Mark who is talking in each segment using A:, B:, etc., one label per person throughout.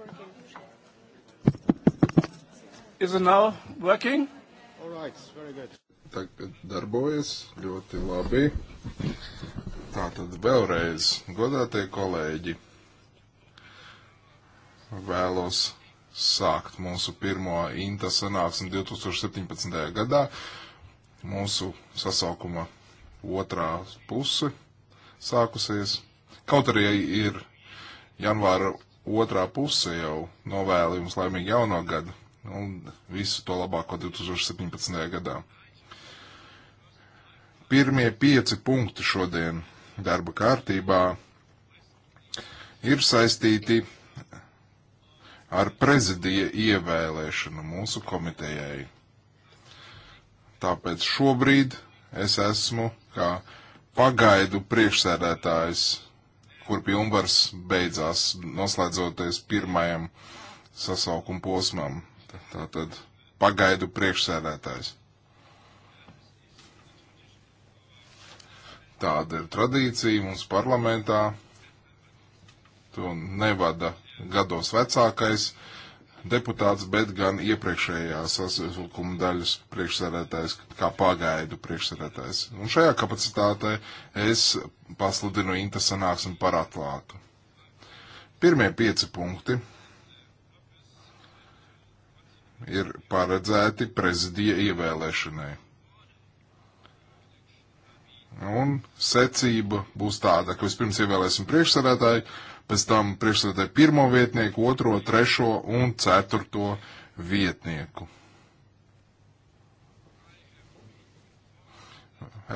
A: working.
B: Is it now working? All right, very good. Tagad darbojas ļoti labi. Tātad vēlreiz, godātie kolēģi, vēlos sākt mūsu pirmo INTA sanāksmi 2017. gadā, mūsu sasaukuma otrā puse sākusies. Kaut arī ir janvāra otrā puse jau novēlu jums laimīgu jauno gadu un visu to labāko 2017. gadā. Pirmie pieci punkti šodien darba kārtībā ir saistīti ar prezidija ievēlēšanu mūsu komitejai. Tāpēc šobrīd es esmu kā pagaidu priekšsēdētājs kur pilnvars beidzās, noslēdzoties pirmajam sasaukuma posmam. Tātad pagaidu priekšsēdētājs. Tāda ir tradīcija mums parlamentā. To nevada gados vecākais. Uh, deputāts, bet gan iepriekšējā sasilkuma daļas priekšsēdētājs, kā pagaidu priekšsēdētājs. Un šajā kapacitātē es pasludinu Inta sanāksmi par atklātu. Pirmie pieci punkti ir paredzēti prezidija ievēlēšanai. Un secība būs tāda, ka vispirms ievēlēsim priekšsēdētāju, pēc tam priekšsēdētāju pirmo vietnieku, otro, trešo un ceturto vietnieku.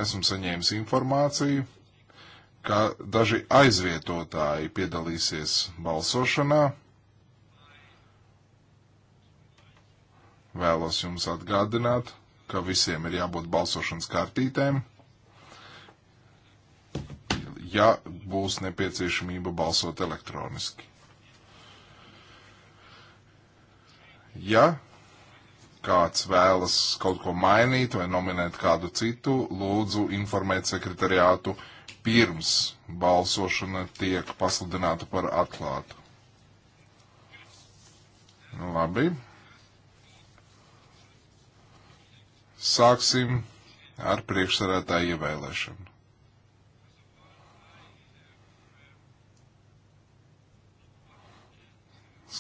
B: Esmu saņēmis informāciju, ka daži aizvietotāji piedalīsies balsošanā. Vēlos jums atgādināt, ka visiem ir jābūt balsošanas kartītēm ja būs nepieciešamība balsot elektroniski. Ja kāds vēlas kaut ko mainīt vai nominēt kādu citu, lūdzu informēt sekretariātu pirms balsošana tiek pasludināta par atklātu. Nu, labi. Sāksim ar priekšsarētāju ievēlēšanu.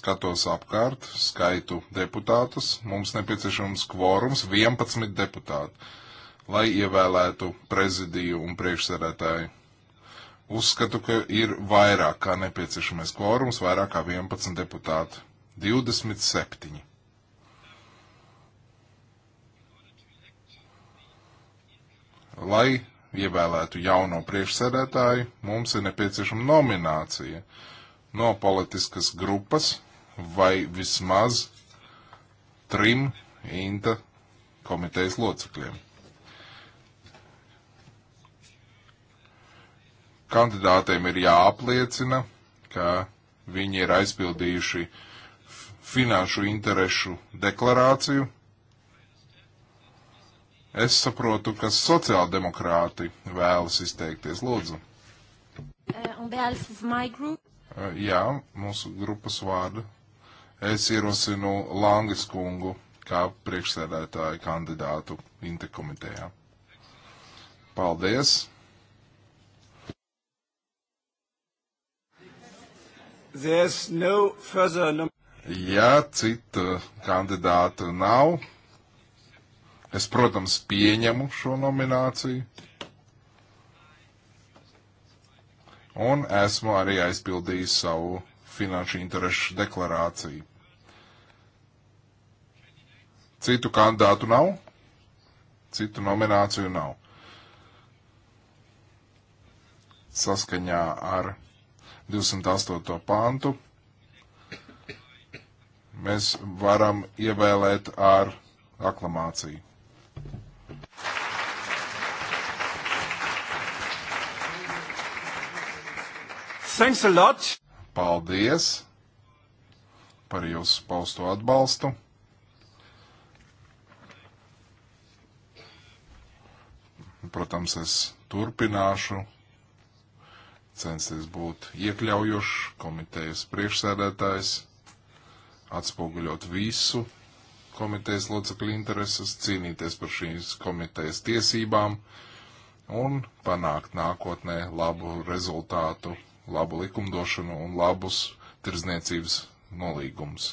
B: skatos apkārt, skaitu deputātus, mums nepieciešams kvorums 11 deputāti, lai ievēlētu prezidiju un priekšsēdētāju. Uzskatu, ka ir vairāk kā nepieciešamais kvorums, vairāk kā 11 deputāti. 27. Lai ievēlētu jauno priekšsēdētāju, mums ir nepieciešama nominācija no politiskas grupas vai vismaz trim INTA komitejas locekļiem. Kandidātiem ir jāapliecina, ka viņi ir aizpildījuši finanšu interešu deklarāciju. Es saprotu, ka sociāldemokrāti vēlas izteikties. Lūdzu.
A: Uh, uh
B: Jā, mūsu grupas vārda Es ierosinu Langas kungu kā priekšsēdētāju kandidātu intekomitejā. Paldies! There's no further nom- ja citu kandidātu nav, es, protams, pieņemu šo nomināciju. Un esmu arī aizpildījis savu finanšu interešu deklarāciju. Citu kandidātu nav, citu nomināciju nav. Saskaņā ar 208. pantu mēs varam ievēlēt ar aklamāciju. Thanks a lot! Paldies par jūsu pausto atbalstu! protams, es turpināšu censties būt iekļaujošs, komitejas priekšsēdētājs, atspoguļot visu komitejas locekļu intereses, cīnīties par šīs komitejas tiesībām un panākt nākotnē labu rezultātu, labu likumdošanu un labus tirzniecības nolīgumus.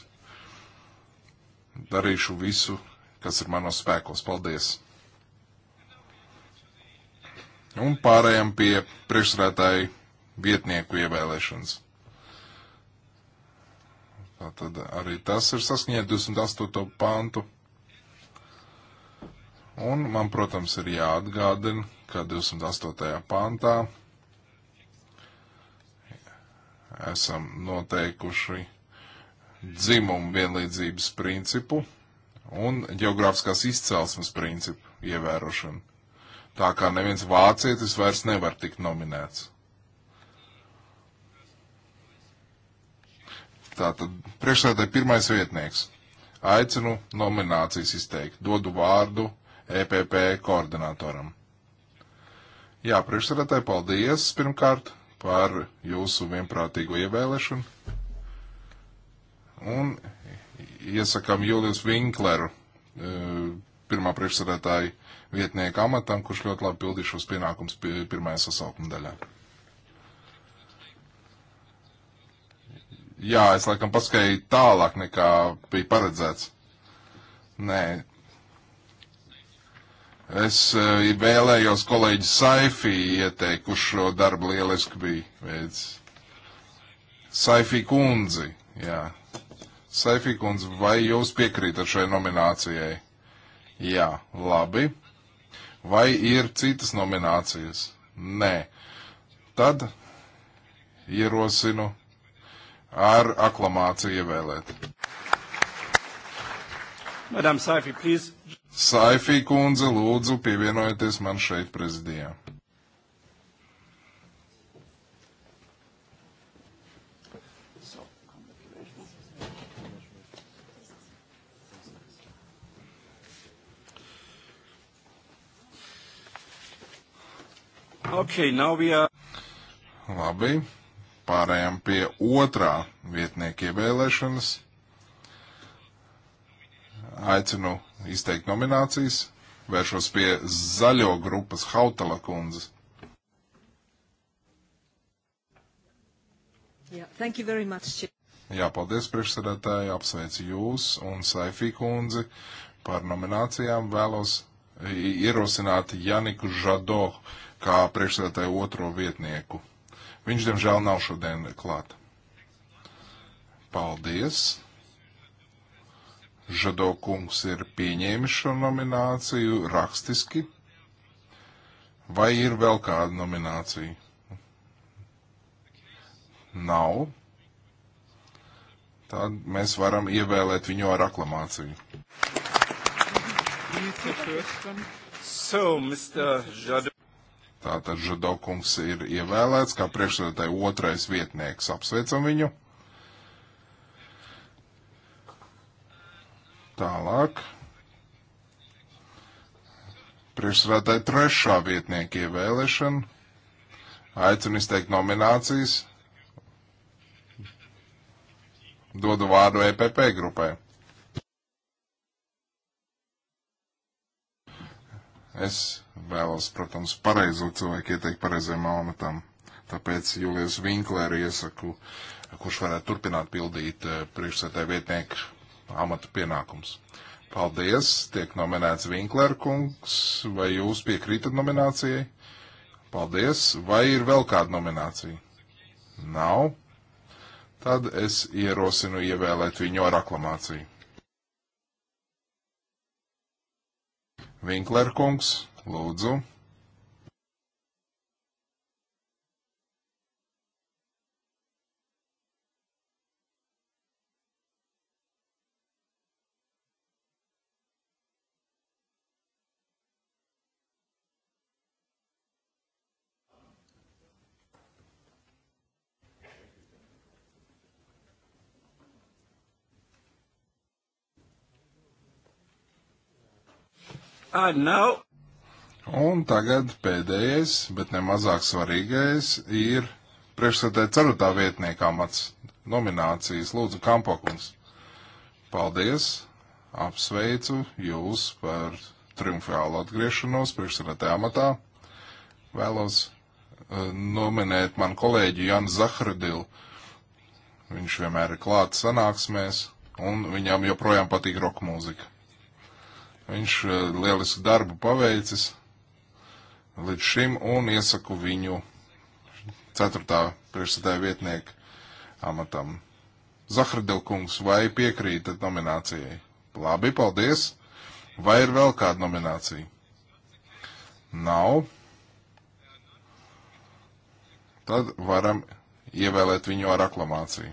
B: Darīšu visu, kas ir manos spēkos. Paldies! Un pārējām pie priekšsēdētāju vietnieku ievēlēšanas. Tātad arī tas ir saskaņā 28. pantu. Un man, protams, ir jāatgādina, ka 28. pantā esam noteikuši dzimumu vienlīdzības principu un geogrāfiskās izcelsmes principu ievērošanu tā kā neviens vācietis vairs nevar tikt nominēts. Tātad priekšsēdētāji pirmais vietnieks. Aicinu nominācijas izteikt. Dodu vārdu EPP koordinatoram. Jā, priekšsēdētāji, paldies pirmkārt par jūsu vienprātīgo ievēlēšanu. Un iesakām Julius Winkleru eh, pirmā priekšsēdētāja vietnieku amatam, kurš ļoti labi pildīs šos pienākums pirmajā sasaukuma daļā. Jā, es laikam paskaidroju tālāk nekā bija paredzēts. Nē. Es uh, vēlējos kolēģi Saifī ieteikt, kurš šo darbu lieliski bija veids. Saifī kundzi, jā. Saifī kundzi, vai jūs piekrītat šai nominācijai? Jā, labi. Vai ir citas nominācijas? Nē. Tad ierosinu ar aklamāciju ievēlēt. Madam Saifi, please. Saifī kundze, lūdzu, pievienojieties man šeit prezidijā.
A: Okay, are...
B: Labi, pārējām pie otrā vietnieka ievēlēšanas. Aicinu izteikt nominācijas. Vēršos pie zaļo grupas Hautala kundzes.
C: Yeah, thank you very much.
B: Jā, paldies priekšsēdētāji, apsveicu jūs un Saifī kundzi par nominācijām. Vēlos ierosināt Janiku Žado kā priekšsēdētāju otro vietnieku. Viņš, diemžēl, nav šodien klāt. Paldies! Žado kungs ir pieņēmis šo nomināciju rakstiski. Vai ir vēl kāda nominācija? Nav. Tad mēs varam ievēlēt viņu ar aklamāciju. So, Mr. Jadot. Tātad Žadokungs ir ievēlēts kā priekšsēdētāja otrais vietnieks. Apsveicam viņu. Tālāk. Priekšsēdētāja trešā vietnieka ievēlēšana. Aicinu izteikt nominācijas. Dodu vārdu EPP grupai. Es vēlos, protams, pareizo cilvēku ieteikt pareizajam amatam. Tāpēc Julijas Vinklēru iesaku, kurš varētu turpināt pildīt eh, priekšsētāju vietnieku amata pienākums. Paldies, tiek nominēts Vinklēra kungs, vai jūs piekrītat nominācijai? Paldies, vai ir vēl kāda nominācija? Nav. Tad es ierosinu ievēlēt viņu ar aklamāciju. Vinklēra kungs, Lūdzu. And uh, now Un tagad pēdējais, bet nemazāk svarīgais, ir priekšsēdētāja ceturtā vietnieka amats nominācijas. Lūdzu, Kampokums. Paldies! Apsveicu jūs par triumfālu atgriešanos priekšsēdētāja amatā. Vēlos eh, nominēt manu kolēģi Janu Zahradilu. Viņš vienmēr ir klāts sanāksmēs, un viņam joprojām patīk roka mūzika. Viņš eh, lielisku darbu paveicis, līdz šim un iesaku viņu ceturtā priekšsēdētāja vietnieku amatam. Zahradelkungs, vai piekrītat nominācijai? Labi, paldies! Vai ir vēl kāda nominācija? Nav. Tad varam ievēlēt viņu ar aklamāciju.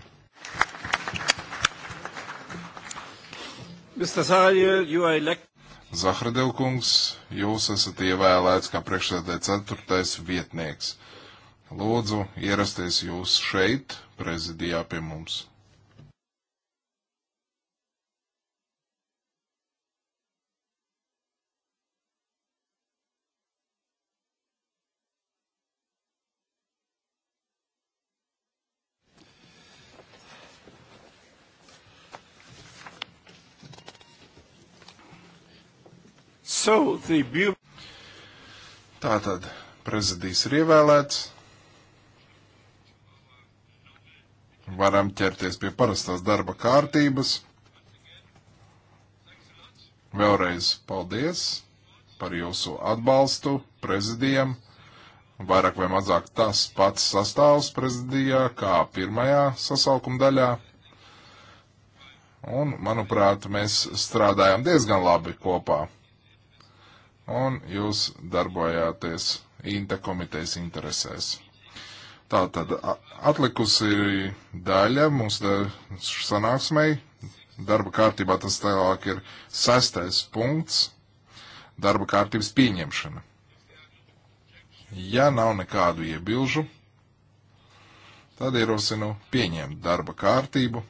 B: Mr. Zahar, you are elected. Zahradilkungs, jūs esat ievēlēts kā priekšsēdē ceturtais vietnieks. Lūdzu, ierasties jūs šeit, prezidijā pie mums. So the beauty... Tātad prezidijs ir ievēlēts. Varam ķerties pie parastās darba kārtības. Vēlreiz paldies par jūsu atbalstu prezidijam. Vairāk vai mazāk tas pats sastāvs prezidijā kā pirmajā sasaukuma daļā. Un, manuprāt, mēs strādājam diezgan labi kopā un jūs darbojāties INTA komitejas interesēs. Tā tad atlikusi daļa mūsu da sanāksmei. Darba kārtībā tas tālāk ir sestais punkts - darba kārtības pieņemšana. Ja nav nekādu iebilžu, tad ierosinu pieņemt darba kārtību.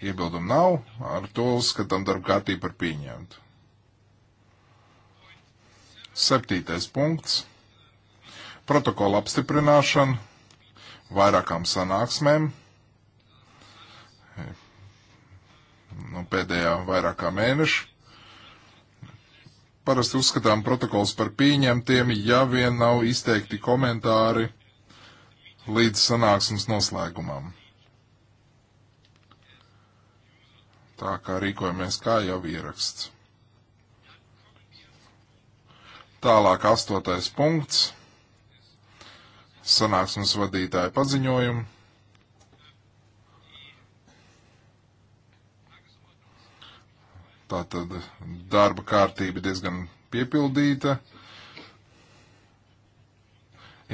B: Iebildumu nav, ar to uzskatām darba kārtību par pieņemtu. Septītais punkts - protokola apstiprināšana vairākām sanāksmēm. Nu, pēdējā vairākā mēneša. Parasti uzskatām protokols par pieņemtiem, ja vien nav izteikti komentāri līdz sanāksmes noslēgumam. Tā kā rīkojamies kā jau ieraksts. Tālāk astotais punkts. Sanāksmes vadītāja paziņojumu. Tātad darba kārtība diezgan piepildīta.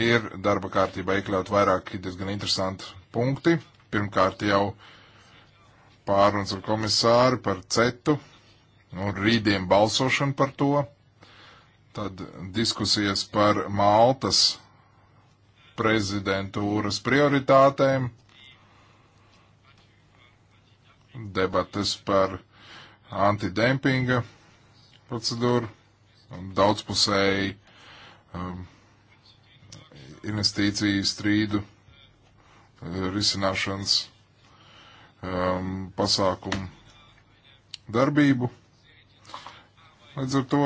B: Ir darba kārtībā iekļaut vairāki diezgan interesanti punkti. Pirmkārt jau pārunas ar komisāru par cetu un nu, rītdien balsošanu par to. Tad diskusijas par Maltas prezidentūras prioritātēm, debates par antidempinga procedūru, daudzpusēji um, investīciju strīdu uh, risināšanas um, pasākumu darbību. Līdz ar to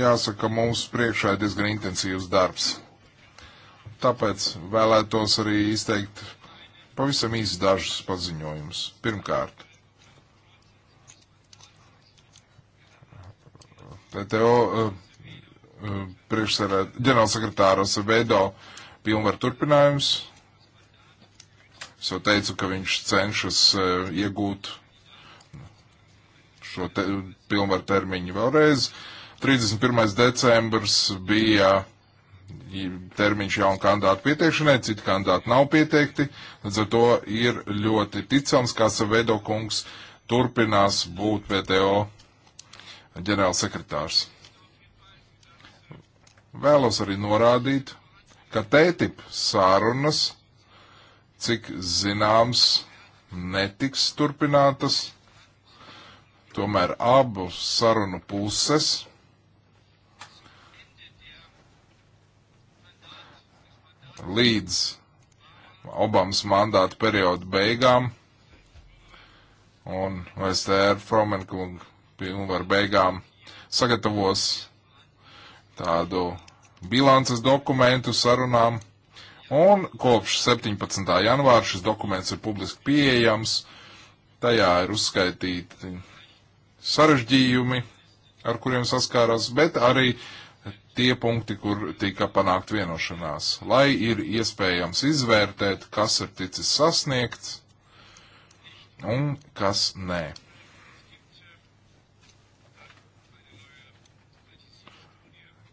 B: jāsaka, mums priekšā ir diezgan intensīvs darbs. Tāpēc vēlētos arī izteikt pavisam īsi dažus paziņojumus. Pirmkārt, TTO eh, eh, ģenerālsekretāras veido pilnvaru turpinājums. Es jau teicu, ka viņš cenšas eh, iegūt šo te, pilnvaru termiņu vēlreiz. 31. decembris bija termiņš jaunu kandidātu pieteikšanai, citi kandidāti nav pieteikti, līdz ar to ir ļoti ticams, kā Savedo kungs turpinās būt PTO ģenerālsekretārs. Vēlos arī norādīt, ka tētip sārunas, cik zināms, netiks turpinātas Tomēr abu sarunu puses līdz Obamas mandāta perioda beigām un Vestēra Fromenkunga pilnvaru beigām sagatavos tādu bilances dokumentu sarunām. Un kopš 17. janvāra šis dokuments ir publiski pieejams. Tajā ir uzskaitīti sarežģījumi, ar kuriem saskārās, bet arī tie punkti, kur tika panākt vienošanās, lai ir iespējams izvērtēt, kas ir ticis sasniegts un kas nē.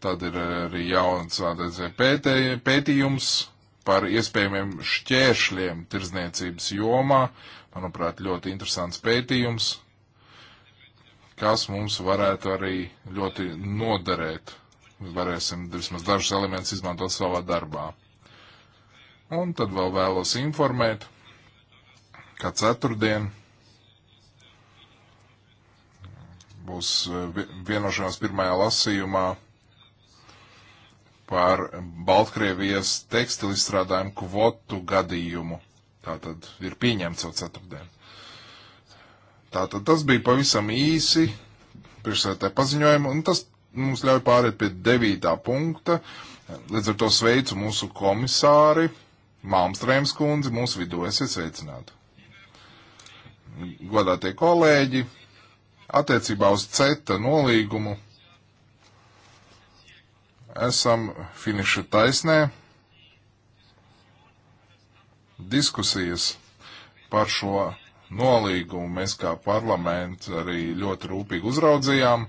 B: Tad ir arī jauns pētē, pētījums par iespējamiem šķēršļiem tirzniecības jomā. Manuprāt, ļoti interesants pētījums, kas mums varētu arī ļoti noderēt. Varēsim vismaz dažus elementus izmantot savā darbā. Un tad vēl vēlos informēt, ka ceturtdien būs e, vienošanās pirmajā lasījumā par Baltkrievijas tekstilizstrādājumu kvotu gadījumu. Tātad ir pieņemts jau ceturtdien. Tātad tas bija pavisam īsi priekšsētē paziņojumu, un tas mums ļauj pāriet pie devītā punkta. Līdz ar to sveicu mūsu komisāri, Māmstrēms kundzi, mūsu vidū esiet sveicināti. Godātie kolēģi, attiecībā uz CETA nolīgumu esam finiša taisnē. Diskusijas par šo nolīgumu mēs kā parlaments arī ļoti rūpīgi uzraudzījām.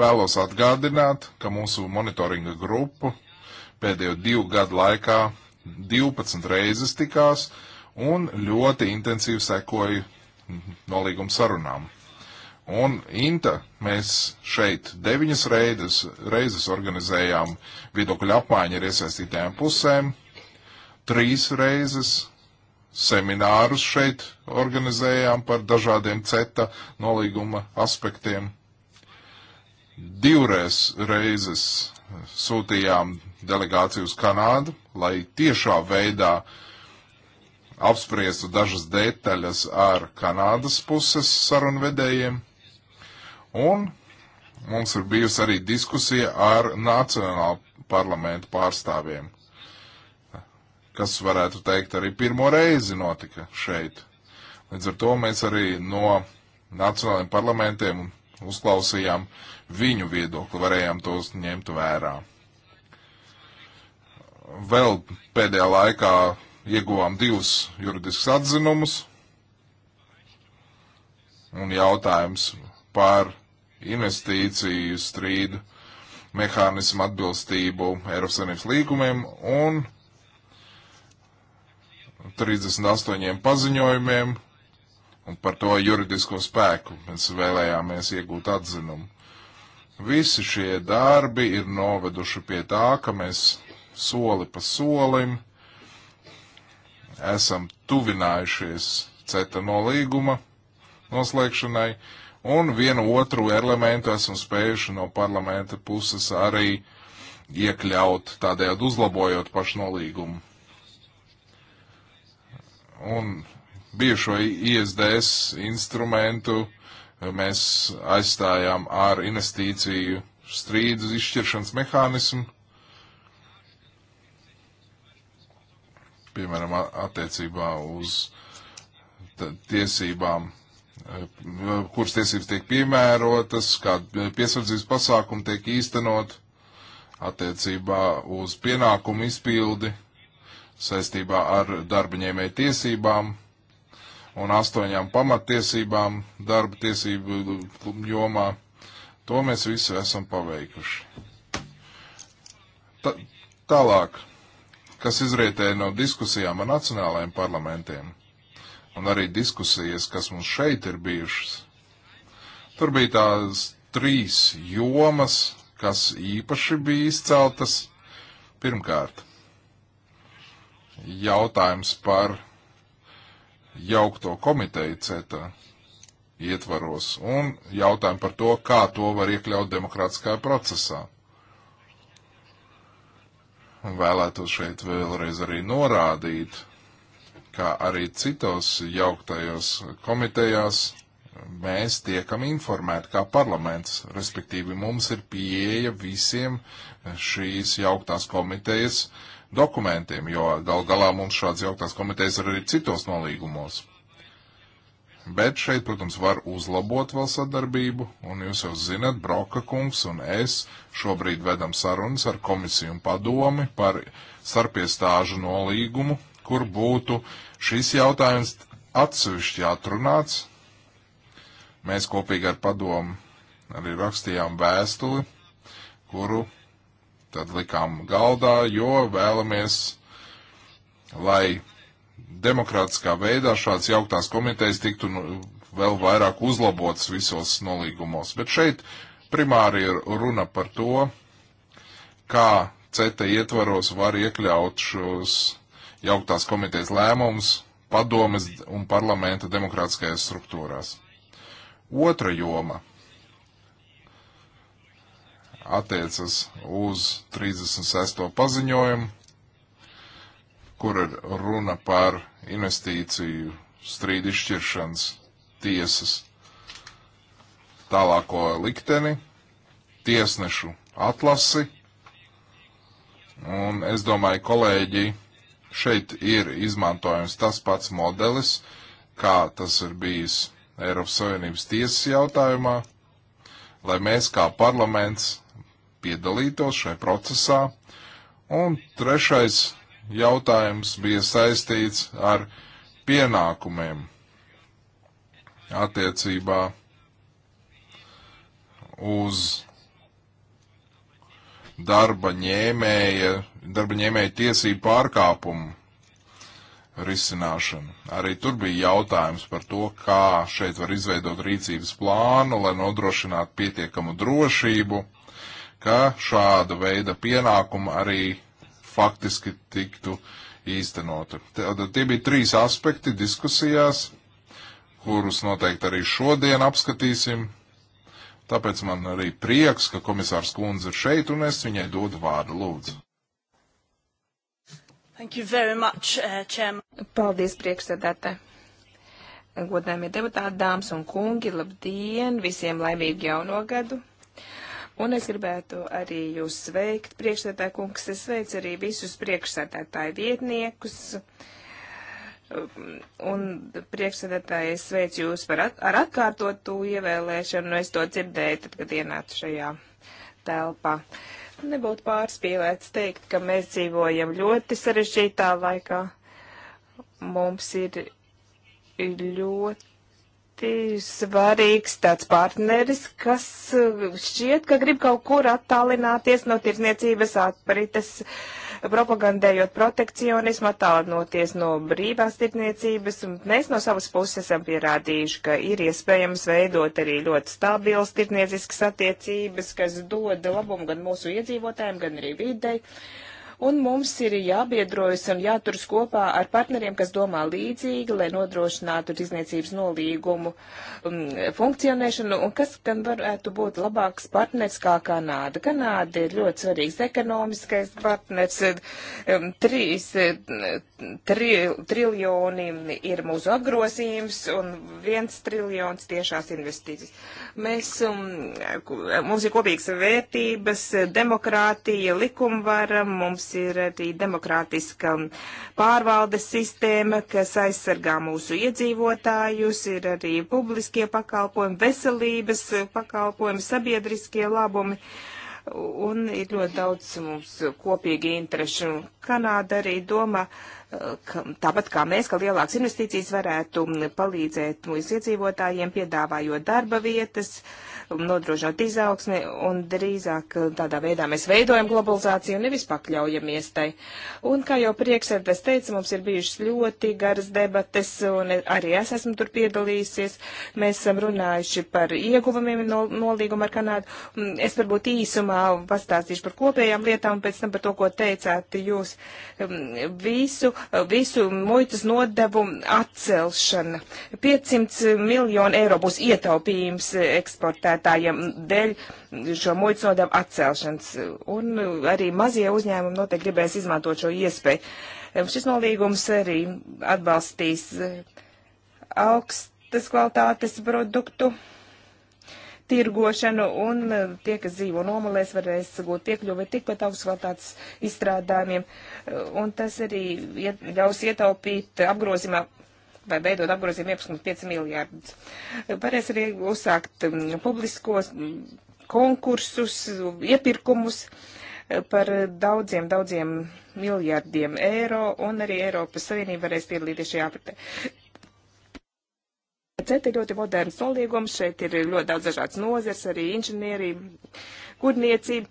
B: Vēlos atgādināt, ka mūsu monitoringa grupu pēdējo divu gadu laikā 12 reizes tikās un ļoti intensīvi sekoja nolīguma sarunām. Un Inta mēs šeit deviņas reizes, reizes organizējām viedokļu apmaiņu ar iesaistītajām pusēm, trīs reizes seminārus šeit organizējām par dažādiem CETA nolīguma aspektiem. Divreiz reizes sūtījām delegāciju uz Kanādu, lai tiešā veidā apspriestu dažas detaļas ar Kanādas puses sarunvedējiem. Un mums ir bijusi arī diskusija ar Nacionālu parlamentu pārstāvjiem kas varētu teikt arī pirmo reizi notika šeit. Līdz ar to mēs arī no nacionālajiem parlamentiem uzklausījām viņu viedokli, varējām tos ņemt vērā. Vēl pēdējā laikā ieguvām divus juridiskus atzinumus un jautājums par investīciju strīdu mehānismu atbilstību Eiropas Savienības līgumiem un 38 paziņojumiem un par to juridisko spēku mēs vēlējāmies iegūt atzinumu. Visi šie darbi ir noveduši pie tā, ka mēs soli pa solim esam tuvinājušies ceta nolīguma noslēgšanai, un vienu otru elementu esam spējuši no parlamenta puses arī iekļaut, tādējādi uzlabojot pašnolīgumu un bijušo ISDS instrumentu mēs aizstājām ar investīciju strīdu izšķiršanas mehānismu, piemēram, attiecībā uz tiesībām, e, kuras tiesības tiek piemērotas, kāda e, piesardzības pasākuma tiek īstenot attiecībā uz pienākumu izpildi saistībā ar darbaņēmēju tiesībām un astoņām pamattiesībām darba tiesību jomā. To mēs visu esam paveikuši. Ta tālāk, kas izrietēja no diskusijām ar nacionālajiem parlamentiem un arī diskusijas, kas mums šeit ir bijušas. Tur bija tās trīs jomas, kas īpaši bija izceltas. Pirmkārt, jautājums par jaukto komiteju CETA ietvaros un jautājumu par to, kā to var iekļaut demokrātiskajā procesā. Un vēlētos šeit vēlreiz arī norādīt, kā arī citos jauktajos komitejās mēs tiekam informēti kā parlaments, respektīvi mums ir pieeja visiem šīs jauktās komitejas uh, dokumentiem, jo gal galā mums šāds jauktās komitejas ir arī citos nolīgumos. Bet šeit, protams, var uzlabot vēl sadarbību, un jūs jau zinat, Broka kungs un es šobrīd vedam sarunas ar komisiju un padomi par starpiestāžu nolīgumu, kur būtu šis jautājums atsevišķi atrunāts. Mēs kopīgi ar padomu arī rakstījām vēstuli, kuru Tad likām galdā, jo vēlamies, lai demokrātiskā veidā šāds jauktās komitejas tiktu nu, vēl vairāk uzlabotas visos nolīgumos. Bet šeit primāri ir runa par to, kā CETA ietvaros var iekļaut šos jauktās komitejas lēmumus padomes un parlamenta demokrātiskajās struktūrās. Otra joma attiecas uz 36. paziņojumu, kur ir runa par investīciju strīdu izšķiršanas tiesas tālāko likteni, tiesnešu atlasi. Un es domāju, kolēģi, šeit ir izmantojams tas pats modelis, kā tas ir bijis Eiropas Savienības tiesas jautājumā, lai mēs kā parlaments piedalītos šai procesā. Un trešais jautājums bija saistīts ar pienākumiem attiecībā uz darba ņēmēja, darba ņēmēja tiesību pārkāpumu risināšanu. Arī tur bija jautājums par to, kā šeit var izveidot rīcības plānu, lai nodrošinātu pietiekamu drošību ka šāda veida pienākuma arī faktiski tiktu īstenota. Tad tie bija trīs aspekti diskusijās, kurus noteikti arī šodien apskatīsim. Tāpēc man arī prieks, ka komisārs Kunze ir šeit un es viņai dodu vārdu lūdzu.
C: Thank you very much, uh, Chairman. Paldies, priekšsēdētāji. Godājumie deputāti, dāmas un kungi, labdien, visiem laimīgu jauno gadu. Un es gribētu arī jūs sveikt, priekšsēdētāji kungs, es sveicu arī visus priekšsēdētāju vietniekus. Un priekšsēdētāji, es sveicu jūs par at ar atkārtotu ievēlēšanu, es to dzirdēju, tad, kad ienācu šajā telpā. Nebūtu pārspīlēts teikt, ka mēs dzīvojam ļoti sarežģītā laikā. Mums ir ļoti ļoti svarīgs tāds partneris, kas uh, šķiet, ka grib kaut kur attālināties no tirzniecības atparites, propagandējot protekcionismu, attālinoties no brīvās tirzniecības. Mēs no savas puses esam pierādījuši, ka ir iespējams veidot arī ļoti stabils tirzniecisks attiecības, kas dod labumu gan mūsu iedzīvotājiem, gan arī videi. Uh, un mums ir jābiedrojas un jāturas kopā ar partneriem, kas domā līdzīgi, lai nodrošinātu izniecības nolīgumu um, funkcionēšanu, un kas gan varētu būt labāks partners kā Kanāda. Kanāda ir ļoti svarīgs ekonomiskais partners, um, trīs, tri, triljoni ir mūsu apgrozījums, un viens triljons tiešās investīcijas. Mēs, um, mums ir kopīgas vērtības, demokrātija, likumvara, mums ir arī demokrātiska pārvaldes sistēma, kas aizsargā mūsu iedzīvotājus, ir arī publiskie pakalpojumi, veselības pakalpojumi, sabiedriskie labumi. Un ir ļoti daudz mums kopīgi interešu. Kanāda arī domā, ka, tāpat kā mēs, ka lielākas investīcijas varētu palīdzēt mūsu iedzīvotājiem, piedāvājot darba vietas, uh, nodrošināt izaugsmi, un drīzāk eh, tādā veidā mēs veidojam globalizāciju, nevis pakļaujamies tai. Un, kā jau priekšsēdētājs teica, mums ir bijušas ļoti garas debates, un arī es esmu tur piedalījusies. Mēs esam runājuši par ieguvumiem no, nolīguma ar Kanādu. Es varbūt īsumā pastāstīšu par kopējām lietām, un pēc tam par to, ko teicāt jūs. Um, visu, visu muitas nodevu atcelšana. 500 miljonu eiro būs ietaupījums eksportēt patērētājiem dēļ šo muitas nodevu atcelšanas. Un arī mazie uzņēmumi noteikti gribēs izmantot šo iespēju. Šis nolīgums arī atbalstīs e, augstas kvalitātes produktu tirgošanu, un e, tie, kas dzīvo nomalēs, varēs gūt piekļuvi tikpat augstas kvalitātes izstrādājumiem. E, un tas arī ļaus ietaupīt apgrozījumā lai veidot apgrozījumu 11,5 miljārdus. Varēs arī uzsākt mm, publiskos mm, konkursus, iepirkumus eh, par daudziem, daudziem miljārdiem eiro, un arī Eiropas Savienība varēs piedalīties šajā apritē. CET ir ļoti moderns nolīgums, šeit ir ļoti daudz dažādas nozars, arī inženierija, kurniecība,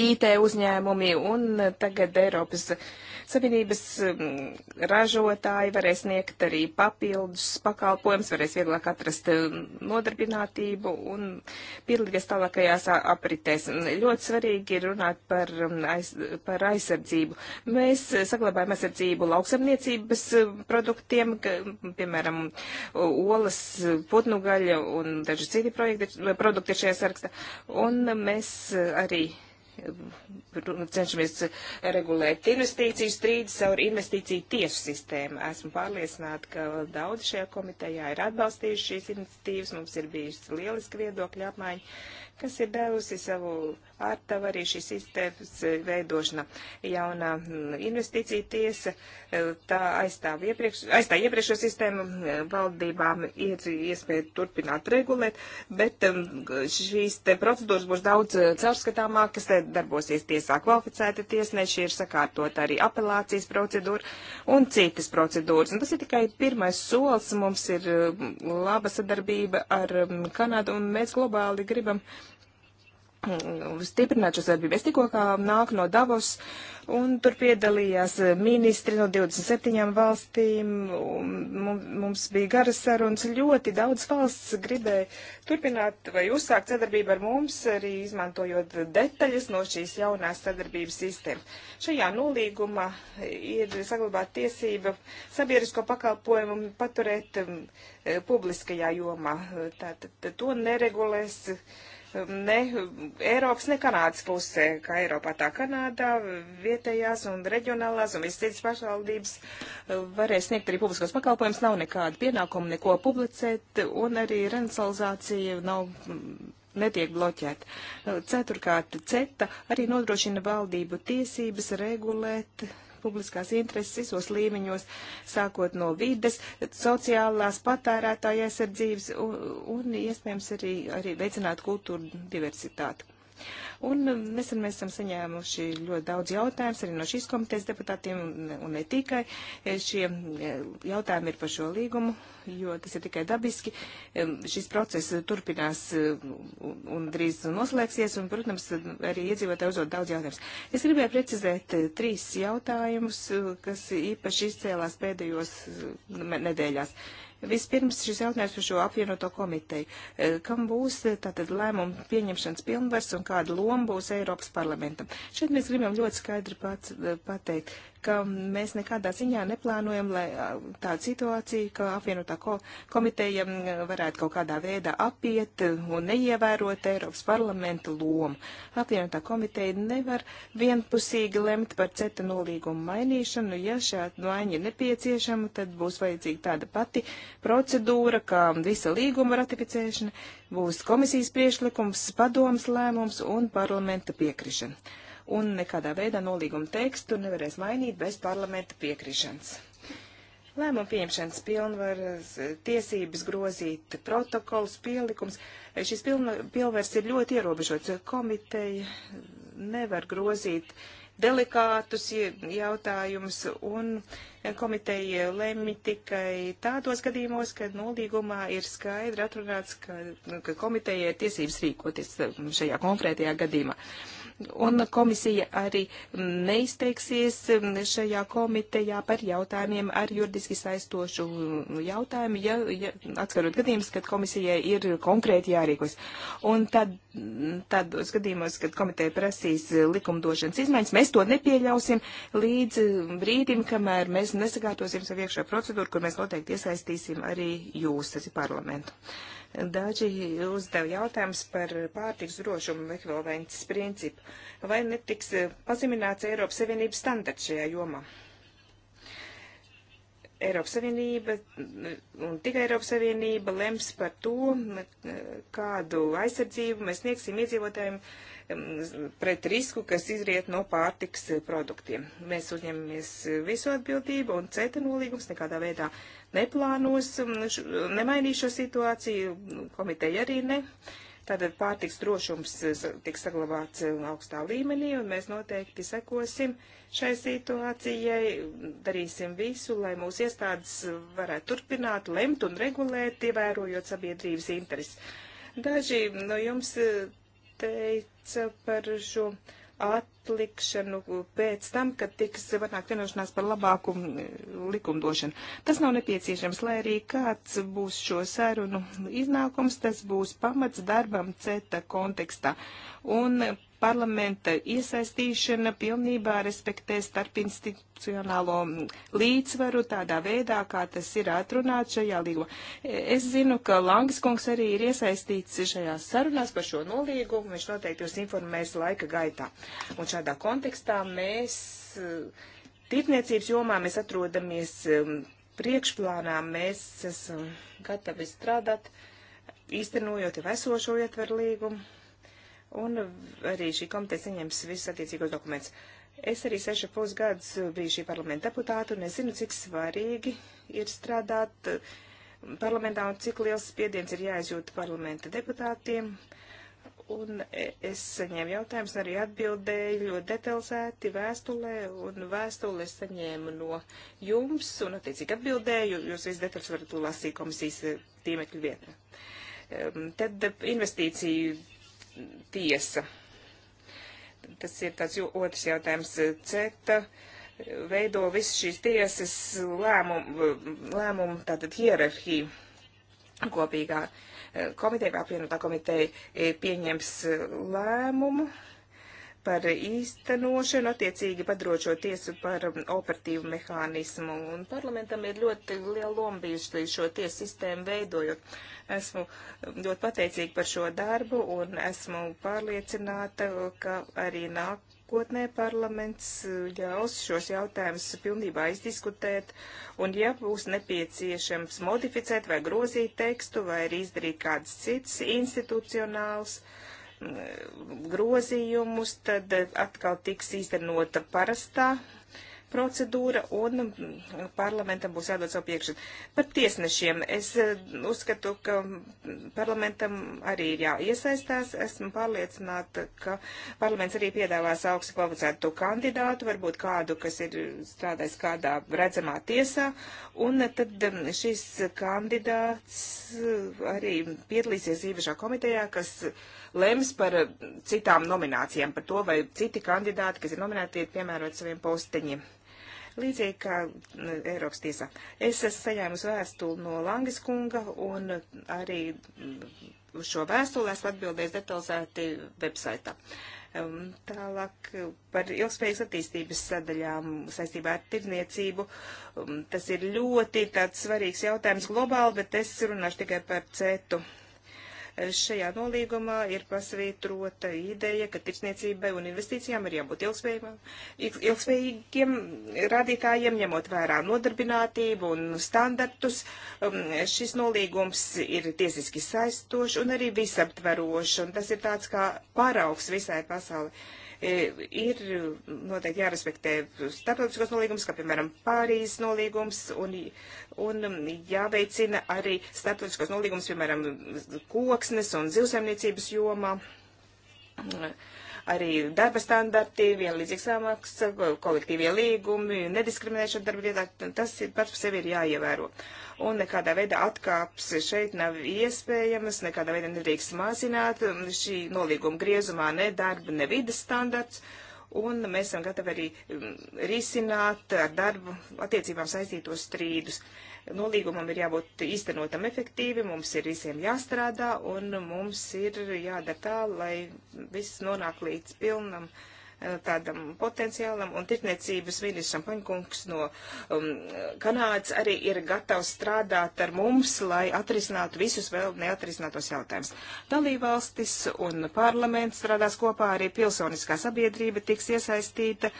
C: IT uzņēmumi, un tagad Eiropas uh, Savienības um, ražotāji varēs sniegt arī papildus pakalpojums, varēs vieglāk atrast um, nodarbinātību un piedalīties tālākajās apritēs. Ļoti svarīgi ir runāt par, um, aiz, par aizsardzību. Mēs uh, saglabājam aizsardzību lauksamniecības produktiem, ka, piemēram, olas, uh, putnugaļa un daži citi projekti, uh, produkti šajā sarakstā. Un mēs arī cenšamies regulēt investīciju strīdus caur investīciju tiesu sistēmu. Esmu pārliecināta, ka daudz šajā komitejā ir atbalstījuši šīs iniciatīvas, mums ir bijusi lieliska viedokļa apmaiņa kas ir devusi savu ārtavu arī šīs sistēmas eh, veidošana. Jaunā mm, investīcija tiesa eh, tā aizstāv iepriekš, aizstāv iepriekšo sistēmu, eh, valdībām ir iespēja turpināt regulēt, bet mm, šīs te procedūras būs daudz caurskatāmākas, te darbosies tiesā kvalificēti tiesneši, ir sakārtot arī apelācijas procedūra un citas procedūras. Un tas ir tikai pirmais solis, mums ir laba sadarbība ar mm, Kanādu un mēs globāli gribam. Uh, stiprināt šo sadarbību. Es tikko nāku no Davos, un tur piedalījās ministri no 27 valstīm. Mums bija garas sarunas, ļoti daudz valsts gribēja turpināt vai uzsākt sadarbību ar mums, arī izmantojot detaļas no šīs jaunās sadarbības sistēmas. Šajā nolīgumā ir saglabāt tiesība sabiedrisko pakalpojumu paturēt um, publiskajā jomā. Tātad to neregulēs. Tā, ne Eiropas, ne Kanādas pusē, kā Eiropā, tā Kanādā, vietējās un reģionālās un visas citas pašvaldības eh, varēs sniegt arī publiskos pakalpojumus, nav nekāda pienākuma neko publicēt, un arī renacionalizācija nav mm, netiek bloķēta. Ceturkārt, CETA arī nodrošina valdību tiesības regulēt publiskās intereses visos līmeņos, sākot no vides, sociālās patērētāja aizsardzības un, un iespējams arī, arī veicināt kultūru diversitāti. Un um, nesen mēs esam saņēmuši ļoti daudz jautājumus arī no šīs komitejas deputātiem un, un ne tikai. E, šie e, jautājumi ir par šo līgumu, jo tas ir tikai dabiski. E, šis process turpinās un drīz noslēgsies, un, protams, arī iedzīvotāji uzdod daudz jautājumus. Es gribēju precizēt trīs jautājumus, kas īpaši izcēlās pēdējos nedēļās. Vispirms šis jautājums par šo apvienoto komiteju. E, kam būs e, tātad lēmumu pieņemšanas pilnvars un kāda loma būs Eiropas parlamentam? Šeit mēs gribam ļoti skaidri pats, e, pateikt, ka mēs nekādā ziņā neplānojam, lai tāda situācija, ka apvienotā ko komiteja varētu kaut kādā veidā apiet un neievērot Eiropas parlamenta lomu. Apvienotā komiteja nevar vienpusīgi lemt par CETA nolīgumu mainīšanu. Nu, ja šāda maiņa ir nepieciešama, tad būs vajadzīga tāda pati procedūra, kā visa līguma ratificēšana, būs komisijas priekšlikums, padomas lēmums un parlamenta piekrišana un nekādā veidā nolīguma tekstu nevarēs mainīt bez parlamenta piekrišanas. Lēmuma pieņemšanas pilnvaras, tiesības grozīt protokols, pielikums. Šis pilna, pilnvars ir ļoti ierobežots, jo komiteja nevar grozīt delikātus jautājumus, un komiteja lemj tikai tādos gadījumos, kad nolīgumā ir skaidri atrunāts, ka, ka komiteja ir tiesības rīkoties šajā konkrētajā gadījumā. Uh, un komisija arī neizteiksies šajā komitejā par jautājumiem ar juridiski saistošu jautājumu, ja, ja atskarot gadījumus, kad komisijai ir konkrēti jārīkos. Un tad, tādos gadījumos, kad komiteja prasīs likumdošanas izmaiņas, mēs to nepieļausim līdz brīdim, kamēr mēs nesakārtosim savu iekšā procedūru, kur mēs noteikti iesaistīsim arī jūs, tas ir parlamentu. Daži uzdev jautājums par pārtiks drošumu ekvivalents principu. Vai netiks pazemināts Eiropas Savienības standarts šajā jomā? Eiropas Savienība mm, un tikai Eiropas Savienība lems par to, mm, kādu aizsardzību mēs sniegsim iedzīvotājiem mm, pret risku, kas izriet no pārtiks produktiem. Mēs uzņemamies visu atbildību un CETA nolīgums nekādā veidā neplānos, nemainīs šo situāciju, komiteja arī ne. Uh, Tātad pārtiks drošums eh, tiks saglabāts eh, augstā līmenī, un mēs noteikti sekosim šai situācijai, darīsim visu, lai mūsu iestādes varētu turpināt, lemt un regulēt, ievērojot sabiedrības intereses. Daži no jums eh, teica par šo. Uh, atlikšanu pēc tam, kad tiks panākt vienošanās par labāku mm, likumdošanu. Tas nav nepieciešams, lai arī kāds būs šo sarunu iznākums, tas būs pamats darbam CETA kontekstā. Un parlamenta iesaistīšana pilnībā respektē starpinstitucionālo līdzsvaru tādā veidā, kā tas ir atrunāts šajā līgumā. Es zinu, ka Langas kungs arī ir iesaistīts šajās sarunās par šo nolīgumu, viņš noteikti jūs informēs laika gaitā. Un šādā kontekstā mēs eh, tīpniecības jomā mēs atrodamies eh, priekšplānā, mēs esam gatavi strādāt īstenojot jau esošo ietveru līgumu un arī šī komiteja saņems visus attiecīgos dokumentus. Es arī sešu pusgadus biju šī parlamenta deputāta, un es zinu, cik svarīgi ir strādāt uh, parlamentā un cik liels spiediens ir jāizjūt parlamenta deputātiem. Un e, es saņēmu jautājumus, arī atbildēju ļoti detalizēti vēstulē, un vēstuli es saņēmu no jums, un attiecīgi atbildēju, jūs visu detaļas varat lasīt komisijas e, tīmekļu vietnē. Tad investīciju tiesa. Tas ir tāds otrs jautājums. CETA veido visu šīs tiesas lēmumu, lēmumu tātad hierarhiju kopīgā eh, komiteja vai apvienotā komiteja eh, pieņems eh, lēmumu par īstenošanu, attiecīgi padrot šo tiesu par operatīvu mehānismu. Un parlamentam ir ļoti liela loma bijusi šo tiesu sistēmu veidojot. Esmu ļoti pateicīga par šo darbu un esmu pārliecināta, ka arī nākotnē parlaments ļaus šos jautājumus pilnībā izdiskutēt un, ja būs nepieciešams modificēt vai grozīt tekstu vai arī izdarīt kādas citas institucionālas, uh, grozījumus, tad atkal tiks īstenota parastā procedūra un parlamentam būs jādod savu priekšroku. Par tiesnešiem es eh, uzskatu, ka parlamentam arī ir jāiesaistās. Esmu pārliecināta, ka parlaments arī piedāvās augstu kvalificētu kandidātu, varbūt kādu, kas ir strādājis kādā redzamā tiesā, un tad um, šis kandidāts eh, arī piedalīsies īpašā komitejā, kas lems par eh, citām nominācijām, par to, vai citi kandidāti, kas ir nominēti, tiek piemērot saviem posteņiem. Līdzīgi kā eh, Eiropas tiesā. Es esmu saņēmusi vēstuli no Langas kunga un arī mm, uz šo vēstuli esmu atbildējis detalizēti websaitā. Tālāk eh, par ilgspējīgas attīstības sadaļām saistībā ar tirzniecību. Tas ir ļoti tāds svarīgs jautājums globāli, bet es runāšu tikai par CETU. Šajā nolīgumā ir pasvītrota ideja, ka tirsniecībai un investīcijām ir jābūt ilgspējīgiem rādītājiem, ņemot vērā nodarbinātību un standartus. Um, šis nolīgums ir tiesiski saistošs un arī visaptverošs, un tas ir tāds kā paraugs visai pasaulei E, ir noteikti jārespektē starptautiskos nolīgumus, kā piemēram Pārijas nolīgums, un, un jāveicina arī starptautiskos nolīgumus, piemēram, koksnes un zivsaimniecības jomā arī darba standarti, vienlīdzīgs samaksa, kolektīvie līgumi, nediskriminēšana darba vietā, tas ir pats par sevi ir jāievēro. Un nekādā veidā atkāps šeit nav iespējamas, nekādā veidā nedrīkst mazināt šī nolīguma griezumā ne darba, ne vidas standarts. Un mēs esam gatavi arī mm, risināt ar darbu attiecībām saistītos strīdus. Uh, Nolīgumam ir jābūt īstenotam efektīvi, mums ir visiem jāstrādā un mums ir jādara tā, lai viss nonāk līdz pilnam uh, tādam potenciālam, un tirtniecības vīnis Šampaņkungs no um, Kanādas arī ir gatavs strādāt ar mums, lai atrisinātu visus vēl neatrisinātos jautājumus. Dalībvalstis un parlaments strādās kopā, arī pilsoniskā sabiedrība tiks iesaistīta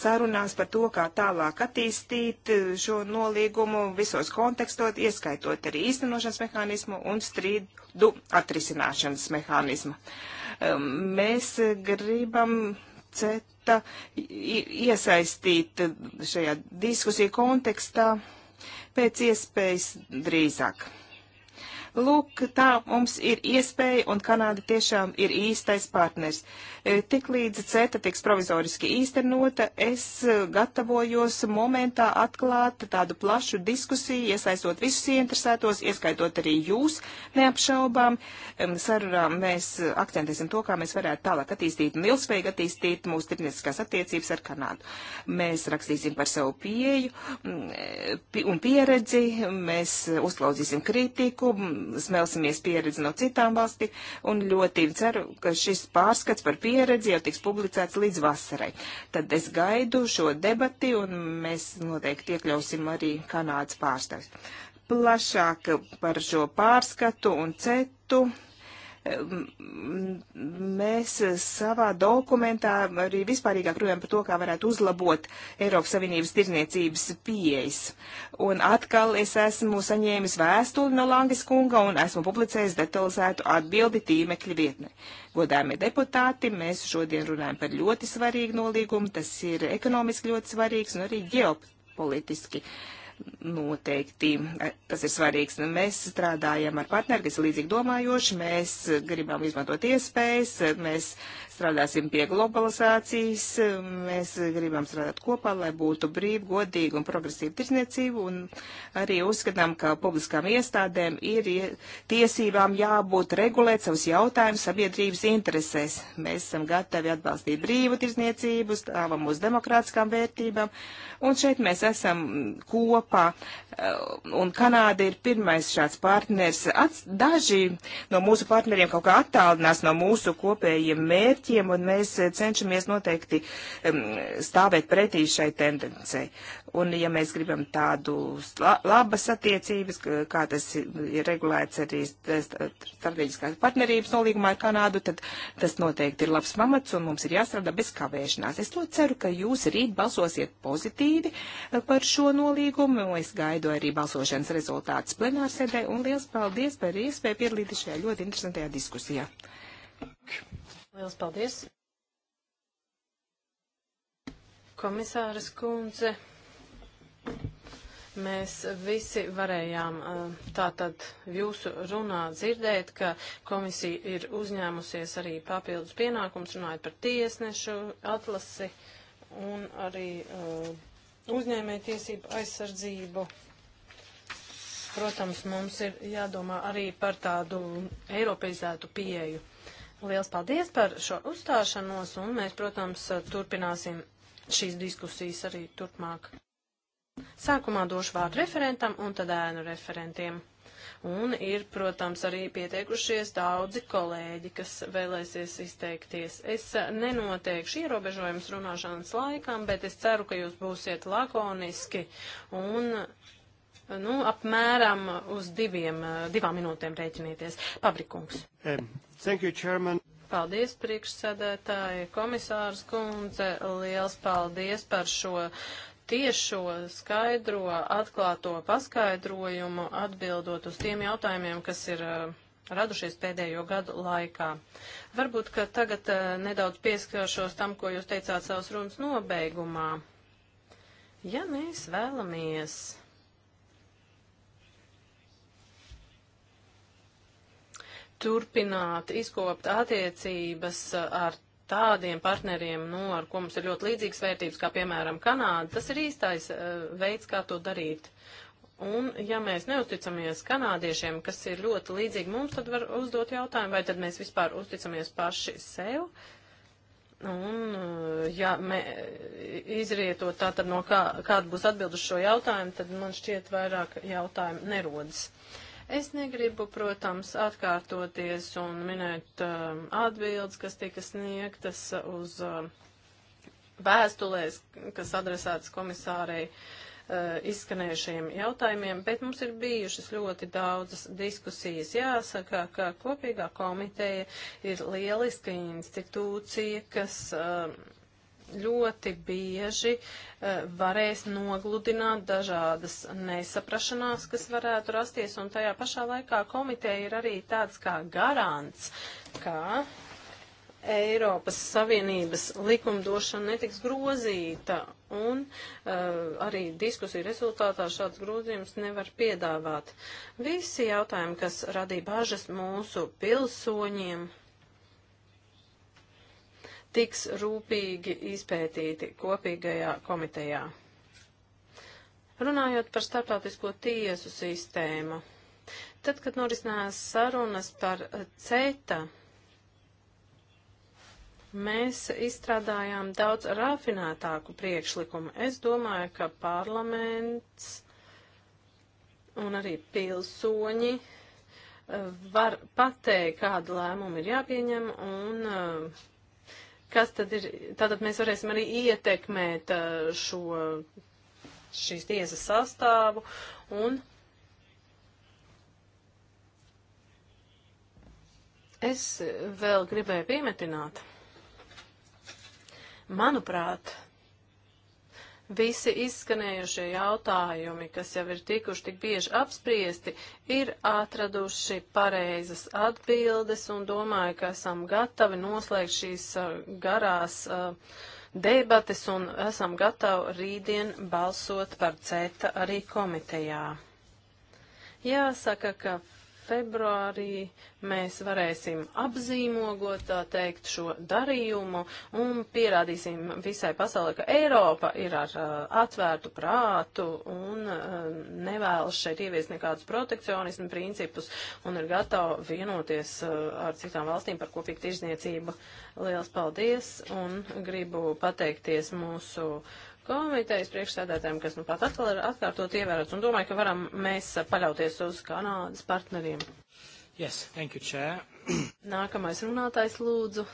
C: sarunās par to, kā tālāk attīstīt uh, šo nolīgumu visos kontekstot, ieskaitot arī īstenošanas mehānismu un strīdu atrisināšanas mehānismu. Um, mēs gribam CETA iesaistīt šajā diskusiju kontekstā pēc iespējas drīzāk. Lūk, tā mums ir iespēja, un Kanāda tiešām ir īstais partners. E, Tik līdz CETA tiks provizoriski īstenota, es e, gatavojos momentā atklāt tādu plašu diskusiju, iesaistot visus ieinteresētos, ieskaitot arī jūs neapšaubām. E, Sarunām mēs akcentēsim to, kā mēs varētu tālāk attīstīt un ilgspējīgi attīstīt mūsu tirnieciskās attiecības ar Kanādu. Mēs rakstīsim par savu pieeju un pieredzi, mēs uzklausīsim kritiku, smelsimies pieredzi no citām valstīm un ļoti ceru, ka šis pārskats par pieredzi jau tiks publicēts līdz vasarai. Tad es gaidu šo debati un mēs noteikti iekļausim arī Kanādas pārstāvis. Plašāk par šo pārskatu un cetu Mēs savā dokumentā arī vispārīgāk runājam par to, kā varētu uzlabot Eiropas Savienības tirzniecības pieejas. Un atkal es esmu saņēmis vēstuli no Langas kunga un esmu publicējis detalizētu atbildi tīmekļa vietnē. Godājumie deputāti, mēs šodien runājam par ļoti svarīgu nolīgumu, tas ir ekonomiski ļoti svarīgs un arī ģeopolitiski. Uh, Noteikti tas ir svarīgs. Nu, mēs strādājam ar partneri, kas ir līdzīgi domājoši, mēs gribam izmantot iespējas, mēs strādāsim pie globalizācijas, mēs gribam strādāt kopā, lai būtu brīva, godīga un progresīva tirzniecība, un arī uzskatām, ka publiskām iestādēm ir tiesībām jābūt regulēt savus jautājumus sabiedrības interesēs. Mēs esam gatavi atbalstīt brīvu tirzniecību, stāvam uz demokrātiskām vērtībām, un šeit mēs esam kopā, un Kanāda ir pirmais šāds partners. Ats, daži no mūsu partneriem kaut kā attālinās no mūsu kopējiem mērķiem, mērķiem, un mēs eh, cenšamies noteikti stāvēt pretī šai tendencei. Un ja mēs gribam tādu labas attiecības, kā tas ir regulēts arī strateģiskās partnerības nolīgumā ar Kanādu, tad tas noteikti ir labs pamats, un mums ir jāstrādā bez kavēšanās. Es to ceru, ka jūs rīt balsosiet pozitīvi eh, par šo nolīgumu, un es gaidu arī balsošanas rezultātus plenārsēdē, un liels paldies par iespēju piedalīties šajā ļoti interesantajā diskusijā.
A: Thank you. Lielas paldies! Komisāras kundze, mēs visi varējām tātad jūsu runā dzirdēt, ka komisija ir uzņēmusies arī papildus pienākums, runājot par tiesnešu atlasi un arī uh, uzņēmētiesību aizsardzību. Protams, mums ir jādomā arī par tādu eiropeizētu pieeju. Liels paldies par šo uzstāšanos, un mēs, protams, turpināsim šīs diskusijas arī turpmāk. Sākumā došu vārdu referentam un tad ēnu referentiem. Un ir, protams, arī pieteikušies daudzi kolēģi, kas vēlēsies izteikties. Es nenoteikšu ierobežojumus runāšanas laikam, bet es ceru, ka jūs būsiet lakoniski un nu, apmēram uz diviem, divām minūtēm rēķinieties. Pabrikungs. Eh, thank you, Chairman. Paldies, priekšsēdētāji, komisārs kundze. Liels paldies par šo tiešo, skaidro, atklāto paskaidrojumu, atbildot uz tiem jautājumiem, kas ir eh, radušies pēdējo gadu laikā. Varbūt, ka tagad eh, nedaudz pieskaršos tam, ko jūs teicāt savas runas nobeigumā. Ja mēs vēlamies turpināt izkopt attiecības uh, ar tādiem partneriem, nu, ar ko mums ir ļoti līdzīgas vērtības, kā piemēram Kanāda, tas ir īstais uh, veids, kā to darīt. Un, ja mēs neusticamies kanādiešiem, kas ir ļoti līdzīgi mums, tad var uzdot jautājumu, vai tad mēs vispār uzticamies paši sev. Un, uh, ja mē, izrietot tā tad no kā, kāda būs atbildu šo jautājumu, tad man šķiet vairāk jautājumu nerodas. Uh, Es negribu, protams, atkārtoties un minēt um, atbildes, kas tika sniegtas uz um, vēstulēs, kas adresētas komisārei uh, izskanējušajiem jautājumiem, bet mums ir bijušas ļoti daudzas diskusijas. Jāsaka, ka kopīgā komiteja ir lieliska institūcija, kas uh, ļoti bieži uh, varēs nogludināt dažādas nesaprašanās, kas varētu rasties, un tajā pašā laikā komiteja ir arī tāds kā garants, ka Eiropas Savienības likumdošana netiks grozīta, un uh, arī diskusiju rezultātā šāds grozījums nevar piedāvāt. Visi jautājumi, kas radīja bažas mūsu pilsoņiem, tiks rūpīgi izpētīti kopīgajā komitejā. Runājot par starptautisko tiesu sistēmu, tad, kad norisinājās sarunas par CETA, mēs izstrādājām daudz rafinētāku priekšlikumu. Es domāju, ka parlaments un arī pilsoņi eh, var pateikt, kādu lēmumu ir jāpieņem, un uh, Kas tad ir, tātad mēs varēsim arī ietekmēt šo, šīs tiesas sastāvu un es vēl gribēju piemetināt. Manuprāt, Visi izskanējušie jautājumi, kas jau ir tikuši tik bieži apspriesti, ir atraduši pareizas atbildes un domāju, ka esam gatavi noslēgt šīs uh, garās uh, debates un esam gatavi rītdien balsot par CETA arī komitejā. Jāsaka, ka februārī mēs varēsim apzīmogot, tā teikt, šo darījumu un pierādīsim visai pasaulē, ka Eiropa ir ar uh, atvērtu prātu un uh, nevēlas šeit ievies nekādus protekcionismu principus un ir gatava vienoties uh, ar citām valstīm par kopīgu tirzniecību. Liels paldies un gribu pateikties mūsu uh, komitejas priekšsēdētājiem, kas nu pat atkal ir atkārtot ievērots, un domāju, ka varam mēs paļauties uz Kanādas partneriem. Yes, thank you, Chair. Nākamais runātājs lūdzu.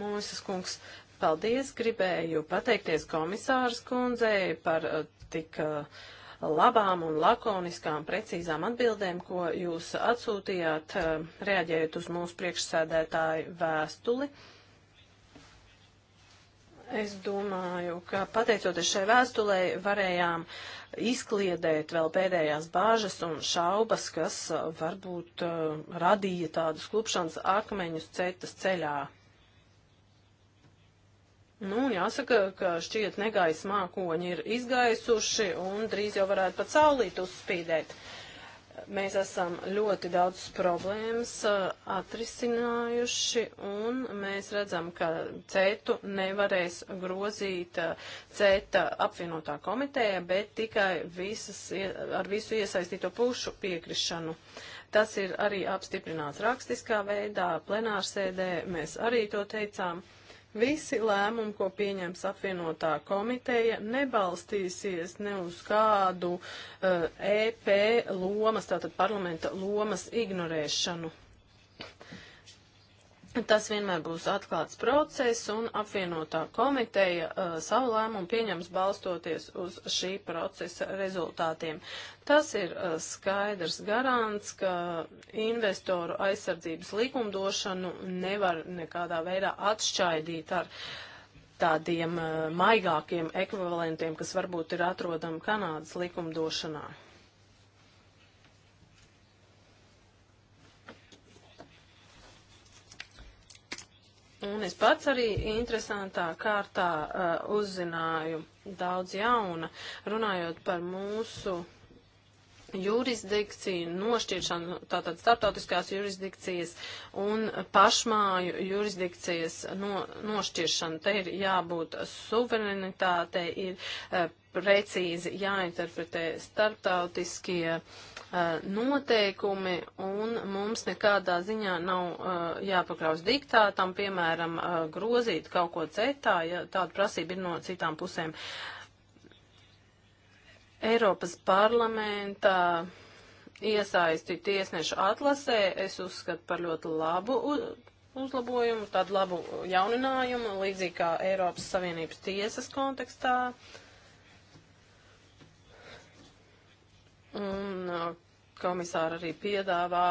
A: Mūsas kungs, paldies, gribēju pateikties komisāras kundzei par uh, tik uh, labām un lakoniskām, precīzām atbildēm, ko jūs atsūtījāt, uh, reaģējot uz mūsu priekšsēdētāju vēstuli. Uh, Es domāju, ka pateicoties šai vēstulē varējām izkliedēt vēl pēdējās bāžas un šaubas, kas uh, varbūt uh, radīja tādus klupšanas akmeņus cetas ceļā. Nu, jāsaka, ka šķiet negaisa mākoņi ir izgaisuši un drīz jau varētu pat saulīt uzspīdēt. Uh, Mēs esam ļoti daudz problēmas uh, atrisinājuši un mēs redzam, ka CETU nevarēs grozīt uh, CETA apvienotā komiteja, bet tikai visas, ar visu iesaistīto pušu piekrišanu. Tas ir arī apstiprināts rakstiskā veidā, plenārsēdē mēs arī to teicām. Uh, Visi lēmumi, ko pieņems apvienotā komiteja, nebalstīsies ne uz kādu uh, EP lomas, tātad parlamenta lomas ignorēšanu. Tas vienmēr būs atklāts process, un apvienotā komiteja uh, savu lēmumu pieņems balstoties uz šī procesa rezultātiem. Tas ir uh, skaidrs garants, ka investoru aizsardzības likumdošanu nevar nekādā veidā atšķaidīt ar tādiem uh, maigākiem ekvivalentiem, kas varbūt ir atrodami Kanādas likumdošanā. Un es pats arī interesantā kārtā uh, uzzināju daudz jauna, runājot par mūsu jurisdikciju, nošķiršanu tātad startautiskās jurisdikcijas un pašmāju jurisdikcijas no, nošķiršanu. Te ir jābūt suverenitātei, ir uh, precīzi jāinterpretē startautiskie uh, noteikumi, un mums nekādā ziņā nav jāpakraus diktātam, piemēram, grozīt kaut ko cetā, ja tāda prasība ir no citām pusēm. Eiropas parlamentā iesaisti tiesnešu atlasē, es uzskatu par ļoti labu uzlabojumu, tādu labu jauninājumu, līdzīgi kā Eiropas Savienības tiesas kontekstā. Un komisāra arī piedāvā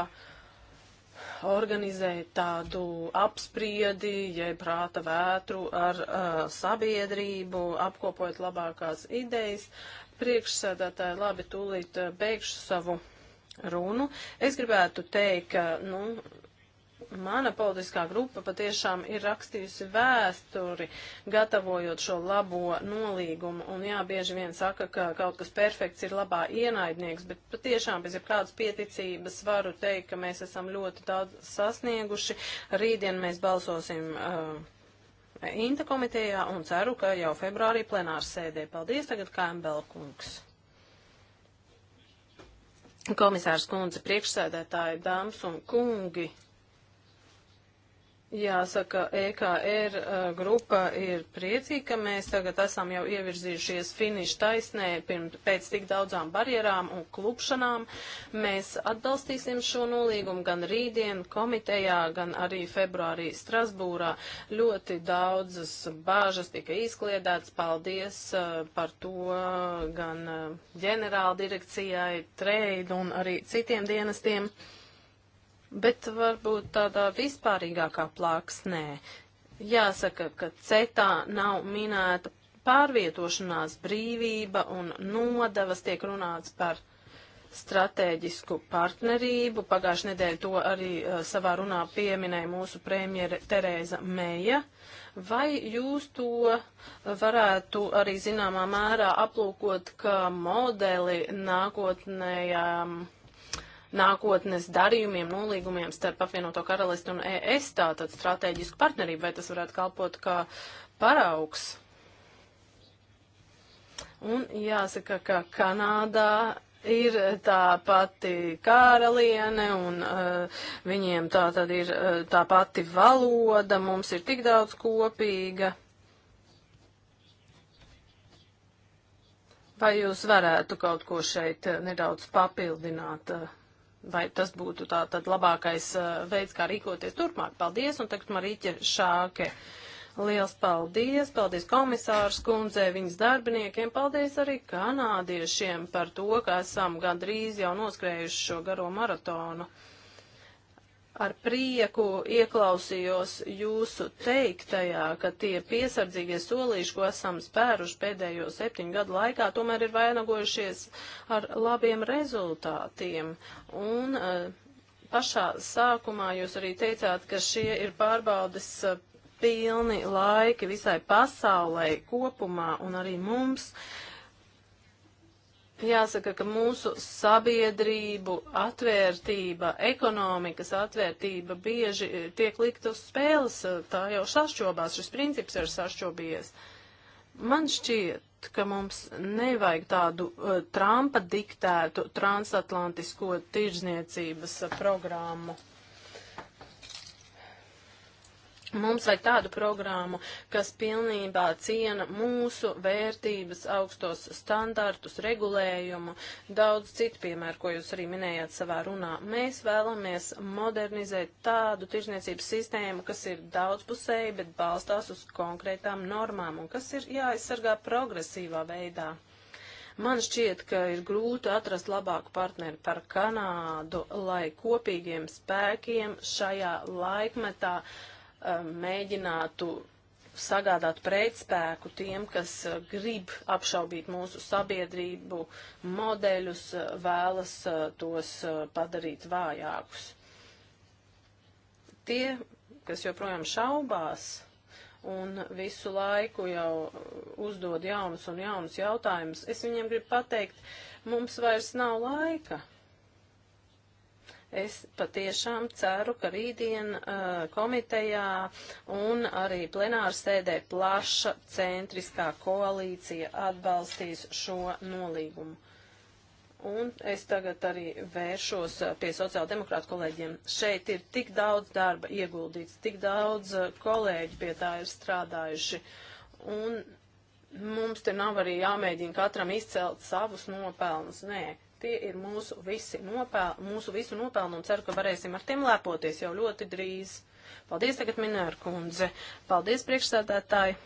A: organizēt tādu apspriedi, jeb prāta vētru ar uh, sabiedrību, apkopot labākās idejas. Priekšsēdētāji labi tūlīt uh, beigšu savu runu. Es gribētu teikt, ka, nu, Mana politiskā grupa patiešām ir rakstījusi vēsturi, gatavojot šo labo nolīgumu, un jā, bieži vien saka, ka kaut kas perfekts ir labā ienaidnieks, bet patiešām bez jebkādas pieticības varu teikt, ka mēs esam ļoti daudz sasnieguši. Rītdien mēs balsosim uh, Inta komitejā un ceru, ka jau februārī plenārs sēdē. Paldies tagad, Kēmbel kungs. Komisārs kundze, priekšsēdētāji, dāmas un kungi. Jāsaka, EKR uh, grupa ir priecīga, ka mēs tagad esam jau ievirzījušies finiša taisnē pirms, pēc tik daudzām barjerām un klupšanām. Mēs atbalstīsim šo nolīgumu gan rītdien komitejā, gan arī februārī Strasbūrā. Ļoti daudzas bāžas tika izkliedētas. Paldies uh, par to gan uh, ģenerāldirekcijai, treidu un arī citiem dienestiem. Uh, bet varbūt tādā vispārīgākā plāksnē. Jāsaka, ka CETA nav minēta pārvietošanās brīvība un nodevas tiek runāts par stratēģisku partnerību. Pagājušajā nedēļā to arī uh, savā runā pieminēja mūsu premjere Terēza Meija. Vai jūs to varētu arī zināmā mērā aplūkot kā modeli nākotnējām? Um, nākotnes darījumiem, nolīgumiem starp apvienoto karalistu un ES, tātad strateģisku partnerību, vai tas varētu kalpot kā paraugs? Un jāsaka, ka Kanādā ir tā pati karaliene un uh, viņiem tā tad ir uh, tā pati valoda, mums ir tik daudz kopīga. Vai jūs varētu kaut ko šeit uh, nedaudz papildināt? Uh? Vai tas būtu tā tad labākais uh, veids, kā rīkoties turpmāk? Paldies, un tagad Marīķa Šāke. Liels paldies, paldies komisārs kundzei, viņas darbiniekiem, paldies arī kanādiešiem par to, ka esam gandrīz jau noskrējuši šo garo maratonu. Uh, ar prieku ieklausījos jūsu teiktajā, ka tie piesardzīgie solīši, ko esam spēruši pēdējo septiņu gadu laikā, tomēr ir vainagojušies ar labiem rezultātiem. Un eh, pašā sākumā jūs arī teicāt, ka šie ir pārbaudes eh, pilni laiki visai pasaulē kopumā un arī mums. Uh, Jāsaka, ka mūsu sabiedrību atvērtība, ekonomikas atvērtība bieži eh, tiek likt uz spēles, eh, tā jau sašķobās, šis princips ir sašķobies. Man šķiet, ka mums nevajag tādu uh, Trumpa diktētu transatlantisko tirdzniecības programmu. Mums vajag tādu programmu, kas pilnībā ciena mūsu vērtības, augstos standartus, regulējumu, daudz citu piemēru, ko jūs arī minējāt savā runā. Mēs vēlamies modernizēt tādu tirzniecības sistēmu, kas ir daudzpusēja, bet balstās uz konkrētām normām un kas ir jāaizsargā progresīvā veidā. Man šķiet, ka ir grūti atrast labāku partneri par Kanādu, lai kopīgiem spēkiem šajā laikmetā uh, Um, mēģinātu sagādāt pretspēku tiem, kas uh, grib apšaubīt mūsu sabiedrību modeļus, uh, vēlas uh, tos padarīt vājākus. Tie, kas joprojām šaubās un visu laiku jau uzdod jaunus un jaunus jautājumus, es viņiem gribu pateikt, mums vairs nav laika Es patiešām ceru, ka rītdien uh, komitejā un arī plenāru sēdē plaša centriskā koalīcija atbalstīs šo nolīgumu. Un es tagad arī vēršos eh, pie sociāldemokrātu kolēģiem. Šeit ir tik daudz darba ieguldīts, tik daudz eh, kolēģi pie tā ir strādājuši. Un mums te nav arī jāmēģina katram izcelt savus nopelnus. Nē, Tie ir mūsu, visi nopēl, mūsu visu nopelni un ceru, ka varēsim ar tiem lepoties jau ļoti drīz. Paldies tagad, Minēra kundze. Paldies, priekšsēdētāji.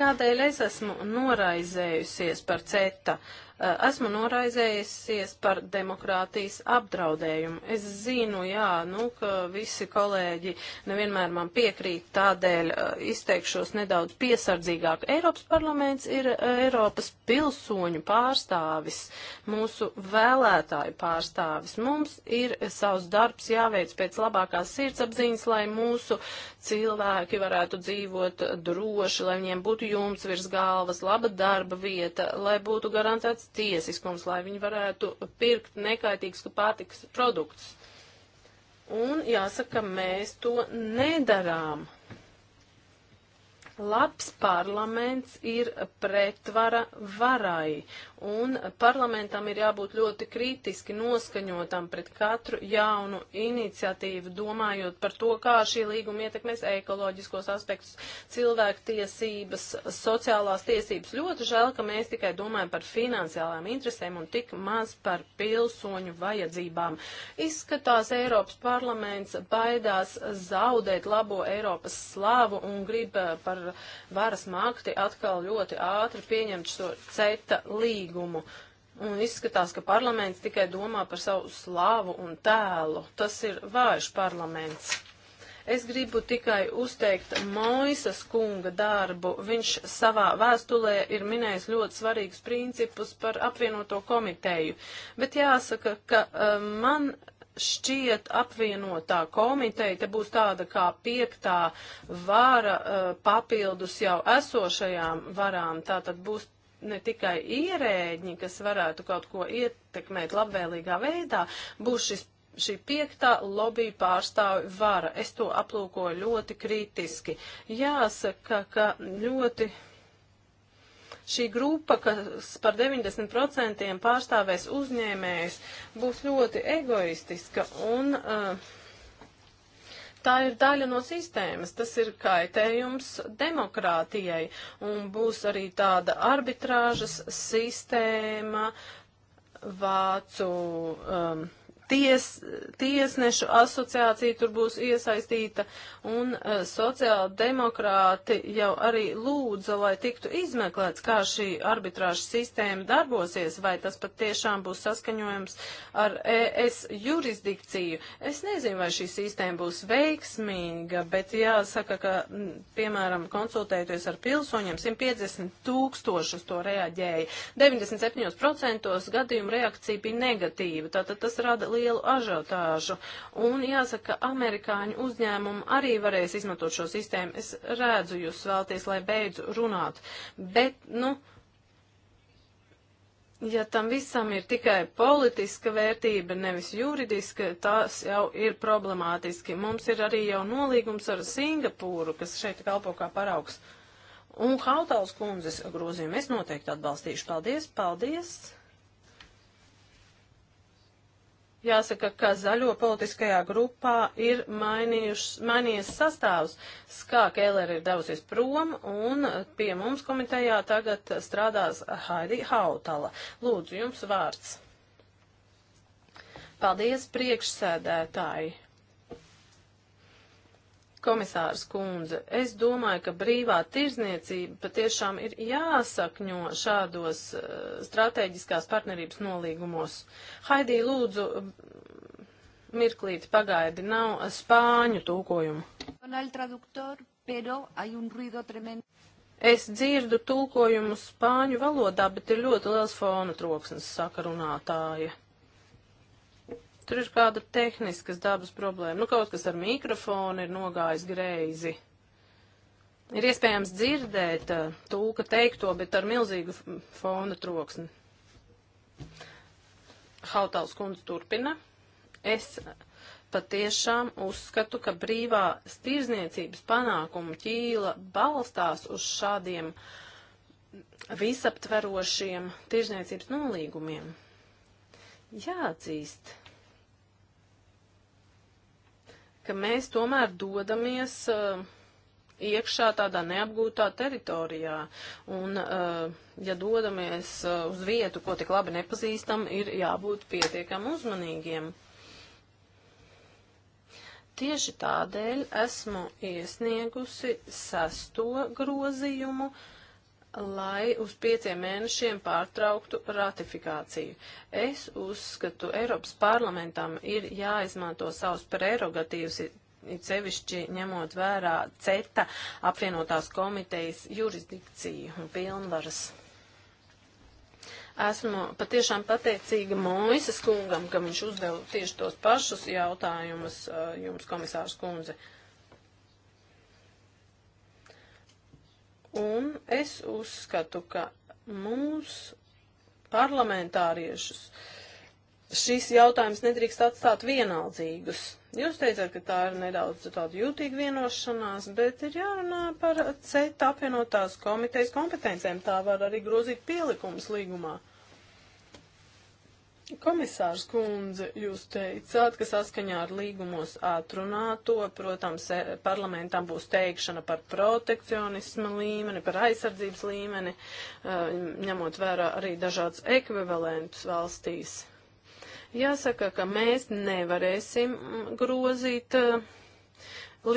A: Kādēļ es esmu noraizējusies par CETA? Uh, esmu noraizējusies par demokrātijas apdraudējumu. Es zinu, jā, nu, ka visi kolēģi nevienmēr man piekrīt, tādēļ uh, izteikšos nedaudz piesardzīgāk. Eiropas parlaments ir uh, Eiropas pilsoņu pārstāvis, mūsu vēlētāju pārstāvis. Mums ir savs darbs jāveic pēc labākās sirdsapziņas, lai mūsu cilvēki varētu dzīvot droši, lai viņiem būtu jums virs galvas laba darba vieta, lai būtu garantēts tiesiskums, lai viņi varētu pirkt nekaitīgus pārtikas produktus. Un jāsaka, mēs to nedarām. Labs parlaments ir pretvara varai, un parlamentam ir jābūt ļoti kritiski noskaņotam pret katru jaunu iniciatīvu, domājot par to, kā šī līguma ietekmēs ekoloģiskos aspektus, cilvēktiesības, sociālās tiesības. Ļoti žēl, ka mēs tikai domājam par finansiālām interesēm un tik maz par pilsoņu vajadzībām. Izskatās, Eiropas parlaments baidās zaudēt labo Eiropas slāvu un grib eh, par varas makti atkal ļoti ātri pieņemt šo CETA līgumu godīgumu. Un izskatās, ka parlaments tikai domā par savu slāvu un tēlu. Tas ir vājš parlaments. Es gribu tikai uzteikt Moisas kunga darbu. Viņš savā vēstulē ir minējis ļoti svarīgus principus par apvienoto komiteju. Bet jāsaka, ka uh, man šķiet apvienotā komiteja te būs tāda kā piektā vara uh, papildus jau esošajām varām. Tā tad būs ne tikai ierēģi, kas varētu kaut ko ietekmēt labvēlīgā veidā, būs šis šī piektā lobby pārstāvi vara. Es to aplūkoju ļoti kritiski. Jāsaka, ka ļoti šī grupa, kas par 90% pārstāvēs uzņēmējs, būs ļoti egoistiska un uh, tā ir daļa no sistēmas, tas ir kaitējums demokrātijai un būs arī tāda arbitrāžas sistēma vācu. Um, ties, tiesnešu asociācija tur būs iesaistīta, un uh, e, sociāla demokrāti jau arī lūdza, lai tiktu izmeklēts, kā šī arbitrāža sistēma darbosies, vai tas pat tiešām būs saskaņojums ar ES jurisdikciju. Es nezinu, vai šī sistēma būs veiksmīga, bet jāsaka, ka, m, piemēram, konsultējoties ar pilsoņiem, 150 tūkstošus to reaģēja. 97% gadījumu reakcija bija negatīva, tātad tas rada lielu ažiotāžu. Un jāsaka, amerikāņu uzņēmumu arī varēs izmantot šo sistēmu. Es redzu, jūs vēlties, lai beidzu runāt. Bet, nu, ja tam visam ir tikai politiska vērtība, nevis juridiska, tas jau ir problemātiski. Mums ir arī jau nolīgums ar Singapūru, kas šeit kalpo kā paraugs. Un Hautals kundzes grozījumu es noteikti atbalstīšu. Paldies, paldies! Jāsaka, ka zaļo politiskajā grupā ir mainījies sastāvs. Skā Kēlere ir devusies prom un pie mums komitejā tagad strādās Haidi Hautala. Lūdzu, jums vārds. Paldies, priekšsēdētāji. Komisārs kundze, es domāju, ka brīvā tirzniecība patiešām ir jāsakņo šādos uh, strateģiskās partnerības nolīgumos. Haidī, lūdzu, mirklīt pagaidi, nav spāņu tūkojumu. Es dzirdu tūkojumu spāņu valodā, bet ir ļoti liels fona troksnis, saka runātāja. Tur ir kāda tehniskas dabas problēma. Nu, kaut kas ar mikrofonu ir nogājis greizi. Ir iespējams dzirdēt eh, tūka teikto, bet ar milzīgu fona troksni. Hautals kundze turpina. Es eh, patiešām uzskatu, ka brīvā tirzniecības panākumu ķīla balstās uz šādiem visaptverošiem tirzniecības nolīgumiem. Jāatzīst, ka mēs tomēr dodamies uh, iekšā tādā neapgūtā teritorijā. Un, uh, ja dodamies uh, uz vietu, ko tik labi nepazīstam, ir jābūt pietiekam uzmanīgiem. Tieši tādēļ esmu iesniegusi sesto grozījumu, uh, lai uz pieciem mēnešiem pārtrauktu ratifikāciju. Es uzskatu, Eiropas parlamentam ir jāizmanto savus prerogatīvas, it sevišķi ņemot vērā CETA apvienotās komitejas jurisdikciju un pilnvaras. Esmu patiešām pateicīga Moisas kungam, ka viņš uzdeva tieši tos pašus jautājumus uh, jums, komisārs kundze. Uh, Un es uzskatu, ka mūs parlamentāriešus šīs jautājums nedrīkst atstāt vienaldzīgus. Jūs teicāt, ka tā ir nedaudz tāda jūtīga vienošanās, bet ir jārunā par CETA apvienotās komitejas kompetencijām. Tā var arī grozīt pielikums līgumā. Uh, Komisārs kundze, jūs teicāt, ka saskaņā ar līgumos atrunāto, protams, e, parlamentam būs teikšana par protekcionisma līmeni, par aizsardzības līmeni, e, ņemot vērā arī dažādas ekvivalentus valstīs. Jāsaka, ka mēs nevarēsim grozīt e,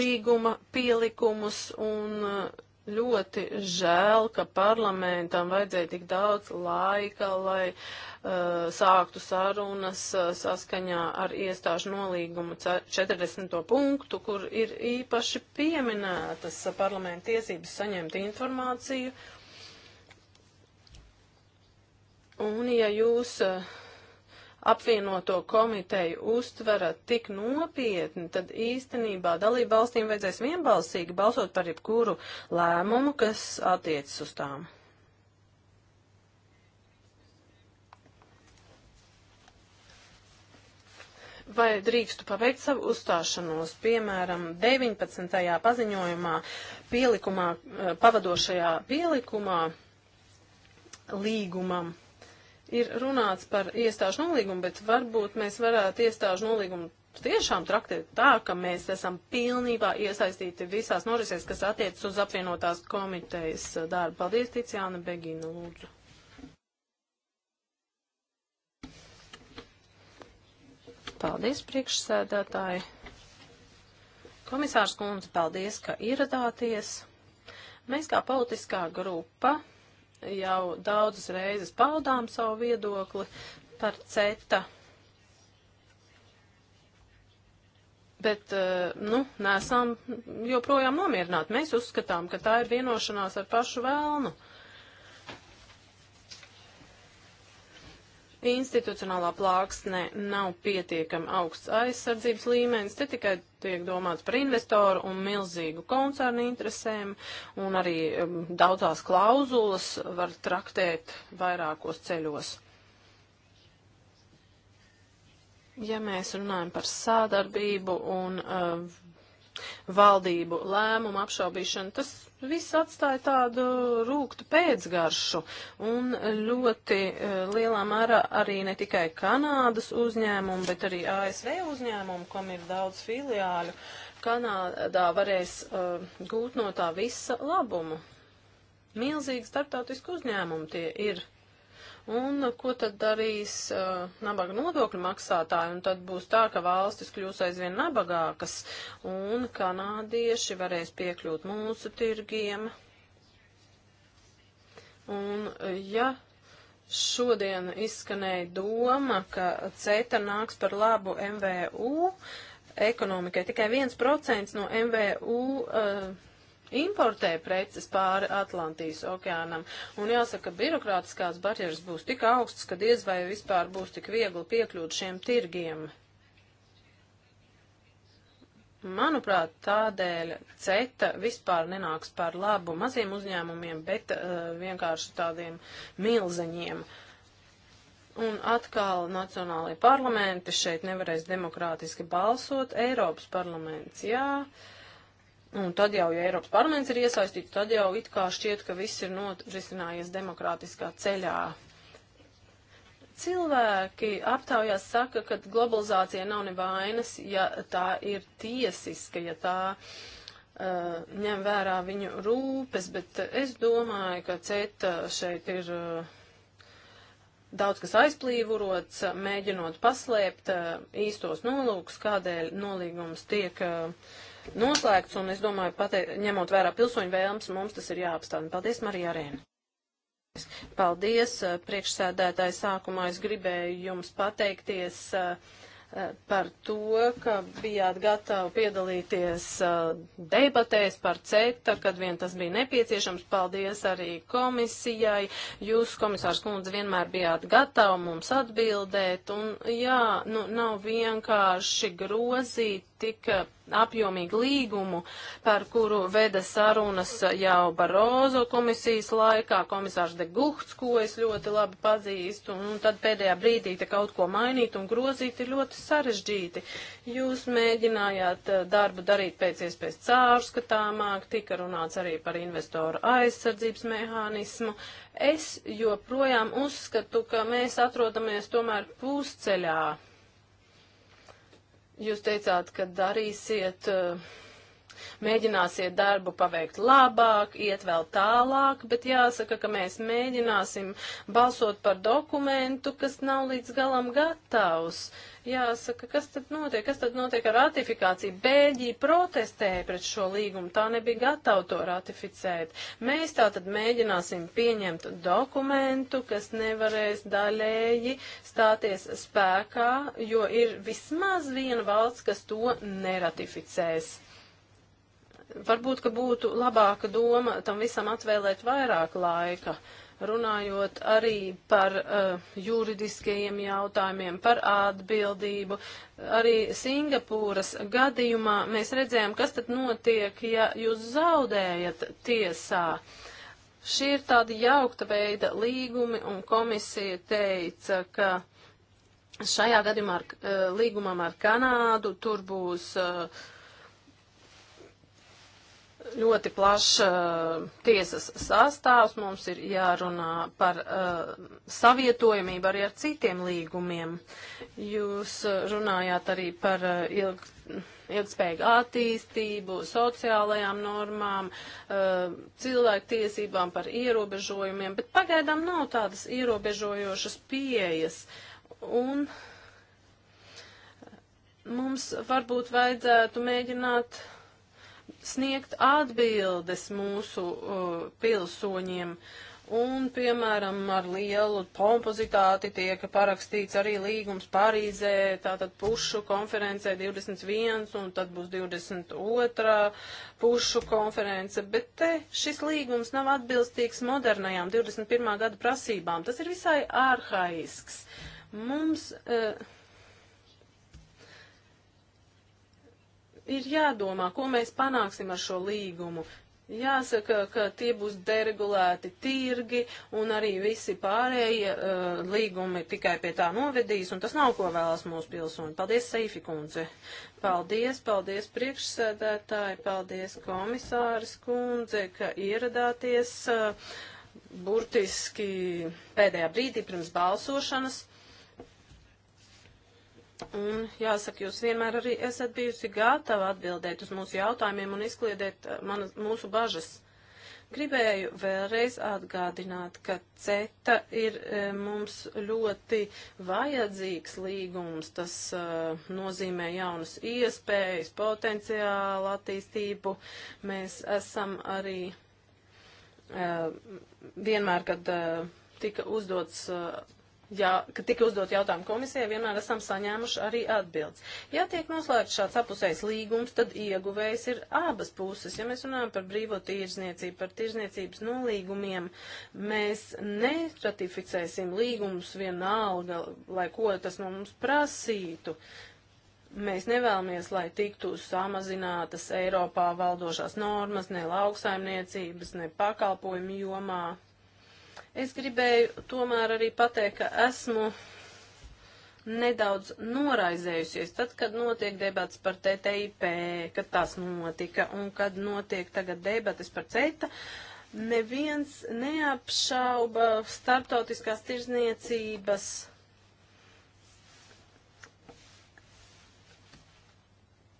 A: līguma pielikumus un uh, ļoti žēl, ka parlamentam vajadzēja tik daudz laika, lai uh, sāktu sarunas uh, saskaņā ar iestāžu nolīgumu 40. punktu, kur ir īpaši pieminētas parlamenta tiesības saņemt informāciju. Un ja jūs uh, apvienoto komiteju uztvera tik nopietni, tad īstenībā dalību valstīm vajadzēs vienbalsīgi balsot par jebkuru lēmumu, kas attiecas uz tām. Vai drīkstu paveikt savu uzstāšanos, piemēram, 19. paziņojumā, pielikumā, eh, pavadošajā pielikumā līgumam? ir runāts par iestāžu nolīgumu, bet varbūt mēs varētu iestāžu nolīgumu tiešām traktēt tā, ka mēs esam pilnībā iesaistīti visās norisēs, kas attiecas uz apvienotās komitejas darbu. Paldies, Ticiāna Begina, lūdzu. Paldies, priekšsēdētāji. Komisārs kundze, paldies, ka ieradāties. Mēs kā politiskā grupa jau daudzas reizes paudām savu viedokli par CETA. Bet, eh, nu, nesam joprojām nomierināti. Mēs uzskatām, ka tā ir vienošanās ar pašu vēlnu. Uh, institucionālā plāksne nav pietiekami augsts aizsardzības līmenis, te tikai tiek domāts par investoru un milzīgu koncernu interesēm, un arī um, daudzās klauzulas var traktēt vairākos ceļos. Ja mēs runājam par sādarbību un uh, valdību lēmumu apšaubīšanu, tas viss atstāja tādu rūktu pēcgaršu un ļoti uh, lielā mērā arī ne tikai Kanādas uzņēmumu, bet arī ASV uzņēmumu, kam ir daudz filiāļu, Kanādā varēs uh, gūt no tā visa labumu. Milzīgi starptautiski uzņēmumi tie ir. Un ko tad darīs uh, nabaga nodokļu maksātāji? Un tad būs tā, ka valstis kļūs aizvien nabagākas un kanādieši varēs piekļūt mūsu tirgiem. Un uh, ja šodien izskanēja doma, ka CETA nāks par labu MVU ekonomikai, tikai 1% no MVU uh, importē preces pāri Atlantijas okeānam. Un jāsaka, birokrātiskās barjeras būs tik augstas, ka diez vai vispār būs tik viegli piekļūt šiem tirgiem. Manuprāt, tādēļ CETA vispār nenāks par labu maziem uzņēmumiem, bet uh, vienkārši tādiem milzeņiem. Un atkal nacionālajie parlamenti šeit nevarēs demokrātiski balsot. Eiropas parlaments, jā. Uh, Un tad jau, ja Eiropas parlaments ir iesaistīts, tad jau it kā šķiet, ka viss ir notrisinājies demokrātiskā ceļā. Cilvēki aptaujās saka, ka globalizācija nav nevainas, ja tā ir tiesiska, ja tā uh, ņem vērā viņu rūpes, bet es domāju, ka CETA šeit ir. Uh, daudz kas aizplīvurots, mēģinot paslēpt uh, īstos nolūks, kādēļ nolīgums tiek uh, noslēgts, un es domāju, pate, ņemot vērā pilsoņu vēlmes, mums tas ir jāapstāda. Paldies, Marija Arēna! Paldies, eh, priekšsēdētāji, sākumā es gribēju jums pateikties eh, eh, par to, ka bijāt gatavi piedalīties debatēs par CETA, kad vien tas bija nepieciešams. Paldies arī komisijai. Jūs, komisārs Kundze, vienmēr bijāt gatavi mums atbildēt. Un jā, nu, nav vienkārši grozīt tik eh, apjomīgu līgumu, par kuru veda sarunas eh, jau Barozo komisijas laikā, komisārs de Guhts, ko es ļoti labi pazīstu, un tad pēdējā brīdī te kaut ko mainīt un grozīt ir ļoti sarežģīti. Jūs mēģinājāt eh, darbu darīt pēc iespējas cārskatāmāk, tika runāts arī par investoru aizsardzības mehānismu. Es joprojām uzskatu, ka mēs atrodamies tomēr pusceļā Jūs teicāt, ka darīsiet uh, mēģināsiet darbu paveikt labāk, iet vēl tālāk, bet jāsaka, ka mēs mēģināsim balsot par dokumentu, kas nav līdz galam gatavs. Jāsaka, kas tad notiek, kas tad notiek ar ratifikāciju? Bēļģija protestēja pret šo līgumu, tā nebija gatava to ratificēt. Mēs tā tad mēģināsim pieņemt dokumentu, kas nevarēs daļēji stāties spēkā, jo ir vismaz viena valsts, kas to neratificēs. Varbūt, ka būtu labāka doma tam visam atvēlēt vairāk laika, runājot arī par uh, juridiskajiem jautājumiem, par atbildību. Arī Singapūras gadījumā mēs redzējām, kas tad notiek, ja jūs zaudējat tiesā. Šī ir tāda jaukta veida līgumi, un komisija teica, ka šajā gadījumā ar, uh, līgumam ar Kanādu tur būs. Uh, ļoti plašs uh, tiesas sastāvs, mums ir jārunā par uh, savietojamību arī ar citiem līgumiem. Jūs uh, runājāt arī par uh, ilg, ilgspējīgu attīstību, sociālajām normām, uh, cilvēktiesībām, par ierobežojumiem, bet pagaidām nav tādas ierobežojošas pieejas. Un mums varbūt vajadzētu mēģināt sniegt atbildes mūsu uh, pilsoņiem. Un, piemēram, ar lielu pompozitāti tiek parakstīts arī līgums Parīzē, tātad pušu konferencē 21 un tad būs 22 pušu konference, bet te šis līgums nav atbilstīgs modernajām 21. gada prasībām. Tas ir visai ārhaisks. Mums. Uh, ir jādomā, ko mēs panāksim ar šo līgumu. Jāsaka, ka tie būs deregulēti tirgi un arī visi pārējie uh, līgumi tikai pie tā novedīs, un tas nav, ko vēlas mūsu pilsoņi. Paldies, Seifi kundze. Paldies, paldies priekšsēdētāji, paldies komisāras kundze, ka ieradāties uh, burtiski pēdējā brīdī pirms balsošanas. Un jāsaka, jūs vienmēr arī esat bijusi gatava atbildēt uz mūsu jautājumiem un izkliedēt eh, manas, mūsu bažas. Gribēju vēlreiz atgādināt, ka CETA ir eh, mums ļoti vajadzīgs līgums. Tas uh, nozīmē jaunas iespējas, potenciālu attīstību. Mēs esam arī uh, vienmēr, kad uh, tika uzdots ja, kad tika uzdot jautājumu komisijai, vienmēr esam saņēmuši arī atbildes. Ja tiek noslēgts šāds apusējs līgums, tad ieguvējs ir abas puses. Ja mēs runājam par brīvo tīrzniecību, par tīrzniecības nolīgumiem, mēs neratificēsim līgumus vienalga, lai ko tas no mums prasītu. Mēs nevēlamies, lai tiktu samazinātas Eiropā valdošās normas ne lauksaimniecības, ne pakalpojumu jomā. Es gribēju tomēr arī pateikt, ka esmu nedaudz noraizējusies tad, kad notiek debats par TTIP, kad tās notika un kad notiek tagad debatas par CETA. Neviens neapšauba starptautiskās tirzniecības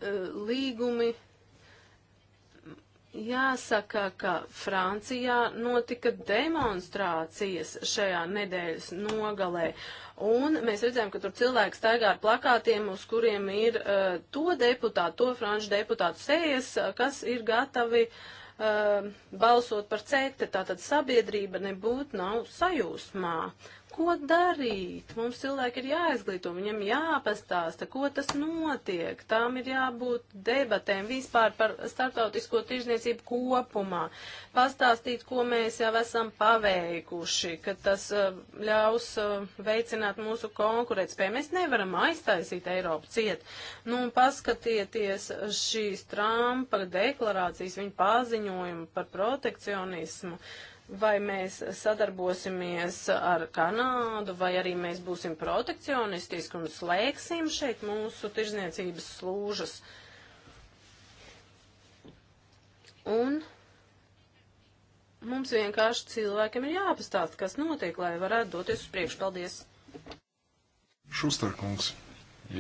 A: eh, līgumi Jāsaka, ka Francijā notika demonstrācijas šajā nedēļas nogalē, un mēs redzējām, ka tur cilvēki staigā ar plakātiem, uz kuriem ir uh, to deputātu, to franču deputātu sējas, uh, kas ir gatavi uh, balsot par cekte, tātad sabiedrība nebūtu nav sajūsmā. Ko darīt? Mums cilvēki ir jāizglīto, viņam jāpastāsta, ko tas notiek. Tām ir jābūt debatēm vispār par startautisko tirzniecību kopumā. Pastāstīt, ko mēs jau esam paveikuši, ka tas eh, ļaus eh, veicināt mūsu konkurētspēju. Mēs nevaram aiztaisīt Eiropu ciet. Nu, un paskatieties šīs Trumpa deklarācijas, viņa paziņojumu par protekcionismu. Uh, vai mēs sadarbosimies ar Kanādu, vai arī mēs būsim protekcionistiski un slēgsim šeit mūsu tirzniecības slūžas. Un mums vienkārši cilvēkiem ir jāpastāst, kas notiek, lai varētu doties uz priekšu. Paldies!
B: Šustārkungs.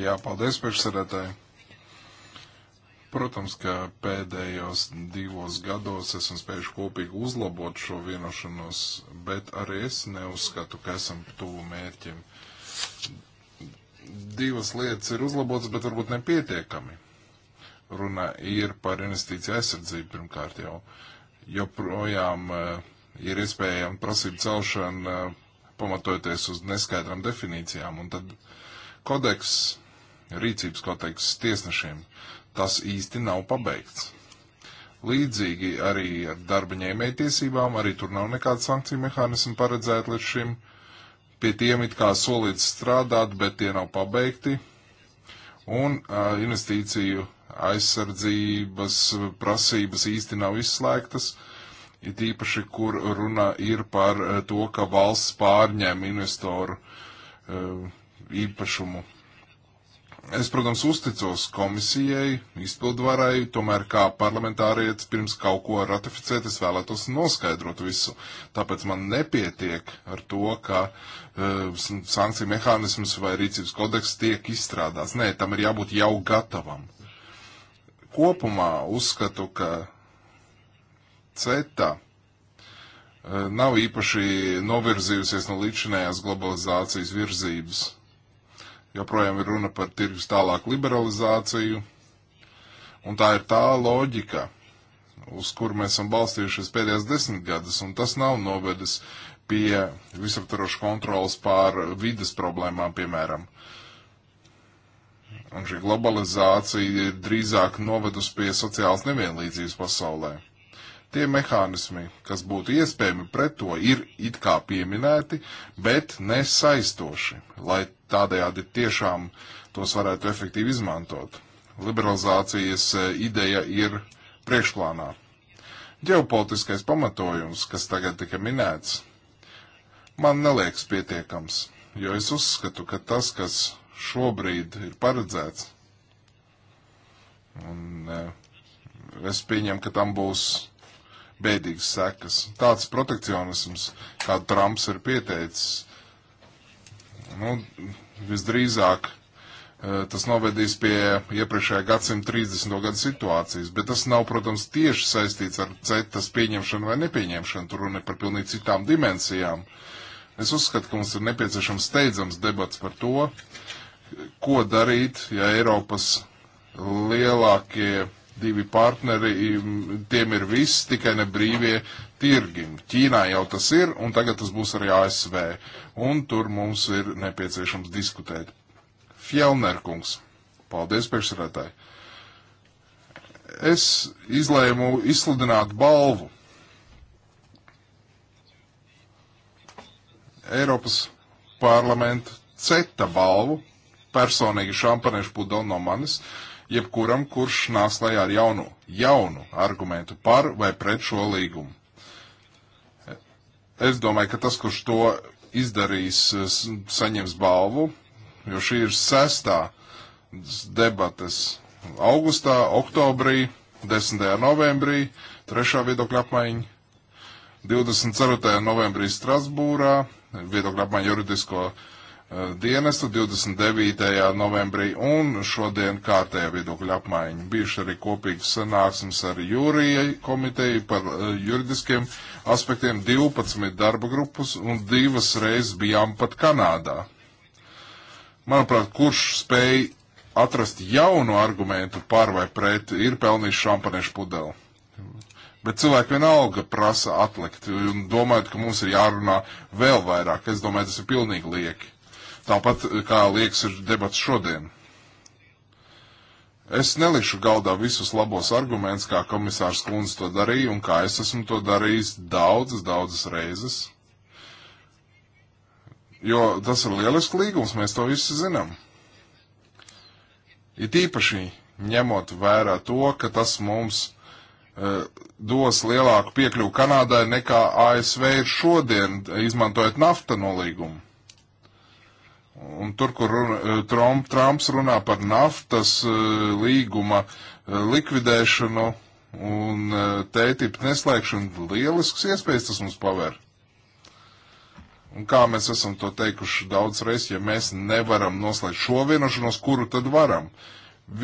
B: Jā, paldies priekšsēdētāji. Protams, ka pēdējos divos gados esam spējuši kopīgi uzlabot šo vienošanos, bet arī es neuzskatu, ka esam tuvu mērķim. Divas lietas ir uzlabotas, bet varbūt nepietiekami. Runa ir par investīciju aizsardzību pirmkārt jau. Joprojām eh, ir iespējama prasība celšana eh, pamatojoties uz neskaidrām definīcijām, un tad kodeks, rīcības kodeks tiesnešiem tas īsti nav pabeigts. Līdzīgi arī ar darba ņēmēja tiesībām, arī tur nav nekāda sankcija mehānisma paredzēta līdz šim. Pie tiem it kā solīts strādāt, bet tie nav pabeigti. Un uh, investīciju aizsardzības prasības īsti nav izslēgtas, it īpaši, kur runa ir par to, ka valsts pārņem investoru uh, īpašumu Es, protams, uzticos komisijai, izpildvarai, tomēr kā parlamentārietis pirms kaut ko ratificēt, es vēlētos noskaidrot visu. Tāpēc man nepietiek ar to, ka uh, sankciju mehānisms vai rīcības kodeks tiek izstrādāts. Nē, tam ir jābūt jau gatavam. Kopumā uzskatu, ka CETA uh, nav īpaši novirzījusies no līdzinējās globalizācijas virzības joprojām ir runa par tirgus tālāku liberalizāciju, un tā ir tā loģika, uz kur mēs esam balstījušies pēdējās desmitgades, un tas nav novedis pie visaptarošu kontrolas pār vidas problēmām, piemēram. Un šī globalizācija ir drīzāk novedus pie sociālas nevienlīdzības pasaulē. Tie mehānismi, kas būtu iespējami pret to, ir it kā pieminēti, bet nesaistoši, lai tādējādi tiešām tos varētu efektīvi izmantot. Liberalizācijas e, ideja ir priekšplānā. Ģeopolitiskais pamatojums, kas tagad tika minēts, man neliekas pietiekams, jo es uzskatu, ka tas, kas šobrīd ir paredzēts. Un, e, es pieņemu, ka tam būs bēdīgas sekas. Tāds protekcionisms, kādu Trumps ir pieteicis, nu, visdrīzāk eh, tas novedīs pie iepriekšējā gadsimta 30. gada situācijas, bet tas nav, protams, tieši saistīts ar cetas pieņemšanu vai nepieņemšanu, tur runa ir par pilnīgi citām dimensijām. Es uzskatu, ka mums ir nepieciešams steidzams debats par to, ko darīt, ja Eiropas lielākie divi partneri, tiem ir viss, tikai ne brīvie tirgi. Ķīnā jau tas ir, un tagad tas būs arī ASV. Un tur mums ir nepieciešams diskutēt. Fjellnerkungs, paldies priekšsarētāji. Es izlēmu izsludināt balvu Eiropas parlamentu CETA balvu, personīgi šampanēšu pudonu no manis. Uh, jebkuram, kurš nāks lajā ar jaunu, jaunu argumentu par vai pret šo līgumu. Es domāju, ka tas, kurš to izdarīs, saņems balvu, jo šī ir sestā debates augustā, oktobrī, 10. novembrī, trešā viedokļa apmaiņa, 24. novembrī Strasbūrā, viedokļa apmaiņa juridisko uh, Eh, dienestu 29. novembrī un šodien kārtējā viedokļa apmaiņa. Bijuši arī kopīgs sanāksmes ar jūrijai komiteju par eh, juridiskiem aspektiem 12 darba grupus un divas reizes bijām pat Kanādā. Manuprāt, kurš spēj atrast jaunu argumentu par vai pret, ir pelnījis šampaniešu pudeli. Bet cilvēki vienalga prasa atlikt un domājot, ka mums ir jārunā vēl vairāk. Es domāju, tas ir pilnīgi lieki. Tāpat, eh, kā liekas, ir debats šodien. Es nelišu galdā visus labos argumentus, kā komisārs Kunz to darīja un kā es esmu to darījis daudzas, daudzas reizes. Jo tas ir lielisks līgums, mēs to visi zinām. It īpaši ņemot vērā to, ka tas mums uh, dos lielāku piekļuvu Kanādai nekā ASV ir šodien, izmantojot nafta nolīgumu. Un tur, kur runa, eh, Trump, Trumps runā par naftas eh, līguma eh, likvidēšanu un tētipu neslēgšanu, lielisks iespējas tas mums paver. Un kā mēs esam to teikuši daudz reiz, ja mēs nevaram noslēgt šo vienošanos, kuru tad varam?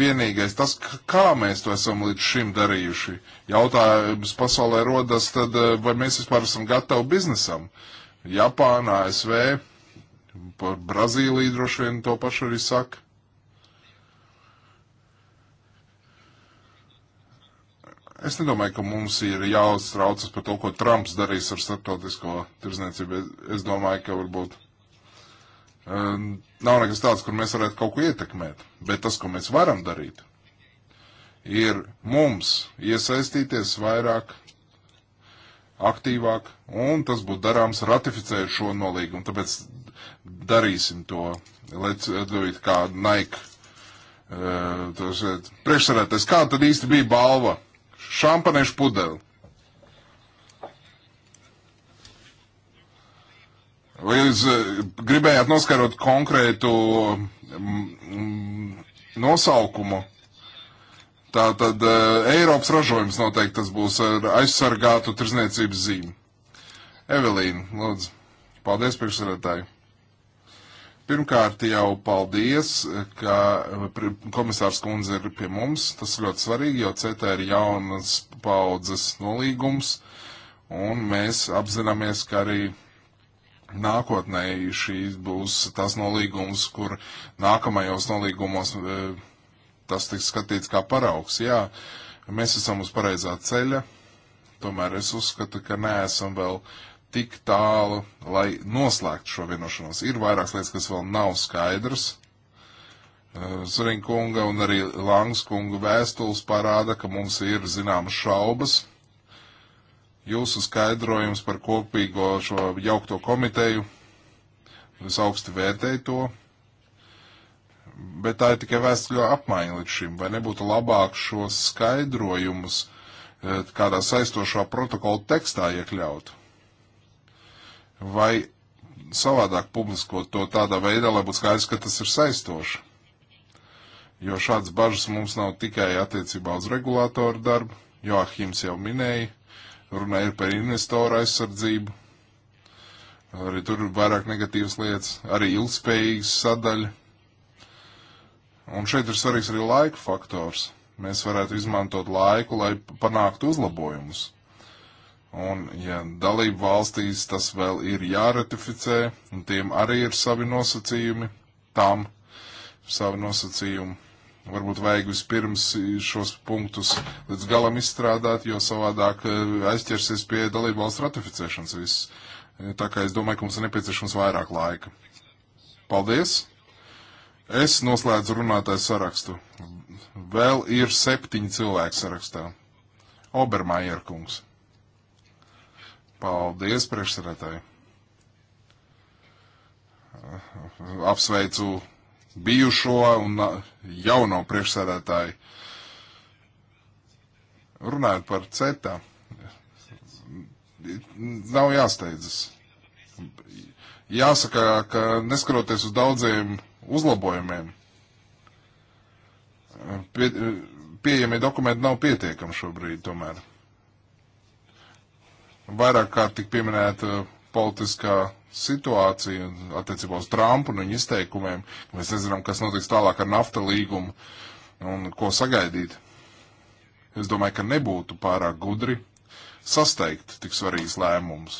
B: Vienīgais tas, kā mēs to esam līdz šim darījuši. Jautājums pasaulē rodas tad, vai mēs vispār esam gatavi biznesam. Japāna, ASV, Par Brazīliju droši vien to pašu arī saka. Es nedomāju, ka mums ir jāuztraucas par to, ko Trumps darīs ar starptautisko tirzniecību. Es domāju, ka varbūt um, nav nekas tāds, kur mēs varētu kaut ko ietekmēt. Bet tas, ko mēs varam darīt, ir mums iesaistīties vairāk, aktīvāk, un tas būtu darāms ratificējot šo nolīgumu. Tāpēc darīsim to. Let's do it kā Nike. Uh, Priekšsarētais, kā tad īsti bija balva? Šampaniešu pudeli. Vai jūs uh, gribējāt noskarot konkrētu mm, mm, nosaukumu? Tā tad uh, Eiropas ražojums noteikti tas būs ar aizsargātu tirzniecības zīmi. Evelīna, lūdzu. Paldies, priekšsēdētāji. Pirmkārt, jau paldies, ka eh, komisārs kundze ir pie mums. Tas ļoti svarīgi, jo CETA ir jaunas paudzes nolīgums, un mēs apzināmies, ka arī nākotnē šīs būs tas nolīgums, kur nākamajos nolīgumos eh, tas tiks skatīts kā paraugs. Jā, mēs esam uz pareizā ceļa, tomēr es uzskatu, ka neesam vēl uh, tik tālu, lai noslēgtu šo vienošanos. Ir vairākas lietas, kas vēl nav skaidrs. Zurina eh, kunga un arī Langs kunga vēstules parāda, ka mums ir zināmas šaubas. Jūsu skaidrojums par kopīgo šo jaukto komiteju, es augsti vērtēju to, bet tā ir tikai vēstuļo apmaiņa līdz šim. Vai nebūtu labāk šos skaidrojumus eh, kādā saistošā protokola tekstā iekļaut? vai savādāk publiskot to tādā veidā, lai būtu skaidrs, ka tas ir saistoši. Jo šāds bažas mums nav tikai attiecībā uz regulātoru darbu, Joachims jau minēja, runa ir par investoru aizsardzību, arī tur ir vairāk negatīvas lietas, arī ilgspējīgas sadaļa. Un šeit ir svarīgs arī laika faktors. Mēs varētu izmantot laiku, lai panāktu uzlabojumus. Un, ja dalību valstīs tas vēl ir jāratificē, un tiem arī ir savi nosacījumi, tam savi nosacījumi. Varbūt vajag vispirms šos punktus līdz galam izstrādāt, jo savādāk eh, aizķersies pie dalību valsts ratificēšanas viss. Eh, tā kā es domāju, ka mums ir nepieciešams vairāk laika. Paldies! Es noslēdzu runātāju sarakstu. Vēl ir septiņi cilvēki sarakstā. Obermajer kungs. Paldies, priekšsarētāji. Apsveicu bijušo un jauno priekšsarētāju. Runājot par CETA, nav jāsteidzas. Jāsaka, ka neskaroties uz daudziem uzlabojumiem, pie, pieejamie dokumenti nav pietiekami šobrīd tomēr. Vairāk kā tik pieminēta politiskā situācija attiecībā uz Trumpu un viņa izteikumiem. Mēs nezinām, kas notiks tālāk ar nafta līgumu un ko sagaidīt. Es domāju, ka nebūtu pārāk gudri sasteigt tik svarīgs lēmums.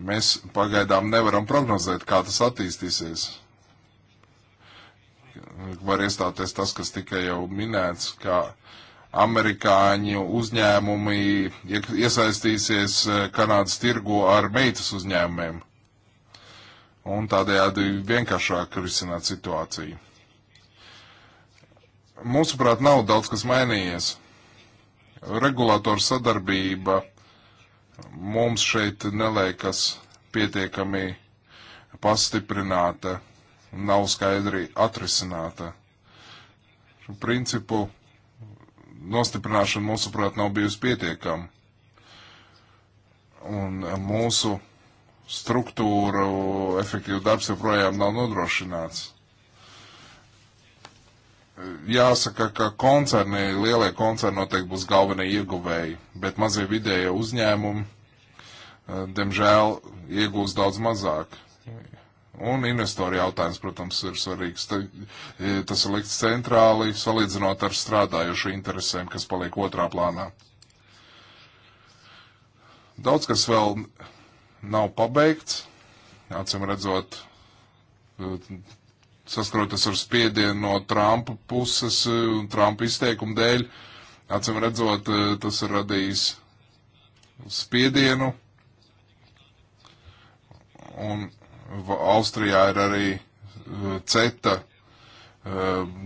B: Mēs pagaidām nevaram prognozēt, kā tas attīstīsies. Var iestāties tas, kas tikai jau minēts, kā amerikāņu uzņēmumi iesaistīsies eh, Kanādas tirgu ar meitas uzņēmumiem. Un tādējādi vienkāršāk risināt situāciju. Mūsuprāt, nav daudz kas mainījies. Regulātora sadarbība mums šeit neliekas pietiekami pastiprināta, nav skaidri atrisināta. Šo principu nostiprināšana, mūsuprāt, nav bijusi pietiekama. Un e, mūsu struktūru efektīvu darbs joprojām nav nodrošināts. Jāsaka, ka koncerni, lielie koncerni noteikti būs galvenie ieguvēji, bet mazie vidējie uzņēmumi, e, diemžēl, iegūs daudz mazāk. Un investoru jautājums, protams, ir svarīgs. Te, e, tas ir likts centrāli, salīdzinot ar strādājušu interesēm, kas paliek otrā plānā. Daudz kas vēl nav pabeigts, acīm redzot, e, saskaroties ar spiedienu no Trumpa puses e, un Trumpa izteikumu dēļ, acīm redzot, tas ir radījis spiedienu. Un Austrijā ir arī eh, CETA eh,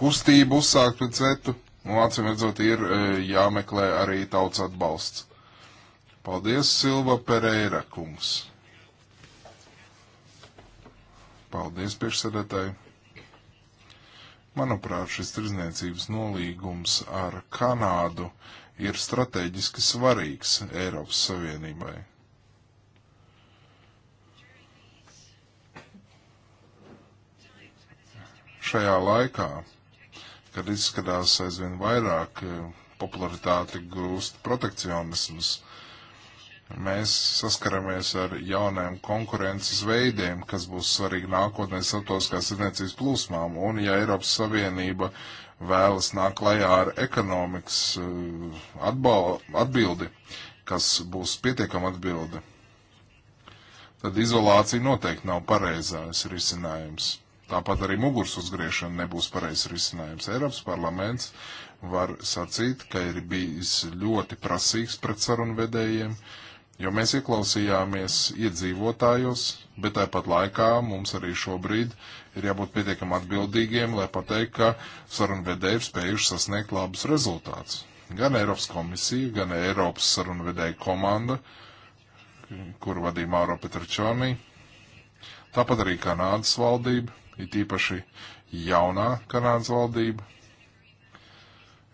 B: kustība uzsākt pret CETU, un acīm redzot, ir eh, jāmeklē arī tauts atbalsts. Paldies, Silva Pereira kungs. Paldies, priekšsēdētāji. Manuprāt, šis tirzniecības nolīgums ar Kanādu ir strateģiski svarīgs Eiropas Savienībai. šajā laikā, kad izskatās aizvien vairāk eh, popularitāti gūst protekcionisms, mēs saskaramies ar jauniem konkurences veidiem, kas būs svarīgi nākotnē starptautiskā sadniecības plūsmām. Un ja Eiropas Savienība vēlas nākt klajā ar ekonomikas eh, atbal, atbildi, kas būs pietiekama atbildi, tad izolācija noteikti nav pareizais risinājums. Tāpat arī muguras uzgriešana nebūs pareizs risinājums. Eiropas parlaments var sacīt, ka ir bijis ļoti prasīgs pret sarunvedējiem, jo mēs ieklausījāmies iedzīvotājos, bet tāpat laikā mums arī šobrīd ir jābūt pietiekam atbildīgiem, lai pateikt, ka sarunvedēji ir spējuši sasniegt labus rezultātus. Gan Eiropas komisija, gan Eiropas sarunvedēju komanda, kur vadīja Mauro Petrčoni, tāpat arī Kanādas valdība it īpaši jaunā Kanādas valdība,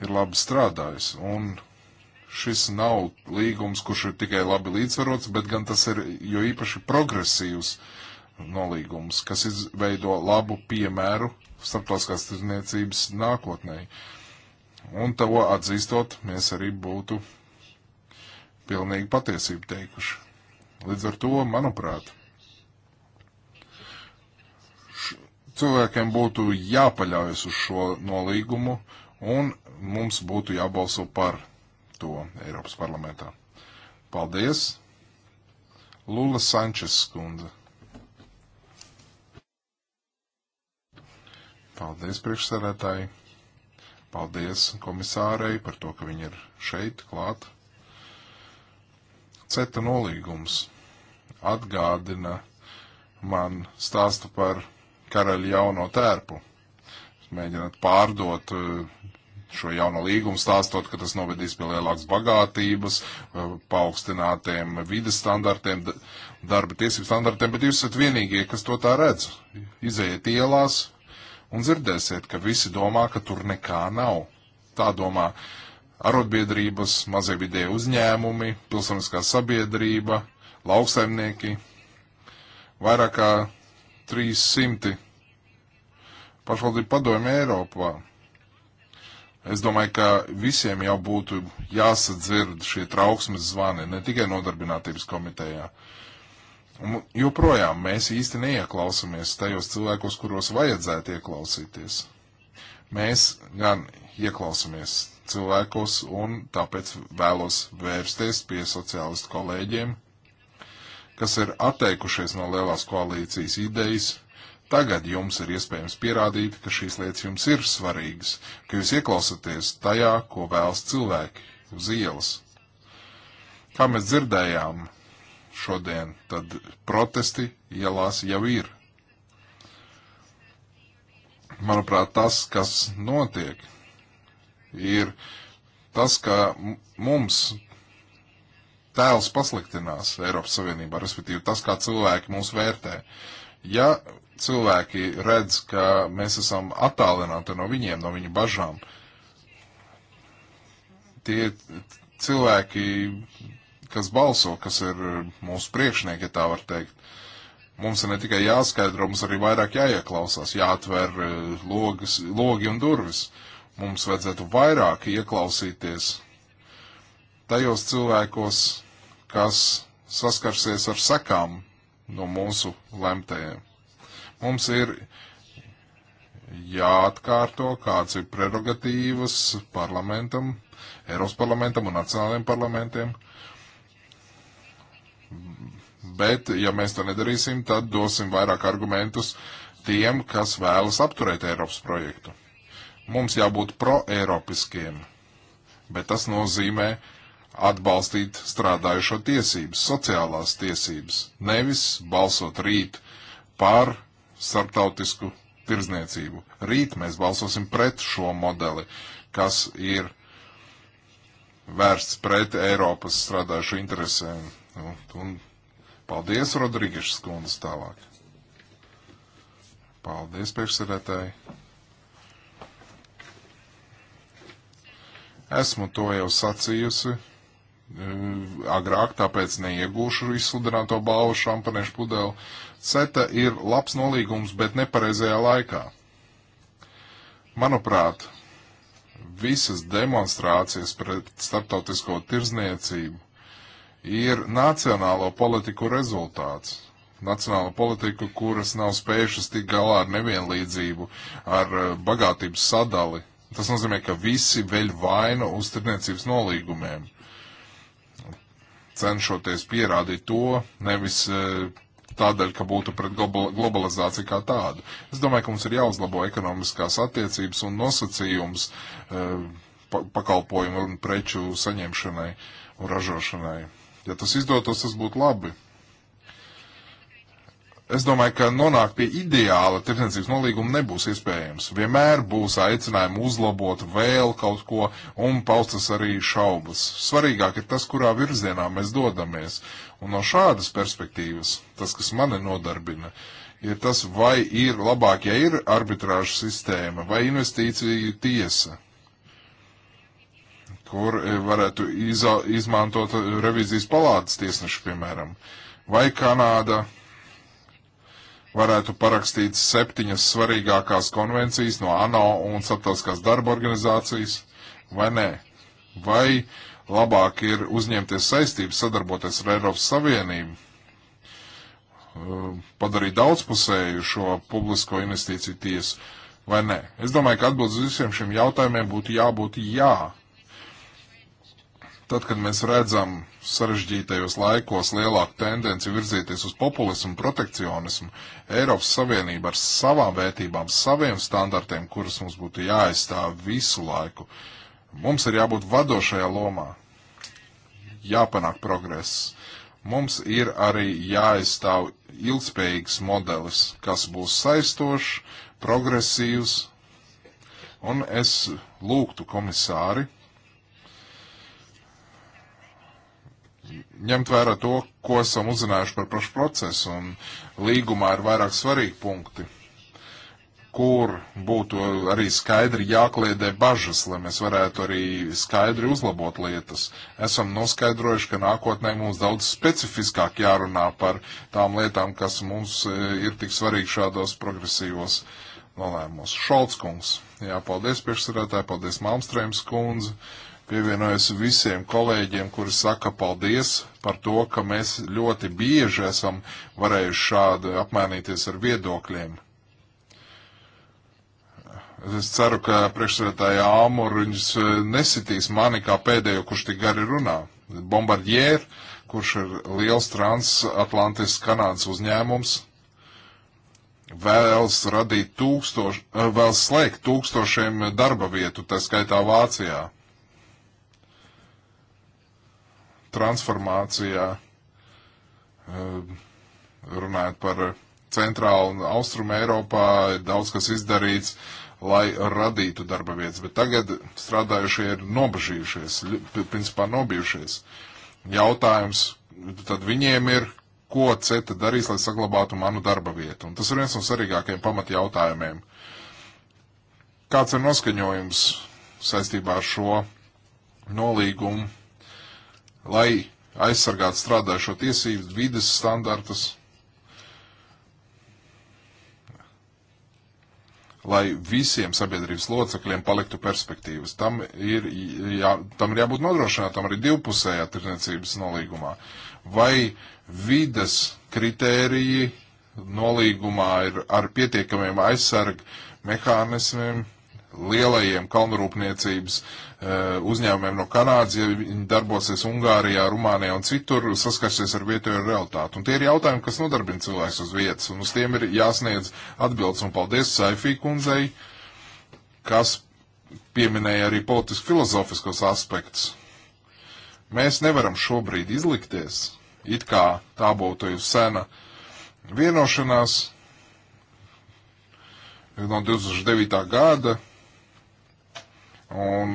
B: ir labi strādājusi. Un šis nav līgums, kurš ir tikai labi līdzsvarots, bet gan tas ir jo īpaši progresīvs nolīgums, kas izveido labu piemēru starptautiskās tirzniecības nākotnē. Un to atzīstot, mēs arī būtu pilnīgi patiesību teikuši. Līdz ar to, manuprāt, cilvēkiem būtu jāpaļaujas uz šo nolīgumu un mums būtu jābalso par to Eiropas parlamentā. Paldies! Lula Sančes skundze. Paldies priekšsēdētāji. Paldies komisārei par to, ka viņi ir šeit klāt. Ceta nolīgums atgādina man stāstu par karaļa jauno tērpu. Mēģināt pārdot eh, šo jauno līgumu, stāstot, ka tas novedīs pie lielākas bagātības, eh, paaugstinātiem vides standartiem, darba tiesību standartiem, bet jūs esat vienīgie, kas to tā redz. Izejiet ielās un dzirdēsiet, ka visi domā, ka tur nekā nav. Tā domā arotbiedrības, mazie vidēji uzņēmumi, pilsoniskā sabiedrība, lauksaimnieki. Vairāk kā 300 pašvaldību padomju Eiropā. Es domāju, ka visiem jau būtu jāsadzird šie trauksmes zvani, ne tikai nodarbinātības komitejā. Un joprojām mēs īsti neieklausāmies tajos cilvēkos, kuros vajadzētu ieklausīties. Mēs gan ieklausāmies cilvēkos, un tāpēc vēlos vērsties pie sociālistu kolēģiem kas ir atteikušies no lielās koalīcijas idejas, tagad jums ir iespējams pierādīt, ka šīs lietas jums ir svarīgas, ka jūs ieklausāties tajā, ko vēlas cilvēki uz ielas. Kā mēs dzirdējām šodien, tad protesti ielās jau ir. Manuprāt, tas, kas notiek, ir tas, ka mums tēls pasliktinās Eiropas Savienībā, respektīvi tas, kā cilvēki mūs vērtē. Ja cilvēki redz, ka mēs esam attālināti no viņiem, no viņu bažām, tie cilvēki, kas balso, kas ir mūsu priekšnieki, ja tā var teikt, mums ir ne tikai jāskaidro, mums arī vairāk jāieklausās, jāatver eh, logas, logi un durvis. Mums vajadzētu vairāk ieklausīties tajos cilvēkos, kas saskarsies ar sekām no mūsu lemtajiem. Mums ir jāatkārto, kāds ir prerogatīvas parlamentam, Eiropas parlamentam un nacionālajiem parlamentiem. Bet, ja mēs to nedarīsim, tad dosim vairāk argumentus tiem, kas vēlas apturēt Eiropas projektu. Mums jābūt pro-eiropiskiem, bet tas nozīmē, uh, atbalstīt strādājušo tiesības, sociālās tiesības, nevis balsot rīt par starptautisku tirzniecību. Rīt mēs balsosim pret šo modeli, kas ir vērsts pret Eiropas strādājušo interesēm. Un, nu, un paldies, Rodrīgišs kundze, tālāk. Paldies, priekšsēdētāji. Esmu to jau sacījusi Eh, agrāk, tāpēc neiegūšu izsludināto balvu šampaniešu pudeli. CETA ir labs nolīgums, bet nepareizajā laikā. Manuprāt, visas demonstrācijas pret starptautisko tirzniecību ir nacionālo politiku rezultāts. Nacionāla politika, kuras nav spējušas tik galā ar nevienlīdzību, ar eh, bagātības sadali. Tas nozīmē, ka visi veļ vainu uz tirniecības nolīgumiem cenšoties pierādīt to, nevis e, tādēļ, ka būtu pret globalizāciju kā tādu. Es domāju, ka mums ir jāuzlabo ekonomiskās attiecības un nosacījums e, pakalpojumu un preču saņemšanai un ražošanai. Ja tas izdotos, tas būtu labi. Es domāju, ka nonākt pie ideāla tirdzniecības nolīguma nebūs iespējams. Vienmēr būs aicinājumi uzlabot vēl kaut ko un paustas arī šaubas. Svarīgāk ir tas, kurā virzienā mēs dodamies. Un no šādas perspektīvas, tas, kas mani nodarbina, ir tas, vai ir labāk, ja ir arbitrāža sistēma vai investīcija tiesa kur varētu izmantot revizijas palādes tiesnešu, piemēram, vai Kanāda, uh, varētu parakstīt septiņas svarīgākās konvencijas no ANO un starptautiskās darba organizācijas, vai nē? Vai labāk ir uzņemties saistības sadarboties ar Eiropas Savienību, eh, padarīt daudzpusēju šo publisko investīciju tiesu, vai nē? Es domāju, ka atbildes visiem šiem jautājumiem būtu jābūt jā. Tad, kad mēs redzam sarežģītajos laikos lielāku tendenci virzīties uz populismu, protekcionismu, Eiropas Savienība ar savām vērtībām, saviem standartiem, kurus mums būtu jāaizstāv visu laiku, mums ir jābūt vadošajā lomā, jāpanāk progress. Mums ir arī jāaizstāv ilgspējīgs modelis, kas būs saistošs, progresīvs, un es lūgtu komisāri ņemt vērā to, ko esam uzzinājuši par pašu procesu, un līgumā ir vairāk svarīgi punkti, kur būtu arī skaidri jākliedē bažas, lai mēs varētu arī skaidri uzlabot lietas. Esam noskaidrojuši, ka nākotnē mums daudz specifiskāk jārunā par tām lietām, kas mums e, ir tik svarīgi šādos progresīvos nolēmumos. Šolts kungs, jā, paldies priekšsarētāji, paldies Malmstrēms kundze. Uh, pievienojos visiem kolēģiem, kuri saka paldies par to, ka mēs ļoti bieži esam varējuši šādi apmainīties ar viedokļiem. Es ceru, ka priekšsēdētāja Āmuriņš e, nesitīs mani kā pēdējo, kurš tik gari runā. Bombardier, kurš ir liels transatlantis Kanādas uzņēmums, vēlas radīt tūkstoš, e, vēlas slēgt tūkstošiem darba vietu, tā skaitā Vācijā transformācijā, eh, runājot par centrālu un austrumu Eiropā, ir daudz kas izdarīts, lai radītu darba vietas, bet tagad strādājušie ir nobežījušies, principā nobijušies. Jautājums tad viņiem ir, ko CETA darīs, lai saglabātu manu darba vietu. Un tas ir viens no svarīgākajiem pamatjautājumiem. Kāds ir noskaņojums saistībā ar šo nolīgumu lai aizsargātu strādājušo tiesības, vides standartus, lai visiem sabiedrības locekļiem paliktu perspektīvas. Tam ir, jā, tam ir jābūt nodrošinātam arī divpusējā tirdzniecības nolīgumā. Vai vides kritēriji nolīgumā ir ar pietiekamiem aizsarg mehānismiem, lielajiem kalnrūpniecības eh, uzņēmumiem no Kanādas, ja viņi darbosies Ungārijā, Rumānijā un citur, saskarsies ar vietējo realitāti. Un tie ir jautājumi, kas nodarbina cilvēks uz vietas, un uz tiem ir jāsniedz atbildes. Un paldies Saifī kundzei, kas pieminēja arī politiski filozofiskos aspektus. Mēs nevaram šobrīd izlikties, it kā tā būtu jau sena vienošanās no 2009. gada, Un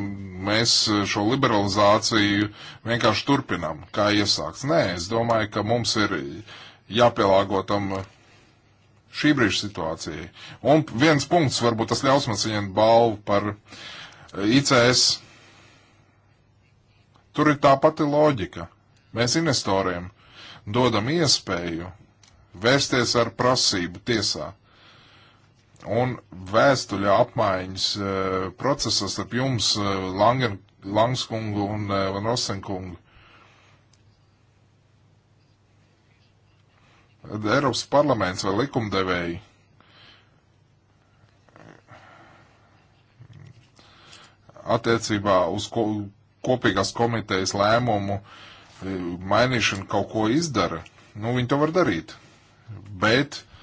B: mēs šo liberalizāciju vienkārši turpinām, kā iesākts. Nē, es domāju, ka mums ir jāpielāgo tam šī brīža situācijai. Un viens punkts, varbūt tas ļaus man saņemt balvu par ICS. Tur ir tā pati loģika. Mēs investoriem dodam iespēju vērsties ar prasību tiesā. Un vēstuļa apmaiņas e, procesā starp jums, e, Langen, Langskungu un e, Van Rosenkungu. Eiropas parlaments vai likumdevēji attiecībā uz ko, kopīgās komitejas lēmumu mainīšanu kaut ko izdara, nu viņi to var darīt. Bet uh,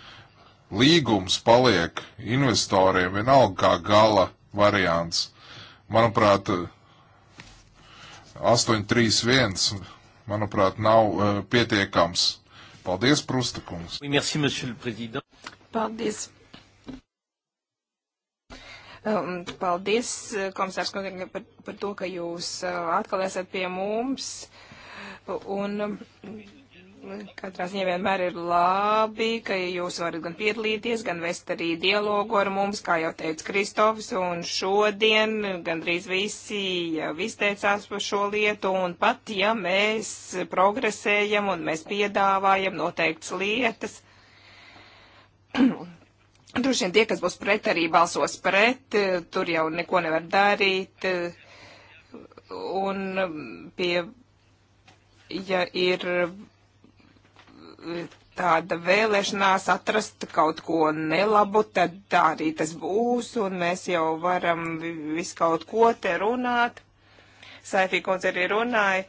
B: līgums paliek investoriem vienalga kā gala variants. Manuprāt, 831, manuprāt, nav uh, pietiekams. Paldies, Prustakums. Paldies.
C: Um, paldies, eh, komisārs, par, par to, ka jūs eh, atkal esat pie mums. Un Katrā ziņā vienmēr ir labi, ka jūs varat gan piedalīties, gan vest arī dialogu ar mums, kā jau teica Kristofs, un šodien gandrīz visi jau izteicās par šo lietu, un pat ja mēs progresējam un mēs piedāvājam noteikts lietas, droši vien tie, kas būs pret, arī balsos pret, tur jau neko nevar darīt, un pie, ja ir tāda vēlēšanās atrast kaut ko nelabu, tad tā arī tas būs, un mēs jau varam visu kaut ko te runāt. Saifī kundze arī runāja,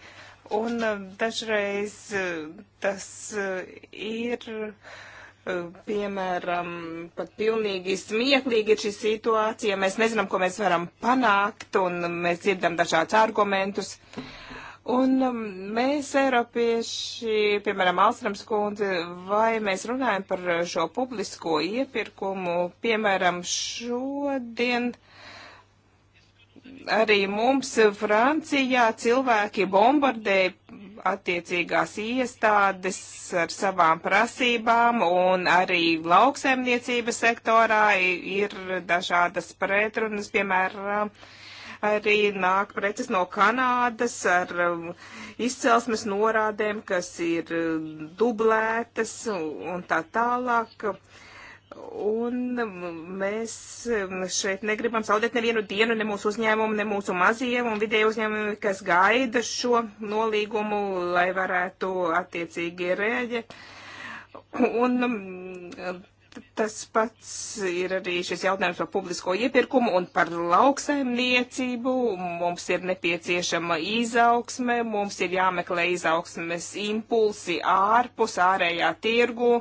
C: un um, dažreiz uh, tas uh, ir, uh, piemēram, pat pilnīgi smieklīgi ir šī situācija, mēs nezinām, ko mēs varam panākt, un mēs dzirdam dažādus argumentus. Uh, Un um, mēs, Eiropieši, piemēram, Alstrams kundze, vai mēs runājam par šo publisko iepirkumu, piemēram, šodien arī mums Francijā cilvēki bombardē attiecīgās iestādes ar savām prasībām, un arī lauksaimniecības sektorā ir dažādas pretrunas, piemēram, uh, arī nāk preces no Kanādas ar um, izcelsmes norādēm, kas ir um, dublētas un tā tālāk. Un um, mēs šeit negribam zaudēt nevienu dienu, ne mūsu uzņēmumu, ne mūsu maziem un vidēju uzņēmumu, kas gaida šo nolīgumu, lai varētu attiecīgi rēģēt. Un Tas pats ir arī šis jautājums par publisko iepirkumu un par lauksaimniecību. Mums ir nepieciešama izaugsme, mums ir jāmeklē izaugsmes impulsi ārpus ārējā tirgu.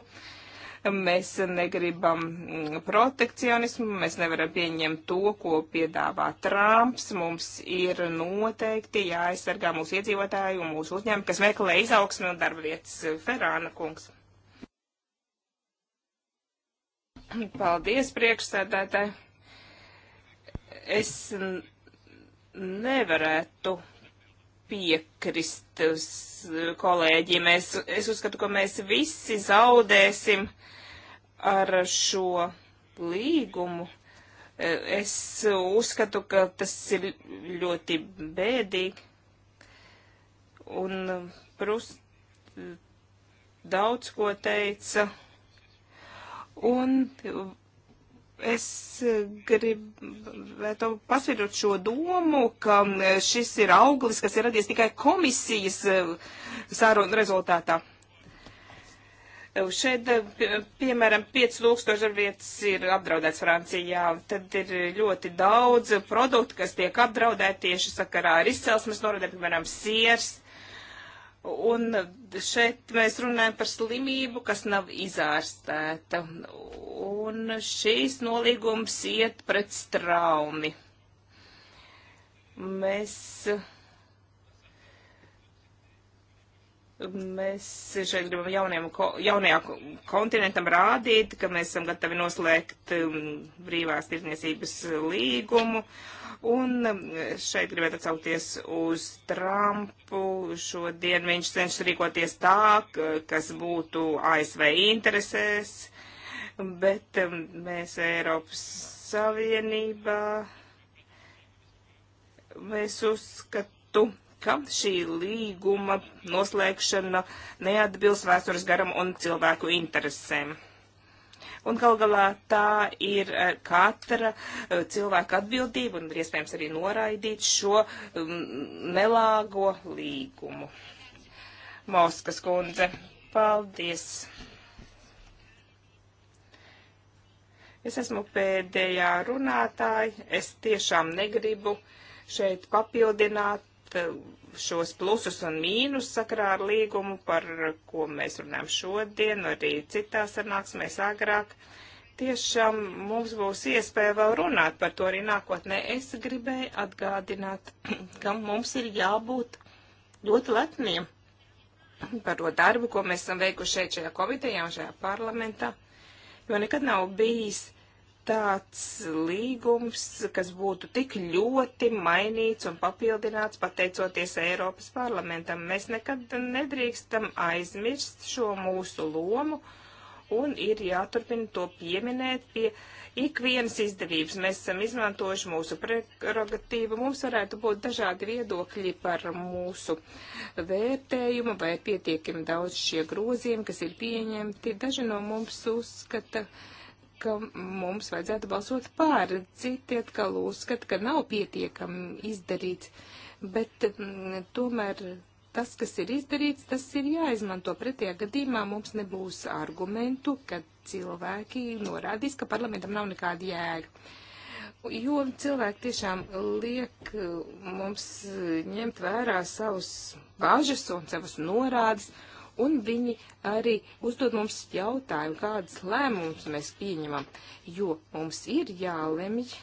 C: Mēs negribam protekcionismu, mēs nevaram pieņemt to, ko piedāvā Trumps. Mums ir noteikti jāaizsargā mūsu iedzīvotāji un mūsu uzņēmumi, kas meklē izaugsmi un darbvietas. Ferāna kungs. Paldies, priekšsēdētāji. Es nevarētu piekrist kolēģiem. Es, es uzskatu, ka mēs visi zaudēsim ar šo līgumu. Es uzskatu, ka tas ir ļoti bēdīgi. Un Prust daudz ko teica Un es gribētu pasvirot šo domu, ka šis ir auglis, kas ir radies tikai komisijas eh, sārunu rezultātā. Šeit, piemēram, 5000 vietas ir apdraudēts Francijā. Tad ir ļoti daudz produktu, kas tiek apdraudēti tieši sakarā ar izcelsmes norādēm, piemēram, siers, Un šeit mēs runājam par slimību, kas nav izārstēta. Un šīs nolīgums iet pret straumi. Mēs uh, mēs šeit gribam jauniem, jaunajā kontinentam rādīt, ka mēs esam gatavi noslēgt um, brīvās tirdzniecības līgumu. Un um, šeit gribētu atsaukties uz Trumpu. Šodien viņš cenšas rīkoties tā, kas būtu ASV interesēs, bet um, mēs Eiropas Savienībā mēs uzskatu, ka šī līguma noslēgšana neatbilst vēstures garam un cilvēku interesēm. Un gal galā tā ir eh, katra eh, cilvēka atbildība un ir iespējams arī noraidīt šo mm, nelāgo līgumu. Mauskas kundze, paldies! Es esmu pēdējā runātāja. Es tiešām negribu šeit papildināt šos plusus un mīnus sakarā ar līgumu, par ko mēs runājam šodien, arī citās sanāksmēs agrāk. Tiešām mums būs iespēja vēl runāt par to arī nākotnē. Es gribēju atgādināt, ka mums ir jābūt ļoti lepniem par to darbu, ko mēs esam veikuši šeit šajā komitejā un šajā parlamentā, jo nekad nav bijis tāds līgums, kas būtu tik ļoti mainīts un papildināts pateicoties Eiropas parlamentam. Mēs nekad nedrīkstam aizmirst šo mūsu lomu un ir jāturpina to pieminēt pie ikvienas izdevības. Mēs esam izmantojuši mūsu prerogatīvu. Mums varētu būt dažādi viedokļi par mūsu vērtējumu, vai pietiekami daudz šie grozījumi, kas ir pieņemti. Daži no mums uzskata, ka ka mums vajadzētu balsot pār. Citi atkal uzskata, ka nav pietiekami izdarīts, bet mm, tomēr tas, kas ir izdarīts, tas ir jāizmanto. Pretējā gadījumā mums nebūs argumentu, ka cilvēki norādīs, ka parlamentam nav nekāda jēga. Jo cilvēki tiešām liek mm, mums ņemt vērā savus bažas un savas norādes. Uh, un viņi arī uzdod mums jautājumu, kādas lēmumus mēs pieņemam, jo mums ir jālemj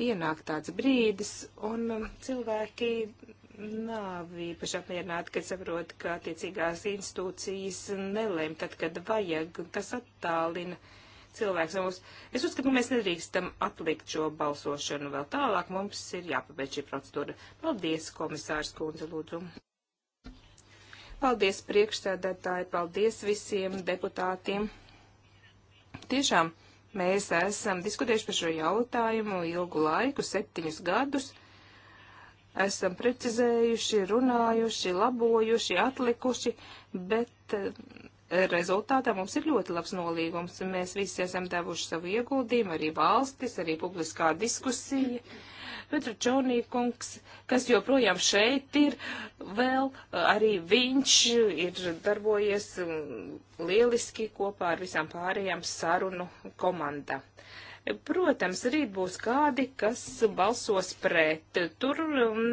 C: pienāk tāds brīdis, un um, cilvēki nav īpaši apmierināti, kad saprot, ka attiecīgās institūcijas nelēm tad, kad vajag, un tas attālina cilvēks no mums. Es uzskatu, ka mēs nedrīkstam atlikt šo balsošanu vēl tālāk, mums ir jāpabeidz šī procedūra. Paldies, komisārs Kundze, lūdzu. Paldies priekšsēdētāji, paldies visiem deputātiem. Tiešām mēs esam diskutējuši par šo jautājumu ilgu laiku, septiņus gadus. Esam precizējuši, runājuši, labojuši, atlikuši, bet eh, rezultātā mums ir ļoti labs nolīgums. Mēs visi esam devuši savu ieguldījumu, arī valstis, arī publiskā diskusija. Mm -hmm Petru Čonīkungs, kas joprojām šeit ir, vēl eh, arī viņš ir darbojies mm, lieliski kopā ar visām pārējām sarunu komanda. Protams, rīt būs kādi, kas balsos pret. Tur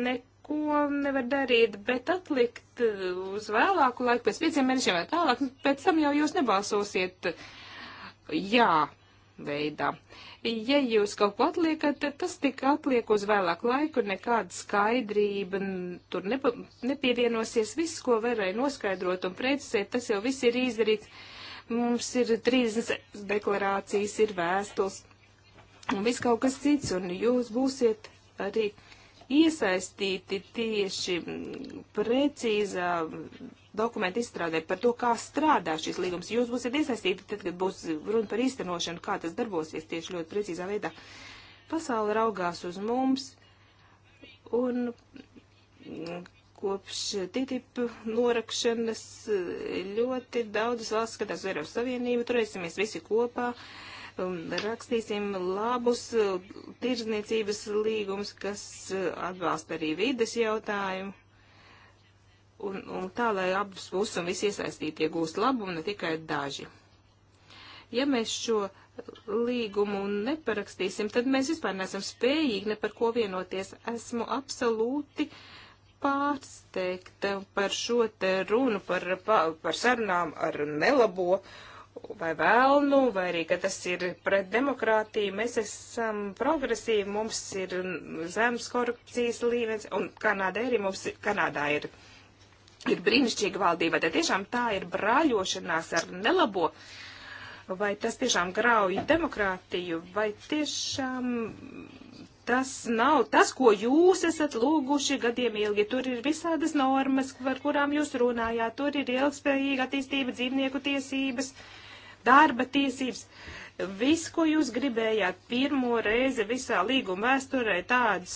C: neko nevar darīt, bet atlikt eh, uz vēlāku laiku, pēc pieciem mēnešiem vai tālāk, pēc tam jau jūs nebalsosiet. Jā, veidā. Ja jūs kaut ko atliekat, tad tas tik atliek uz vēlāku laiku, nekāda skaidrība tur nepa, nepievienosies. Viss, ko varēja noskaidrot un precizēt, tas jau viss ir izdarīts. Mums ir 30 deklarācijas, ir vēstules un viss kaut kas cits, un jūs būsiet arī iesaistīti tieši precīzā dokumentu izstrādē par to, kā strādā šis līgums. Jūs būsiet iesaistīti tad, kad būs runa par īstenošanu, kā tas darbosies tieši ļoti precīzā veidā. Pasaule raugās uz mums un kopš TTIP norakšanas eh, ļoti daudzas valsts skatās uz Eiropas Savienību, turēsimies visi kopā, rakstīsim labus eh, tirzniecības līgumus, kas eh, atbalsta arī vides jautājumu un, un tā, lai abas puses un visi iesaistītie gūst labumu, ne tikai daži. Ja mēs šo līgumu neparakstīsim, tad mēs vispār nesam spējīgi ne par ko vienoties. Esmu absolūti pārsteigta par šo te runu, par, par sarunām ar nelabo vai vēlnu, vai arī, ka tas ir pret demokrātiju. Mēs esam progresīvi, mums ir zemes korupcijas līmenis, un Kanādā arī mums, Kanādā ir. Kanādā ir ir brīnišķīga valdība, tad tiešām tā ir brāļošanās ar nelabo. Vai tas tiešām grauj demokrātiju, vai tiešām tas nav tas, ko jūs esat lūguši gadiem ilgi. Tur ir visādas normas, par kurām jūs runājāt. Tur ir ilgspējīga attīstība, dzīvnieku tiesības, darba tiesības. Viss, ko jūs gribējāt pirmo reizi visā līguma vēsturē, tādas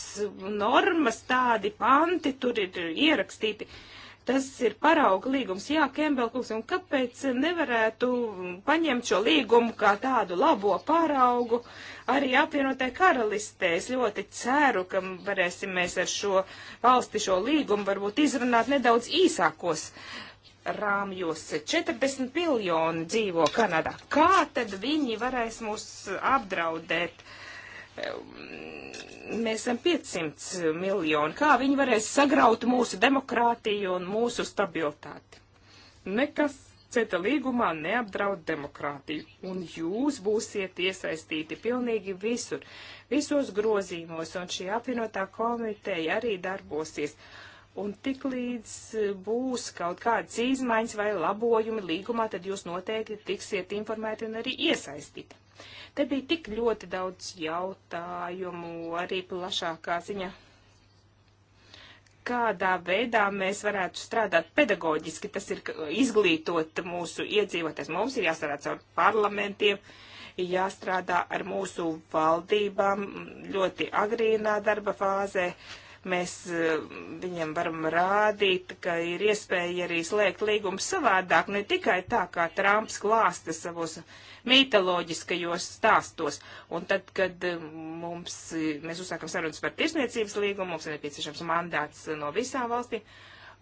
C: normas, tādi panti tur ir ierakstīti. Uh, Tas ir parauga līgums. Jā, Kembelkungs, un kāpēc nevarētu paņemt šo līgumu kā tādu labo paraugu arī apvienotē karalistē? Es ļoti ceru, ka varēsim mēs ar šo valsti šo līgumu varbūt izrunāt nedaudz īsākos rāmjos. 40 miljoni dzīvo Kanadā. Kā tad viņi varēs mūs apdraudēt? Uh, Mēs esam 500 miljoni. Kā viņi varēs sagraut mūsu demokrātiju un mūsu stabilitāti? Nekas CETA līgumā neapdraud demokrātiju, un jūs būsiet iesaistīti pilnīgi visur, visos grozīmos, un šī apvienotā komiteja arī darbosies. Un tik līdz e, būs kaut kādas izmaiņas vai labojumi līgumā, tad jūs noteikti tiksiet informēti un arī iesaistīti. Te bija tik ļoti daudz jautājumu arī plašākā ziņā. Kādā veidā mēs varētu strādāt pedagoģiski, tas ir izglītot mūsu iedzīvotājs. Mums ir jāstrādā caur parlamentiem, jāstrādā ar mūsu valdībām ļoti agrīnā darba fāzē mēs eh, viņiem varam rādīt, ka ir iespēja arī slēgt līgumu savādāk, ne tikai tā, kā Trumps klāsta savos mītoloģiskajos stāstos. Un tad, kad um, mums, mēs uzsākam sarunas par tirsniecības līgumu, mums ir nepieciešams mandāts no visām valstīm.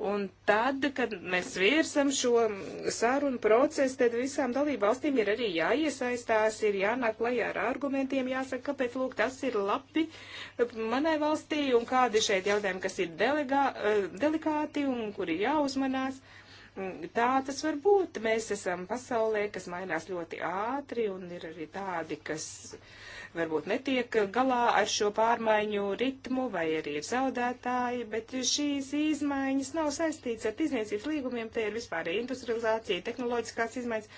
C: Un tad, kad mēs virsam šo um, sarunu procesu, tad visām dalībvalstīm ir arī jāiesaistās, ir jānāk klajā ar argumentiem, jāsaka, kāpēc, lūk, tas ir labi uh, manai valstī un kādi šeit jautājumi, kas ir delegā, uh, delikāti un kuri jāuzmanās. Uh, Mm, tā tas var būt. Mēs esam pasaulē, kas mainās ļoti ātri, un ir arī tādi, kas varbūt netiek galā ar šo pārmaiņu ritmu, vai arī ir zaudētāji, bet šīs izmaiņas nav saistītas ar izniecības līgumiem, te ir vispār industrializācija, tehnoloģiskās izmaiņas.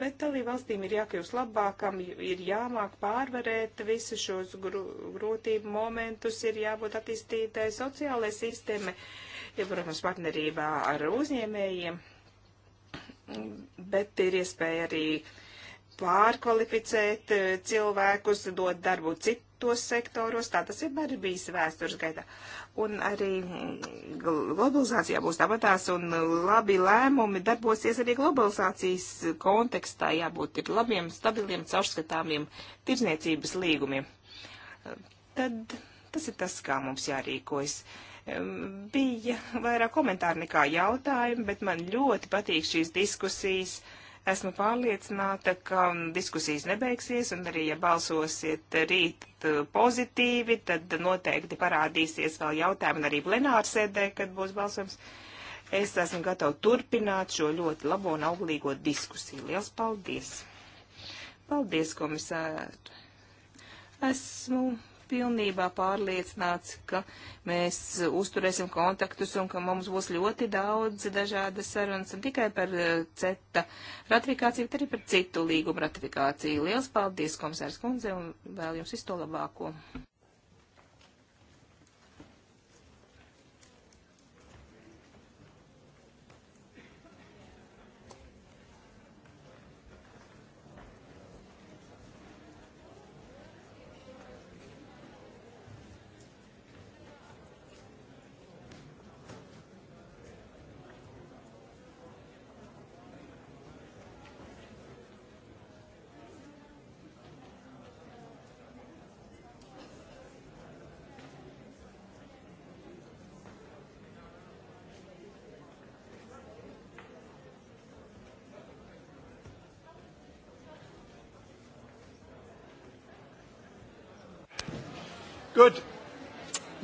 C: Bet dalību valstīm ir jākļūst labākam, ir jāmāk pārvarēt visus šos grūtību momentus, ir jābūt attīstītai sociālajai sistēmai ir, protams, partnerībā ar uzņēmējiem, bet ir iespēja arī pārkvalificēt eh, cilvēkus, dot darbu citos sektoros, tā tas vienmēr ir bijis vēstures gaitā. Un arī mm, globalizācijā būs tāpatās, un eh, labi lēmumi darbosies arī globalizācijas kontekstā, jābūt ir labiem, stabiliem, caurskatāmiem tirzniecības līgumiem. Tad tas ir tas, kā mums jārīkojas. Uh, Bija vairāk komentāru nekā jautājumu, bet man ļoti patīk šīs diskusijas. Esmu pārliecināta, ka um, diskusijas nebeigsies, un arī, ja balsosiet rīt uh, pozitīvi, tad noteikti parādīsies vēl jautājumi, un arī plenārsēdē, kad būs balsojums. Es esmu gatava turpināt šo ļoti labo un auglīgo diskusiju. Liels paldies! Paldies, komisāri! Esmu pilnībā pārliecināts, ka mēs uzturēsim kontaktus un ka mums būs ļoti daudz dažādas sarunas un tikai par eh, CETA ratifikāciju, bet arī par citu līgumu ratifikāciju. Liels paldies, komisārs kundze, un vēl jums visu to labāko!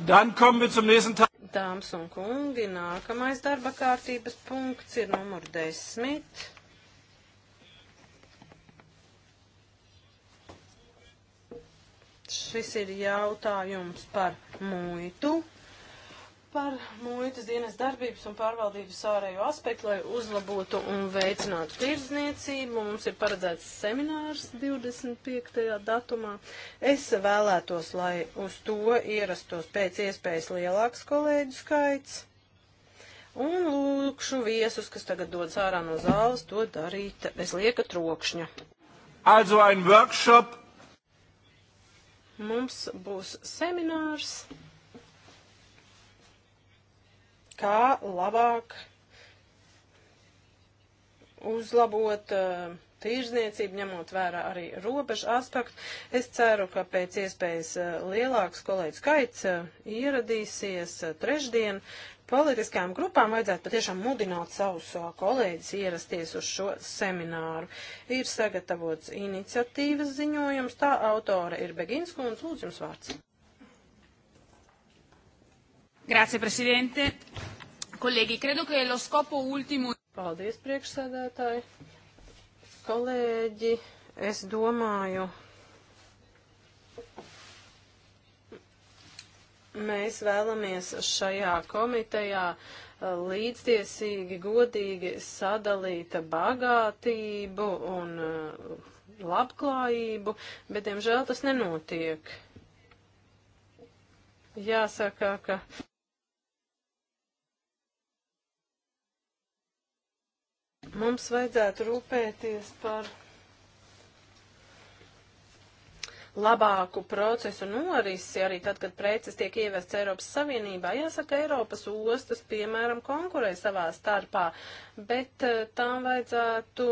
A: Dann kommen wir zum nächsten Tag. Dāmas un kungi, nākamais darba kārtības punkts ir numur desmit. Šis ir jautājums par muitu par muitas dienas darbības un pārvaldības ārējo aspektu, lai uzlabotu un veicinātu tirdzniecību. Mums ir paredzēts seminārs 25. datumā. Es vēlētos, lai uz to ierastos pēc iespējas lielāks kolēģu skaits. Un lūkšu viesus, kas tagad dodas ārā no zāles, to darīt bez lieka trokšņa.
B: Also ein workshop.
A: Mums būs seminārs kā labāk uzlabot uh, tīrzniecību, ņemot vērā arī robežu aspektu. Es ceru, ka pēc iespējas eh, lielāks kolēģu skaits uh, ieradīsies uh, trešdien. Politiskajām grupām vajadzētu patiešām mudināt savus kolēģis ierasties uz šo semināru. Ir sagatavots iniciatīvas ziņojums, tā autore ir Beginskundze, lūdzu jums vārds. Grazie, Presidente. Kolēģi, credo che lo scopo ultimo. Paldies, priekšsēdētāji. Kolēģi, es domāju, mēs vēlamies šajā komitejā eh, līdztiesīgi, godīgi sadalīt bagātību un eh, labklājību, bet, diemžēl, tas nenotiek. Jāsaka, ka. Mums vajadzētu rūpēties par labāku procesu norisi arī tad, kad preces tiek ievests Eiropas Savienībā. Jāsaka, Eiropas ostas, piemēram, konkurē savā starpā, bet eh, tām vajadzētu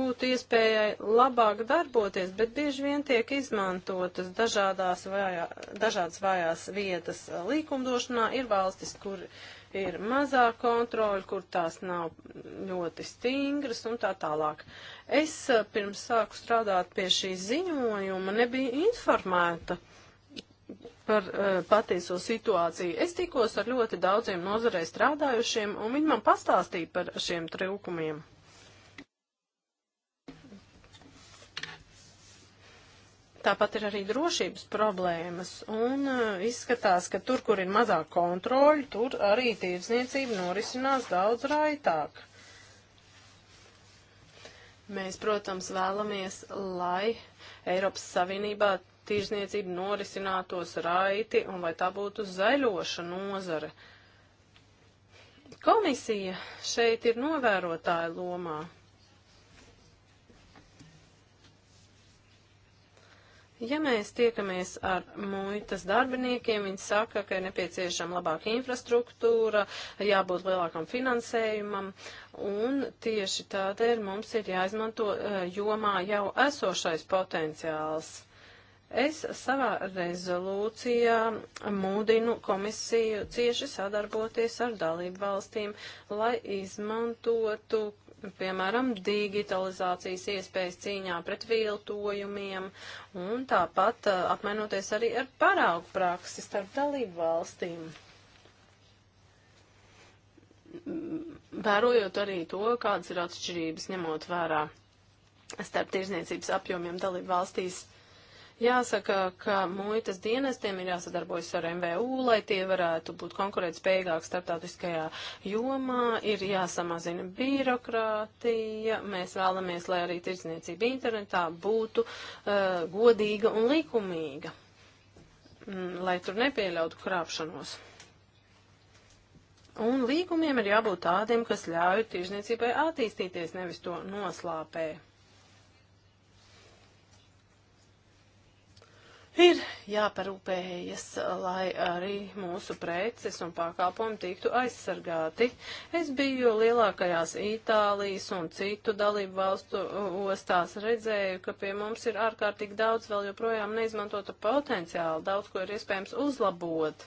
A: būt iespējai labāk darboties, bet bieži vien tiek izmantotas dažādās vājā, dažādas vājās vietas likumdošanā. Ir valstis, kur uh, ir mazāk kontroli, kur tās nav ļoti stingras un tā tālāk. Es eh, pirms sāku strādāt pie šī ziņojuma, nebija informēta par uh, patieso situāciju. Es tikos ar ļoti daudziem nozarei strādājušiem, un viņi man pastāstīja par šiem trūkumiem. Tāpat ir arī drošības problēmas, un uh, izskatās, ka tur, kur ir mazāk kontroļu, tur arī tirdzniecība norisinās daudz raitāk. Mēs, protams, vēlamies, lai Eiropas Savienībā tirdzniecība norisinātos raiti un lai tā būtu zaļoša nozare. Komisija šeit ir novērotāja lomā. Ja mēs tiekamies ar muitas darbiniekiem, viņi saka, ka ir nepieciešama labāka infrastruktūra, jābūt lielākam finansējumam, un tieši tādēļ mums ir jāizmanto eh, jomā jau esošais potenciāls. Es savā rezolūcijā mūdinu komisiju cieši sadarboties ar dalību valstīm, lai izmantotu piemēram, digitalizācijas iespējas cīņā pret viltojumiem un tāpat uh, apmainoties arī ar paraugu praksi starp dalību valstīm. Mm, vērojot arī to, kādas ir atšķirības ņemot vērā starp tirzniecības apjomiem dalību valstīs. Uh, Jāsaka, ka muitas dienestiem ir jāsadarbojas ar MVU, lai tie varētu būt konkurētspējīgāki starptautiskajā jomā, ir jāsamazina birokrātija, mēs vēlamies, lai arī tirdzniecība internetā būtu uh, godīga un likumīga, mm, lai tur nepieļautu krāpšanos. Un līgumiem ir jābūt tādiem, kas ļauj tirzniecībai attīstīties, nevis to noslāpē. Ir jāparūpējas, lai arī mūsu preces un pakalpojumi tiktu aizsargāti. Es biju lielākajās Itālijas un citu dalību valstu ostās, redzēju, ka pie mums ir ārkārtīgi daudz vēl joprojām neizmantota potenciāla, daudz ko ir iespējams uzlabot.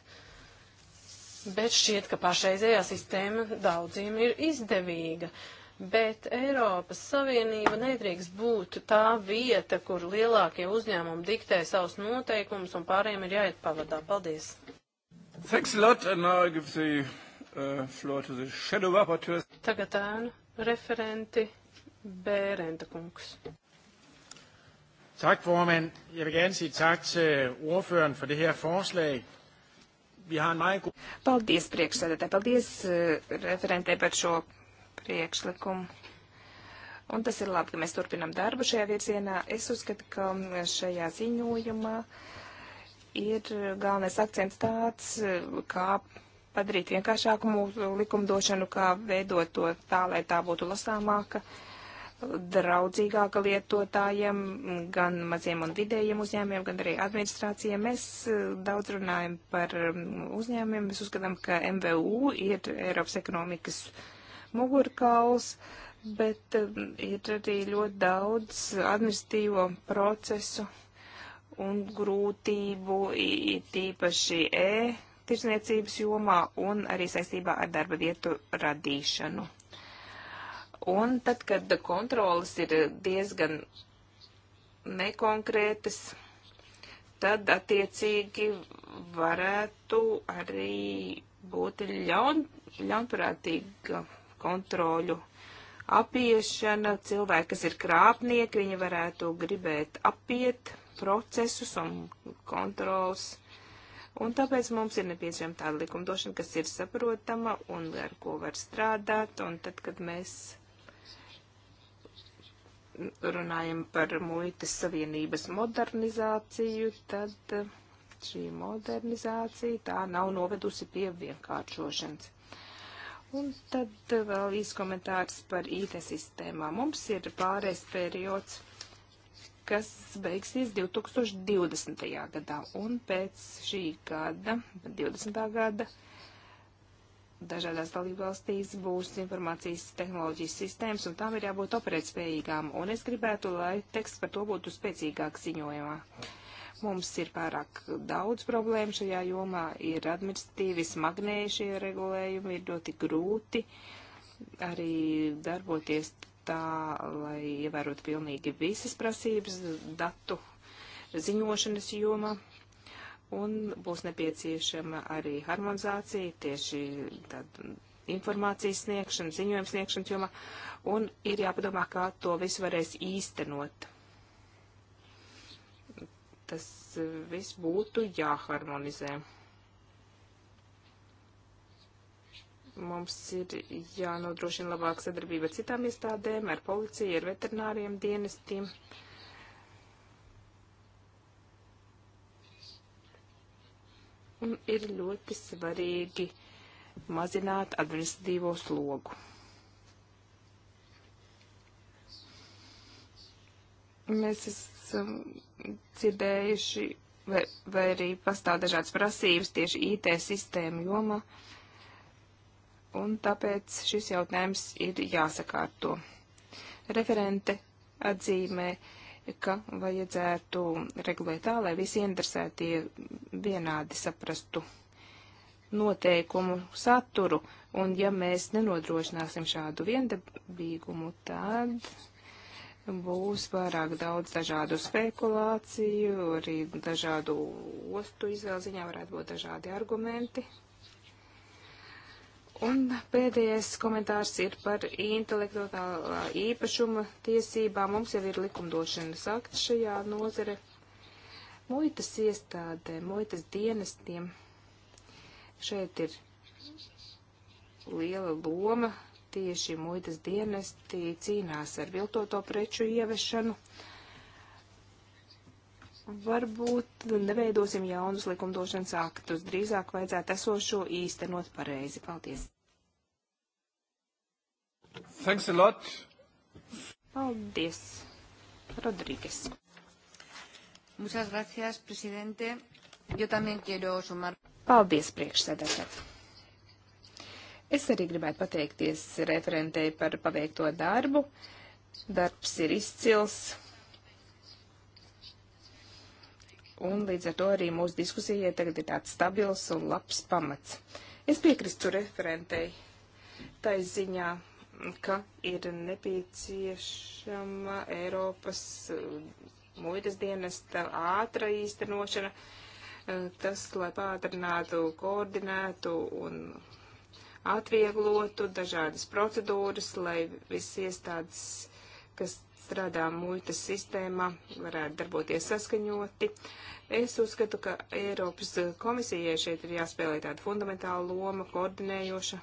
A: Bet šķiet, ka pašreizējā sistēma daudziem ir izdevīga. Uh, Bet Eiropas Savienība nedrīkst būt tā vieta, kur lielākie uzņēmumi diktē savus noteikumus un pārējiem ir jāiet pavadā. Paldies!
B: Thanks a lot, and now I give the uh, floor to the shadow rapporteurs.
A: Tagad ēnu referenti Bērenta kungs.
C: Tak, formand. Jeg vil gerne sige tak til ordføreren for det her forslag. Vi har en meget god... Paldies, priekšsēdētāji. Paldies, uh, eh, referentē par šo priekšlikumu. Un tas ir labi, ka mēs turpinam darbu šajā virzienā. Es uzskatu, ka mm, šajā ziņojumā ir galvenais akcents tāds, kā padarīt vienkāršāku mūsu likumdošanu, kā veidot to tā, lai tā būtu lasāmāka, draudzīgāka lietotājiem, gan maziem un vidējiem uzņēmiem, gan arī administrācijai. Mēs eh, daudz runājam par mm, uzņēmiem, mēs uzskatām, ka MVU ir Eiropas ekonomikas mugurkauls, bet um, ir arī ļoti daudz administratīvo procesu un grūtību, tīpaši e tirzniecības jomā un arī saistībā ar darba vietu radīšanu. Un tad, kad kontrolas ir diezgan nekonkrētas, tad attiecīgi varētu arī būt ļaun, ļaunprātīga kontroļu apiešana. Cilvēki, kas ir krāpnieki, viņi varētu gribēt apiet procesus un kontrols. Un tāpēc mums ir nepieciešama tāda likumdošana, kas ir saprotama un ar ko var strādāt. Un tad, kad mēs runājam par muitas savienības modernizāciju, tad šī modernizācija tā nav novedusi pie vienkāršošanas. Un tad eh, vēl īsts komentārs par IT sistēmām. Mums ir pārējais periods, kas beigsies 2020. gadā, un pēc šī gada, 20. gada, dažādās dalībvalstīs būs informācijas tehnoloģijas sistēmas, un tām ir jābūt operētspējīgām, un es gribētu, lai teksts par to būtu spēcīgāk ziņojumā. Mums ir pārāk daudz problēmu šajā jomā, ir administratīvi smagnējušie regulējumi, ir ļoti grūti arī darboties tā, lai ievērotu pilnīgi visas prasības datu ziņošanas jomā un būs nepieciešama arī harmonizācija tieši tad informācijas sniegšana, ziņojums sniegšanas jomā, un ir jāpadomā, kā to visu varēs īstenot tas eh, viss būtu jāharmonizē. Mums ir jānodrošina labāka sadarbība ar citām iestādēm, ar policiju, ar veterināriem dienestiem. Un ir ļoti svarīgi mazināt administratīvo slogu. Mēs esam um, dzirdējuši, vai, vai arī pastāv dažādas prasības tieši IT sistēmu jomā, un tāpēc šis jautājums ir jāsakārto. Referente atzīmē, ka vajadzētu regulēt tā, lai visi interesētie vienādi saprastu noteikumu saturu, un ja mēs nenodrošināsim šādu viendabīgumu, tad būs pārāk daudz dažādu spekulāciju, arī dažādu ostu izvēlziņā varētu būt dažādi argumenti. Un pēdējais komentārs ir par intelektuālā īpašuma tiesībām. Mums jau ir likumdošanas akts šajā nozare. Muitas iestādē, muitas dienestiem šeit ir liela loma tieši muitas dienesti cīnās ar viltoto preču ievešanu. Varbūt neveidosim jaunus likumdošanas aktus, drīzāk vajadzētu esošo īstenot pareizi. Paldies!
B: Thanks a lot!
C: Paldies! Rodrīgas. Muchas gracias, presidente. Yo también quiero sumar. Paldies, priekšsēdētāji. Es arī gribētu pateikties referentei par paveikto darbu. Darbs ir izcils. Un līdz ar to arī mūsu diskusijai tagad ir tāds stabils un labs pamats. Es piekrīstu referentei. Tā ziņā, ka ir nepieciešama Eiropas uh, muitas dienesta ātra īstenošana, uh, tas, lai pātrinātu, koordinētu un atvieglotu dažādas procedūras, lai visas iestādes, kas strādā muitas sistēmā, varētu darboties saskaņoti. Es uzskatu, ka Eiropas komisijai šeit ir jāspēlē tāda fundamentāla loma, koordinējoša,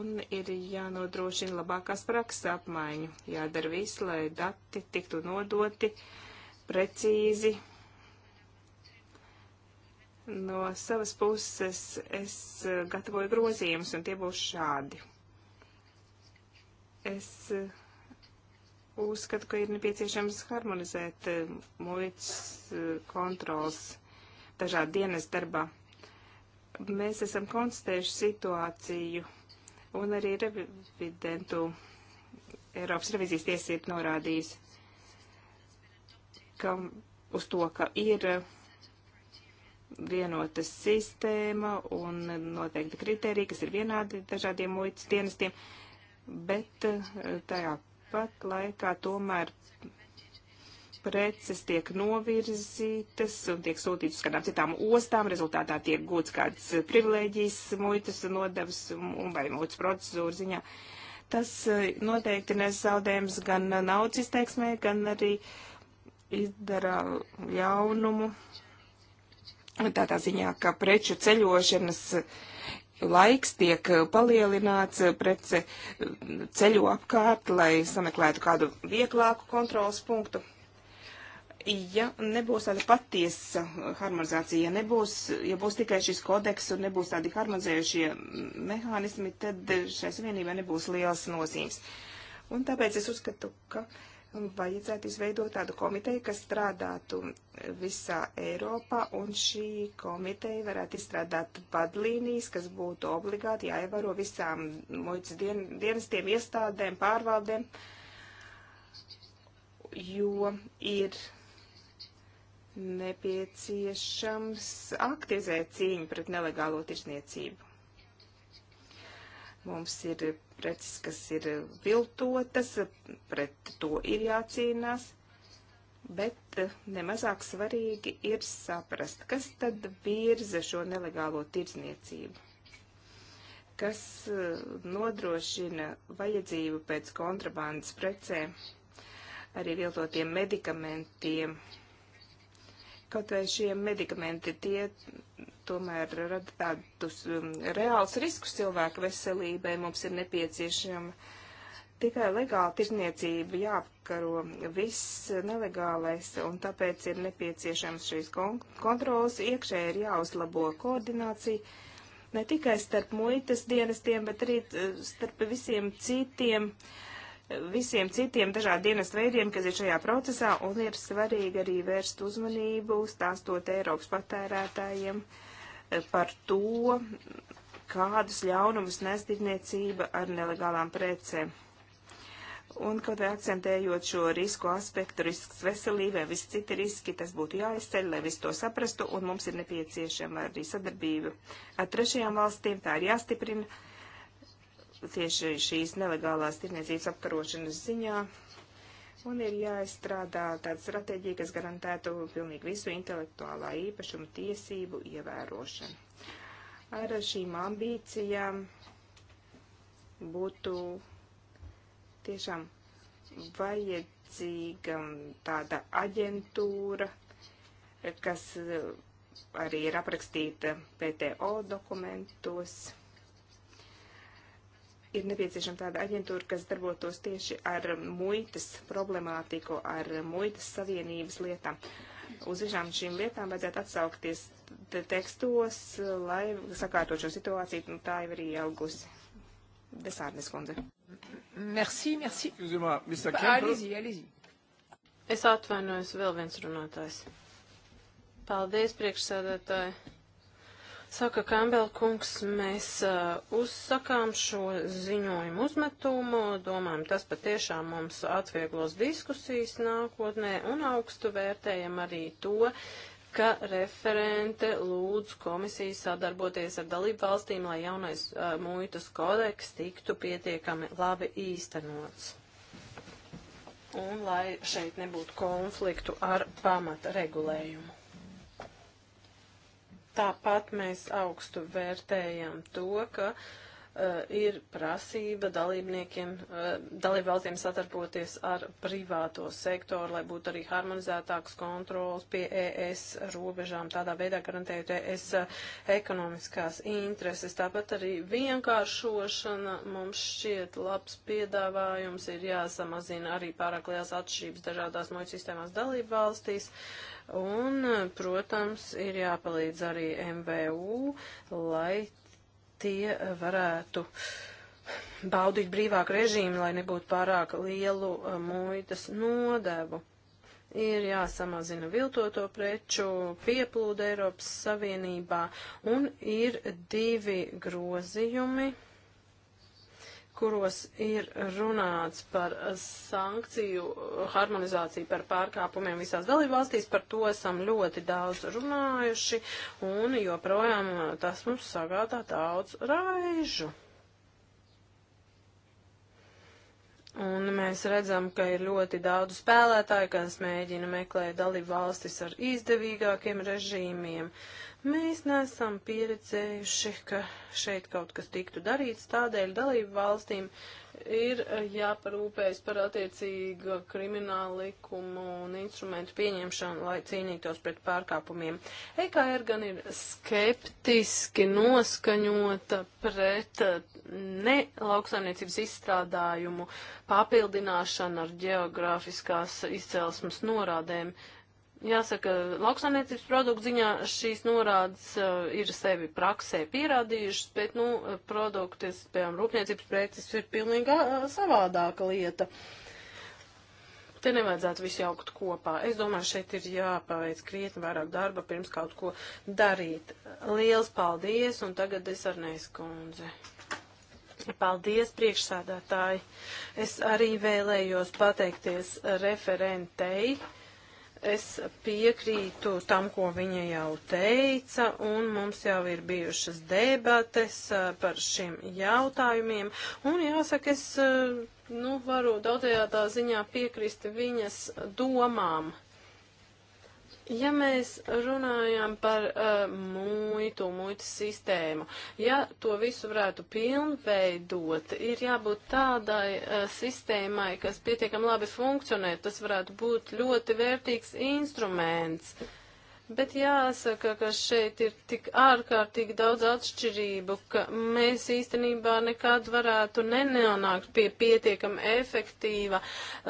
C: un ir jānodrošina labākās prakses apmaiņu. Jādara viss, lai dati tiktu nodoti precīzi No savas puses es eh, gatavoju grozījumus, un tie būs šādi. Es eh, uzskatu, ka ir nepieciešams harmonizēt eh, muitas kontrols dažādu dienas darbā. Mēs esam konstatējuši situāciju, un arī revidentu Eiropas revizijas tiesa ir norādījusi, ka uz to, ka ir vienota sistēma un noteikti kriteriji, kas ir vienādi dažādiem muitas dienestiem, bet eh, tajā pat laikā tomēr preces tiek novirzītas un tiek sūtītas kādām citām ostām, rezultātā tiek gūts kāds privilēģijas muitas nodevs un vai muitas procedūra ziņā. Tas eh, noteikti nes zaudējums gan naudas izteiksmē, gan arī izdara jaunumu tādā ziņā, ka preču ceļošanas laiks tiek palielināts, prece ceļo apkārt, lai sameklētu kādu vieglāku kontrolas punktu. Ja nebūs tāda patiesa harmonizācija, ja, nebūs, ja būs tikai šis kodeks un nebūs tādi harmonizējušie mehānismi, tad šai savienībai nebūs liels nozīmes. Un tāpēc es uzskatu, ka uh, vajadzētu izveidot tādu komiteju, kas strādātu visā Eiropā, un šī komiteja varētu izstrādāt vadlīnijas, kas būtu obligāti jāievaro visām muitas dien dienestiem, iestādēm, pārvaldēm, jo ir nepieciešams aktivizēt cīņu pret nelegālo tirsniecību. Mums ir preces, kas ir viltotas, pret to ir jācīnās, bet eh, nemazāk svarīgi ir saprast, kas tad virza šo nelegālo tirdzniecību, kas eh, nodrošina vajadzību pēc kontrabandas precēm, arī viltotiem medikamentiem. Kaut vai šie medikamenti tie tomēr rada tādus um, reāls riskus cilvēku veselībai. Mums ir nepieciešama tikai legāla tirzniecība, jāapkaro viss nelegālais, un tāpēc ir nepieciešams šīs kontrolas. Iekšē ir jāuzlabo koordinācija ne tikai starp muitas dienestiem, bet arī uh, starp visiem citiem visiem citiem dažādu dienas veidiem, kas ir šajā procesā, un ir svarīgi arī vērst uzmanību, stāstot Eiropas patērētājiem uh, par to, kādus ļaunumus nes tirniecība ar nelegālām precēm. Un, kaut vai akcentējot šo risku aspektu, risks veselībai, visi citi riski, tas būtu jāizceļ, lai visi to saprastu, un mums ir nepieciešama arī sadarbība ar trešajām valstīm, tā ir jāstiprina tieši šīs nelegālās tirniecības apkarošanas ziņā, Un ir jāizstrādā tāda stratēģija, kas garantētu pilnīgi visu intelektuālā īpašuma tiesību ievērošanu. Ar šīm ambīcijām būtu tiešām vajadzīga tāda aģentūra, kas arī ir aprakstīta PTO dokumentos ir nepieciešama tāda aģentūra, kas darbotos tieši ar muitas problemātiku, ar muitas savienības lietām. Uz visām šīm lietām vajadzētu atsaukties tekstos, lai sakārtot šo situāciju, un nu, tā jau ir ielgusi. Desārnes kundze.
A: Merci, merci. Allez-y, allez-y. Es atvainojos, vēl viens runātājs. Paldies, priekšsēdētāji. Saka Kambelkungs, mēs uh, uzsakām šo ziņojumu uzmetumu, domājam, tas patiešām mums atvieglos diskusijas nākotnē un augstu vērtējam arī to, ka referente lūdz komisiju sadarboties ar dalību valstīm, lai jaunais uh, muitas kodeks tiktu pietiekami labi īstenots. Un lai šeit nebūtu konfliktu ar pamata regulējumu. Tāpat mēs augstu vērtējam to, ka uh, ir prasība dalībniekiem, uh, dalībvalstīm satarboties ar privāto sektoru, lai būtu arī harmonizētāks kontrols pie ES robežām, tādā veidā garantējot ES eh, ekonomiskās intereses. Tāpat arī vienkāršošana mums šķiet labs piedāvājums, ir jāsamazina arī pārāk liels atšķirības dažādās muļu sistēmās dalībvalstīs. Uh, Un, protams, ir jāpalīdz arī MVU, lai tie varētu baudīt brīvāku režīmu, lai nebūtu pārāk lielu eh, muitas nodevu. Ir jāsamazina viltoto preču pieplūda Eiropas Savienībā un ir divi grozījumi kuros ir runāts par sankciju harmonizāciju par pārkāpumiem visās dalībvalstīs. Par to esam ļoti daudz runājuši un joprojām tas mums sagādā daudz raižu. Un mēs redzam, ka ir ļoti daudz spēlētāju, kas mēģina meklēt dalību valstis ar izdevīgākiem režīmiem. Mēs nesam pieredzējuši, ka šeit kaut kas tiktu darīts, tādēļ dalību valstīm ir eh, jāparūpējas par attiecīgu kriminālu likumu un instrumentu pieņemšanu, lai cīnītos pret pārkāpumiem. EKR gan ir skeptiski noskaņota pret eh, ne lauksaimniecības izstrādājumu papildināšanu ar geogrāfiskās izcelsmes norādēm. Uh, Jāsaka, lauksaimniecības produktu ziņā šīs norādes uh, ir sevi praksē pierādījušas, bet, nu, produkti, piemēram, rūpniecības preces ir pilnīgi uh, eh, savādāka lieta. Te nevajadzētu visu jaukt kopā. Es domāju, šeit ir jāpaveic krietni vairāk darba pirms kaut ko darīt. Liels paldies, un tagad es ar neskundzi. Paldies, priekšsādātāji. Es arī vēlējos pateikties referentei Es piekrītu tam, ko viņa jau teica, un mums jau ir bijušas debates eh, par šiem jautājumiem. Un jāsaka, es eh, nu, varu daudzajā tā ziņā piekrist viņas domām. Uh, Ja mēs runājam par uh, muitu, muitas sistēmu, ja to visu varētu pilnveidot, ir jābūt tādai uh, sistēmai, kas pietiekam labi funkcionē, tas varētu būt ļoti vērtīgs instruments. Uh, Bet jāsaka, ka šeit ir tik ārkārtīgi daudz atšķirību, ka mēs īstenībā nekad varētu nenonākt pie pietiekam efektīva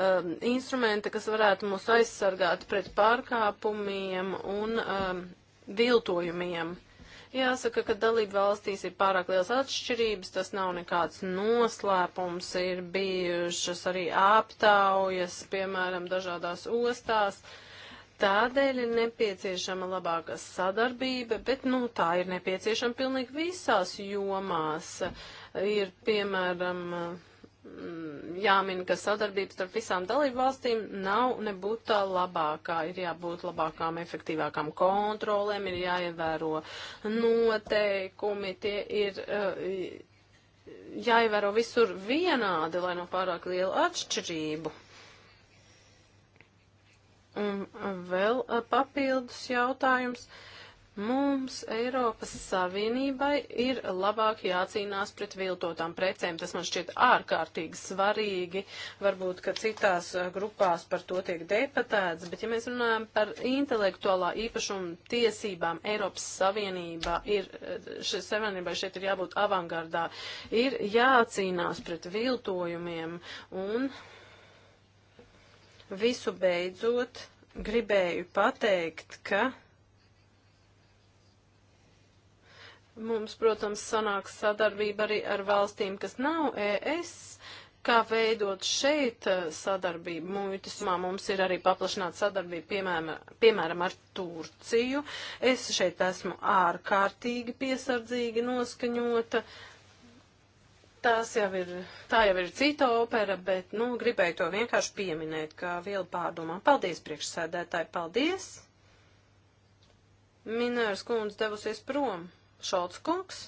A: um, instrumenta, kas varētu mūs aizsargāt pret pārkāpumiem un um, viltojumiem. Jāsaka, ka dalība valstīs ir pārāk liels atšķirības, tas nav nekāds noslēpums, ir bijušas arī aptaujas, piemēram, dažādās ostās. Uh, Tādēļ ir nepieciešama labāka sadarbība, bet nu, tā ir nepieciešama pilnīgi visās jomās. Ir piemēram mm, jāmin, ka sadarbības starp visām dalību valstīm nav nebūt tā labākā. Ir jābūt labākām, efektīvākām kontrolēm, ir jāievēro noteikumi, tie ir eh, jāievēro visur vienādi, lai nav no pārāk liela atšķirība. Un vēl uh, papildus jautājums. Mums Eiropas Savienībai ir labāk jācīnās pret viltotām precēm. Tas man šķiet ārkārtīgi svarīgi. Varbūt, ka citās uh, grupās par to tiek debatēts, bet ja mēs runājam par intelektuālā īpašuma tiesībām, Eiropas Savienībā ir, uh, šeit Savienībai šeit ir jābūt avangardā. Ir jācīnās pret viltojumiem un Visu beidzot gribēju pateikt, ka mums, protams, sanāks sadarbība arī ar valstīm, kas nav ES, kā veidot šeit uh, sadarbību muitismā. Mums ir arī paplašināta sadarbība, piemēram, piemēram, ar Turciju. Es šeit esmu ārkārtīgi piesardzīgi noskaņota. Uh, Tās jau ir, tā jau ir cita opera, bet, nu, gribēju to vienkārši pieminēt, kā vielu pārdomām. Paldies, priekšsēdētāji, paldies! Minērs kundze devusies prom. Šolts kungs.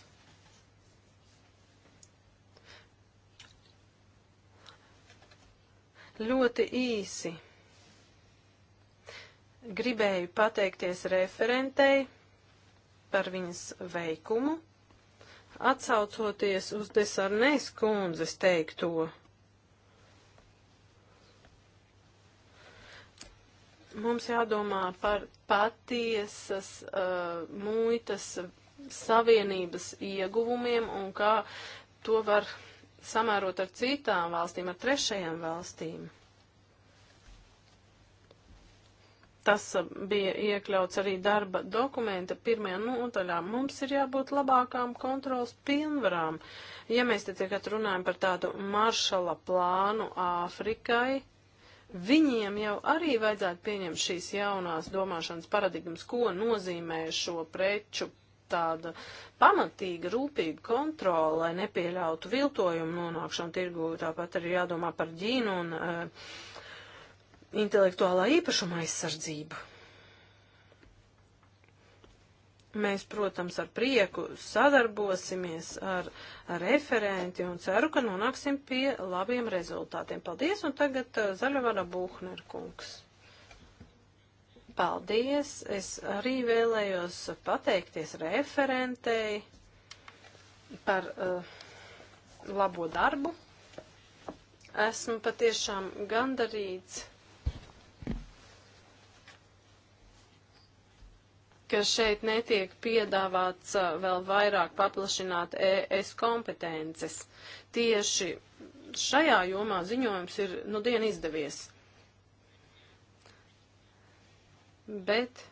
A: Ļoti īsi. Gribēju pateikties referentei par viņas veikumu. Atsaucoties uz desarnēs kundzes teikto, mums jādomā par patiesas uh, muitas savienības ieguvumiem un kā to var samērot ar citām valstīm, ar trešajām valstīm. Tas uh, bija iekļauts arī darba dokumenta pirmajā nodaļā. Mums ir jābūt labākām kontrols pilnvarām. Ja mēs te tagad runājam par tādu maršala plānu Āfrikai, viņiem jau arī vajadzētu pieņemt šīs jaunās domāšanas paradigmas, ko nozīmē šo preču tāda pamatīga, rūpīga kontrola, lai nepieļautu viltojumu nonākšanu tirgū. Tāpat arī jādomā par ģīnu un uh, intelektuālā īpašuma aizsardzība. Mēs, protams, ar prieku sadarbosimies ar, ar referenti un ceru, ka nonāksim pie labiem rezultātiem. Paldies, un tagad uh, Zaļavara Buhner kungs. Paldies, es arī vēlējos pateikties referentei par uh, labo darbu. Esmu patiešām gandarīts ka šeit netiek piedāvāts uh, vēl vairāk paplašināt ES kompetences. Tieši šajā jomā ziņojums ir nu dien izdevies. Bet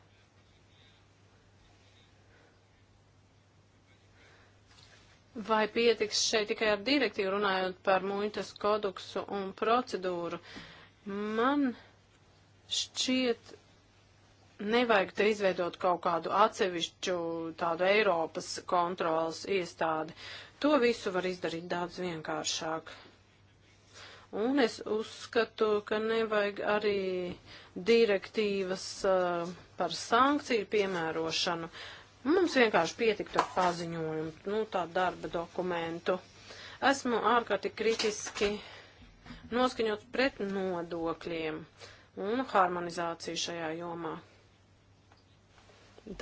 A: vai pietiks šeit tikai ar direktīvu runājot par muitas kodeksu un procedūru? Man šķiet, Nevajag te izveidot kaut kādu atsevišķu tādu Eiropas kontrolas iestādi. To visu var izdarīt daudz vienkāršāk. Un es uzskatu, ka nevajag arī direktīvas uh, par sankciju piemērošanu. Mums vienkārši pietiktu ar paziņojumu, nu, tā darba dokumentu. Esmu ārkārtīgi kritiski noskaņots pret nodokļiem un harmonizāciju šajā jomā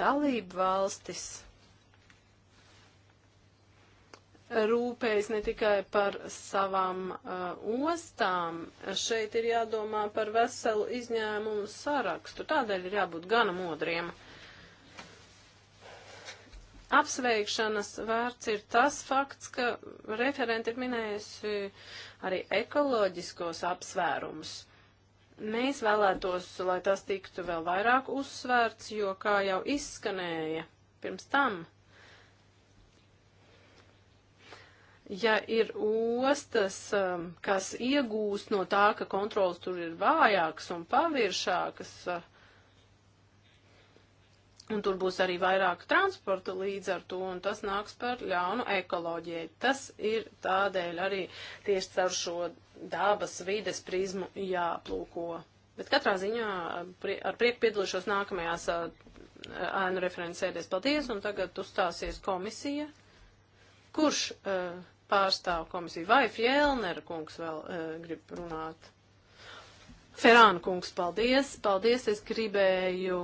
A: dalību valstis rūpējas ne tikai par savām uh, ostām, šeit ir jādomā par veselu izņēmumu sarakstu. Tādēļ ir jābūt gana modriem. Apsveikšanas vērts ir tas fakts, ka referenti ir minējusi arī ekoloģiskos apsvērumus. Mēs vēlētos, lai tas tiktu vēl vairāk uzsvērts, jo, kā jau izskanēja pirms tam, ja ir ostas, um, kas iegūst no tā, ka kontrols tur ir vājāks un paviršākas, uh, un tur būs arī vairāk transporta līdz ar to, un tas nāks par ļaunu ekoloģijai. Tas ir tādēļ arī tieši caur ar šo dabas vides prizmu jāplūko. Bet katrā ziņā eh, prie, ar prieku piedalīšos nākamajās eh, ēnu referents sēdēs. Paldies, un tagad uzstāsies komisija. Kurš uh, pārstāv komisiju? Vai Fjellner kungs vēl uh, grib runāt? Ferāna kungs, paldies! Paldies! Es gribēju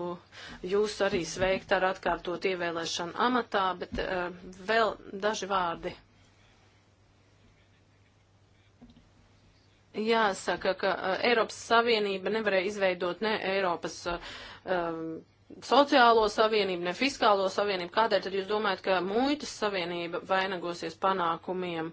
A: jūs arī sveikt ar atkārtot ievēlēšanu amatā, bet uh, vēl daži vārdi Jāsaka, ka uh, Eiropas Savienība nevarēja izveidot ne Eiropas uh, um, sociālo savienību, ne fiskālo savienību. Kādēļ tad jūs domājat, ka muitas savienība vainagosies panākumiem?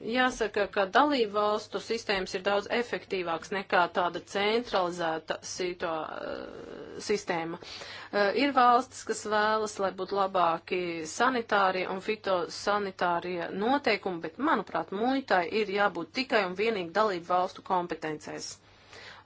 A: Jāsaka, ka dalību valstu sistēmas ir daudz efektīvāks nekā tāda centralizēta situā, eh, sistēma. Eh, ir valstis, kas vēlas, lai būtu labāki sanitārie un fitosanitārie noteikumi, bet, manuprāt, muitai ir jābūt tikai un vienīgi dalību valstu kompetencēs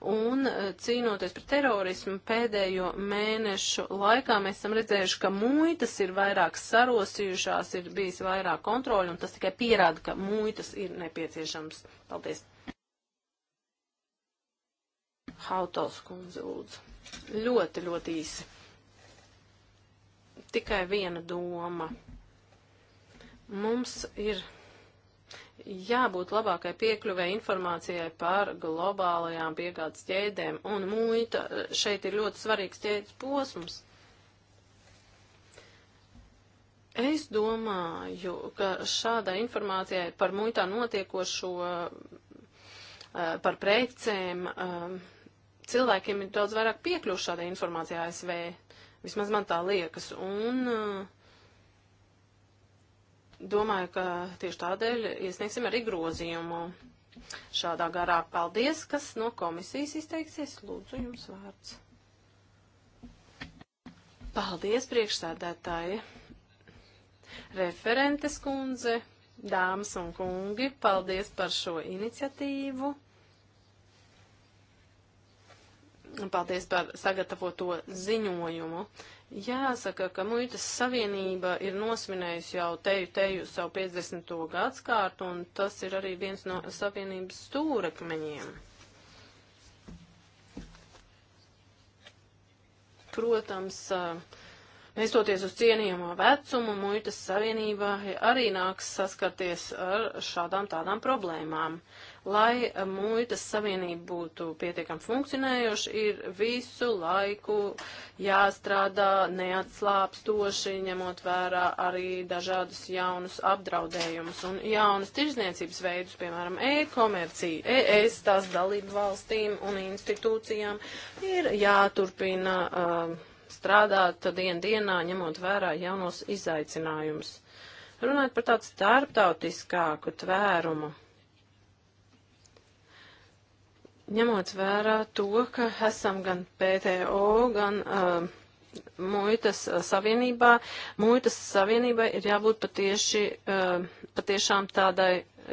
A: un eh, cīnoties pret terorismu pēdējo mēnešu laikā mēs esam redzējuši, ka muitas ir vairāk sarosījušās, ir bijis vairāk kontroļu, un tas tikai pierāda, ka muitas ir nepieciešams. Paldies! Hautals kundze lūdzu. Ļoti, ļoti īsi. Tikai viena doma. Mums ir jābūt labākai piekļuvē informācijai par globālajām piegādes ķēdēm, un muita šeit ir ļoti svarīgs ķēdes posms. Es domāju, ka šādai informācijai par muitā notiekošo, eh, par precēm, eh, cilvēkiem ir daudz vairāk piekļuvu šādai informācijai ASV. Vismaz man tā liekas. Un uh, domāju, ka tieši tādēļ iesniegsim arī grozījumu šādā garā. Paldies, kas no komisijas izteiksies. Lūdzu, jums vārds. Paldies, priekšsēdētāji. Referentes kundze, dāmas un kungi, paldies par šo iniciatīvu. Paldies par sagatavoto ziņojumu. Jāsaka, ka muitas savienība ir nosminējusi jau teju teju savu 50. gadskārtu, un tas ir arī viens no savienības stūrakmeņiem. Protams, nestoties uz cienījamo vecumu, muitas savienībā arī nāks saskarties ar šādām tādām problēmām. Lai eh, muitas savienība būtu pietiekami funkcionējoša, ir visu laiku jāstrādā neatslāpstoši, ņemot vērā arī dažādus jaunus apdraudējumus un jaunas tirzniecības veidus, piemēram, e-komerciju, ES, tās dalību valstīm un institūcijām ir jāturpina. Uh, strādāt dien dienā, ņemot vērā jaunos izaicinājumus. Runājot par tādu starptautiskāku tvērumu, Ņemot vērā to, ka esam gan PTO, gan uh, muitas uh, savienībā, muitas savienībai ir jābūt patieši, uh, patiešām tādai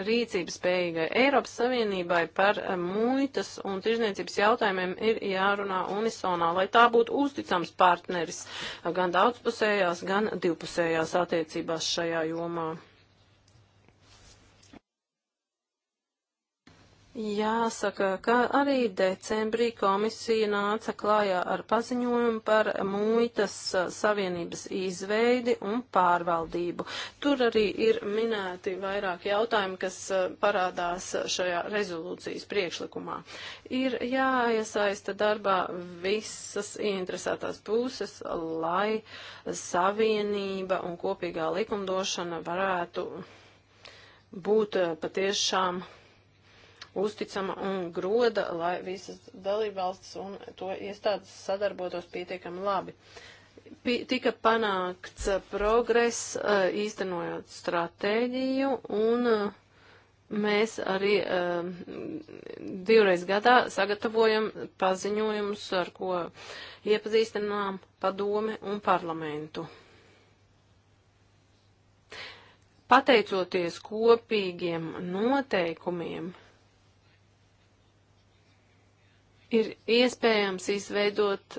A: rīcības spējīgai. Eiropas Savienībai par uh, muitas un tirzniecības jautājumiem ir jārunā unisonā, lai tā būtu uzticams partneris uh, gan daudzpusējās, gan divpusējās attiecībās šajā jomā. Jāsaka, ka arī decembrī komisija nāca klājā ar paziņojumu par muitas uh, savienības izveidi un pārvaldību. Tur arī ir minēti vairāk jautājumi, kas uh, parādās šajā rezolūcijas priekšlikumā. Ir jāiesaista darbā visas interesētās puses, lai savienība un kopīgā likumdošana varētu būt uh, patiešām uzticama un groda, lai visas dalībvalstis un to iestādes sadarbotos pietiekami labi. P tika panākts uh, progress uh, īstenojot stratēģiju un uh, mēs arī uh, divreiz gadā sagatavojam paziņojumus, ar ko iepazīstinām padome un parlamentu. Pateicoties kopīgiem noteikumiem, ir iespējams izveidot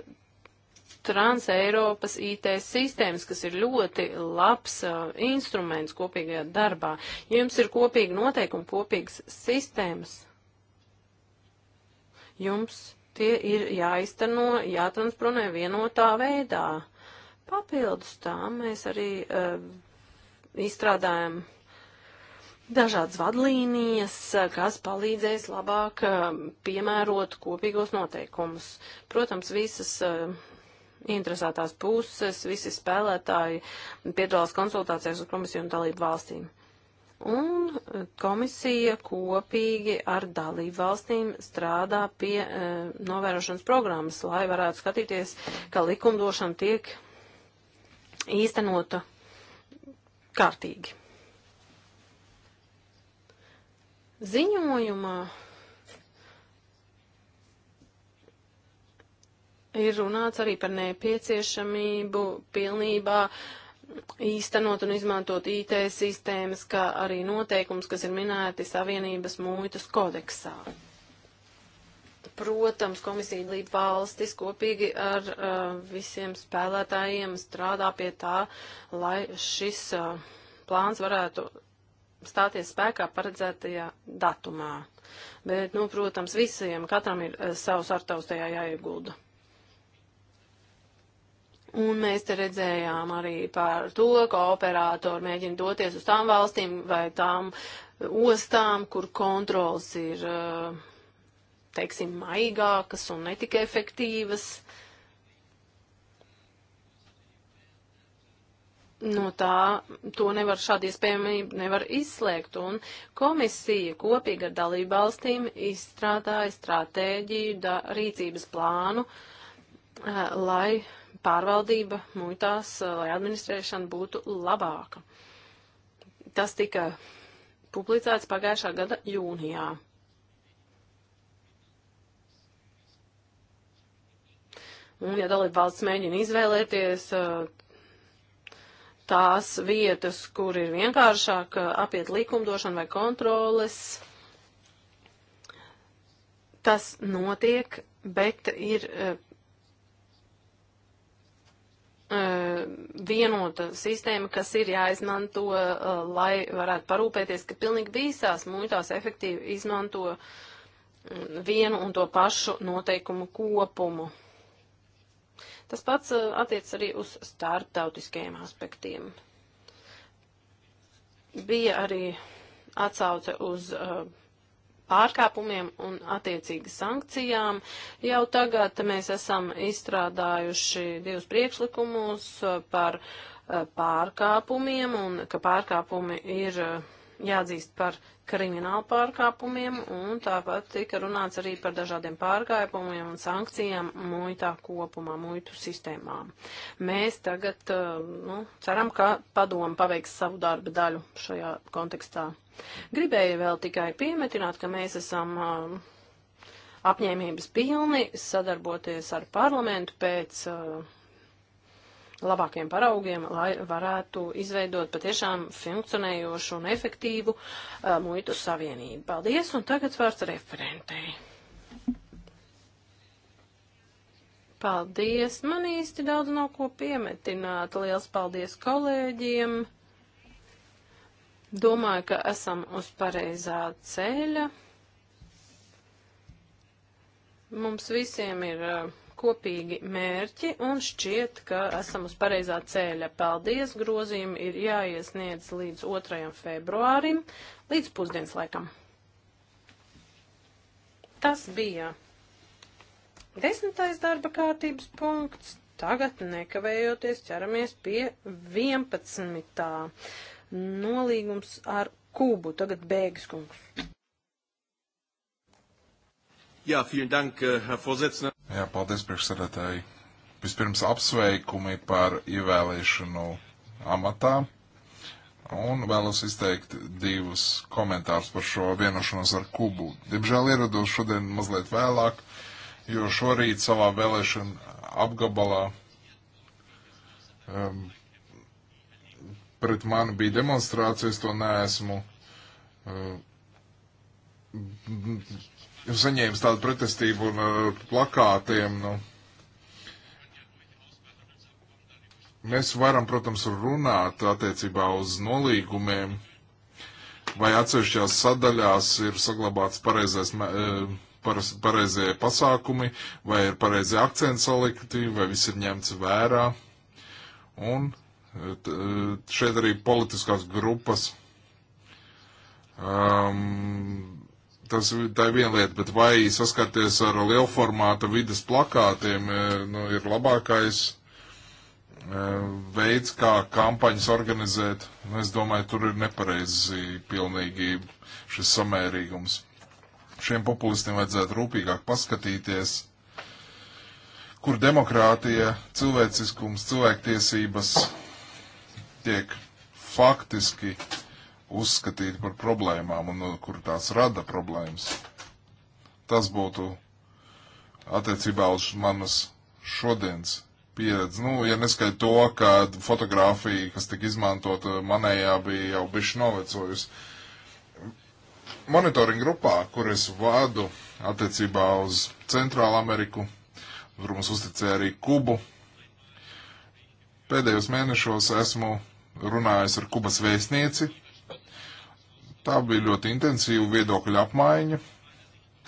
A: Transeiropas IT sistēmas, kas ir ļoti labs uh, instruments kopīgajā darbā. Ja jums ir kopīgi noteikumi, kopīgas sistēmas, jums tie ir jāizteno, jātranspronē vienotā veidā. Papildus tām mēs arī uh, izstrādājam dažādas vadlīnijas, eh, kas palīdzēs labāk eh, piemērot kopīgos noteikumus. Protams, visas eh, interesētās puses, visi spēlētāji piedalās konsultācijās ar komisiju un dalību valstīm. Un komisija kopīgi ar dalību valstīm strādā pie e, novērošanas programmas, lai varētu skatīties, ka likumdošana tiek īstenota kārtīgi. Ziņojumā ir runāts arī par nepieciešamību pilnībā īstenot un izmantot IT sistēmas, kā arī noteikums, kas ir minēti Savienības mūjtas kodeksā. Protams, komisija līdz valstis kopīgi ar uh, visiem spēlētājiem strādā pie tā, lai šis uh, plāns varētu stāties spēkā paredzētajā datumā. Bet, nu, protams, visiem, katram ir eh, savs artaus tajā jāiegulda. Un mēs te redzējām arī par to, ka operātori mēģina doties uz tām valstīm vai tām eh, ostām, kur kontrols ir, eh, teiksim, maigākas un netik efektīvas. Uh, no tā to nevar šādi iespējamību nevar izslēgt. Un komisija kopīgi ar dalību valstīm izstrādāja stratēģiju, da, rīcības plānu, eh, lai pārvaldība muitās, eh, lai administrēšana būtu labāka. Tas tika publicēts pagājušā gada jūnijā. Un, ja dalība valsts mēģina izvēlēties eh, tās vietas, kur ir vienkāršāk apiet likumdošanu vai kontroles. Tas notiek, bet ir uh, vienota sistēma, kas ir jāizmanto, uh, lai varētu parūpēties, ka pilnīgi visās muitās efektīvi izmanto vienu un to pašu noteikumu kopumu. Tas pats uh, attiec arī uz starptautiskajiem aspektiem. Bija arī atsauce uz uh, pārkāpumiem un attiecīgi sankcijām. Jau tagad mēs esam izstrādājuši divus priekšlikumus uh, par uh, pārkāpumiem un ka pārkāpumi ir jāatzīst par kriminālu pārkāpumiem, un tāpat tika runāts arī par dažādiem pārkāpumiem un sankcijām muitā kopumā, muitu sistēmām. Mēs tagad uh, nu, ceram, ka padomu paveiks savu darba daļu šajā kontekstā. Gribēju vēl tikai piemetināt, ka mēs esam uh, apņēmības pilni sadarboties ar parlamentu pēc uh, labākiem paraugiem, lai varētu izveidot patiešām funkcionējošu un efektīvu uh, muitu savienību. Paldies, un tagad vārds referentei. Paldies, man īsti daudz nav ko piemetināt. Liels paldies kolēģiem. Domāju, ka esam uz pareizā ceļa. Mums visiem ir uh, kopīgi mērķi un šķiet, ka esam uz pareizā ceļa. Paldies! Grozījumi ir jāiesniedz līdz 2. februārim, līdz pusdienas laikam. Tas bija desmitais darba kārtības punkts. Tagad nekavējoties ķeramies pie 11. nolīgums ar Kubu. Tagad bēgas kungs.
B: Jā, ja, vielen dank, eh, Herr Vorsitzender. Jā, paldies priekšsarētāji. Vispirms apsveikumi par ievēlēšanu amatā. Un vēlos izteikt divus komentārus par šo vienošanos ar Kubu. Diemžēl ierados šodien mazliet vēlāk, jo šorīt savā vēlēšana apgabalā um, pret mani bija demonstrācijas, to neesmu. Um, saņēmis tādu pretestību un ar uh, plakātiem. Nu. Mēs varam, protams, runāt attiecībā uz nolīgumiem, vai atsevišķās sadaļās ir saglabāts pareizais. Uh, pareizie pasākumi, vai ir pareizie akcents salikti, vai viss ir ņemts vērā. Un eh, eh, šeit arī politiskās grupas um, tas tā ir viena lieta, bet vai saskarties ar lielformāta vidas plakātiem e, nu, ir labākais e, veids, kā kampaņas organizēt. Es domāju, tur ir nepareizi pilnīgi šis samērīgums. Šiem populistiem vajadzētu rūpīgāk paskatīties, kur demokrātija, cilvēciskums, cilvēktiesības tiek faktiski uzskatīti par problēmām un uh, kur tās rada problēmas. Tas būtu attiecībā uz manas šodienas pieredzi. Nu, ja neskaidro to, ka fotografija, kas tika izmantota manējā, bija jau bišķi novecojusi. Monitoring grupā, kur es vādu attiecībā uz Centrālu Ameriku, tur mums uzticēja arī Kubu. Pēdējos mēnešos esmu runājis ar Kubas vēstnieci, Tā bija ļoti intensīva viedokļa apmaiņa,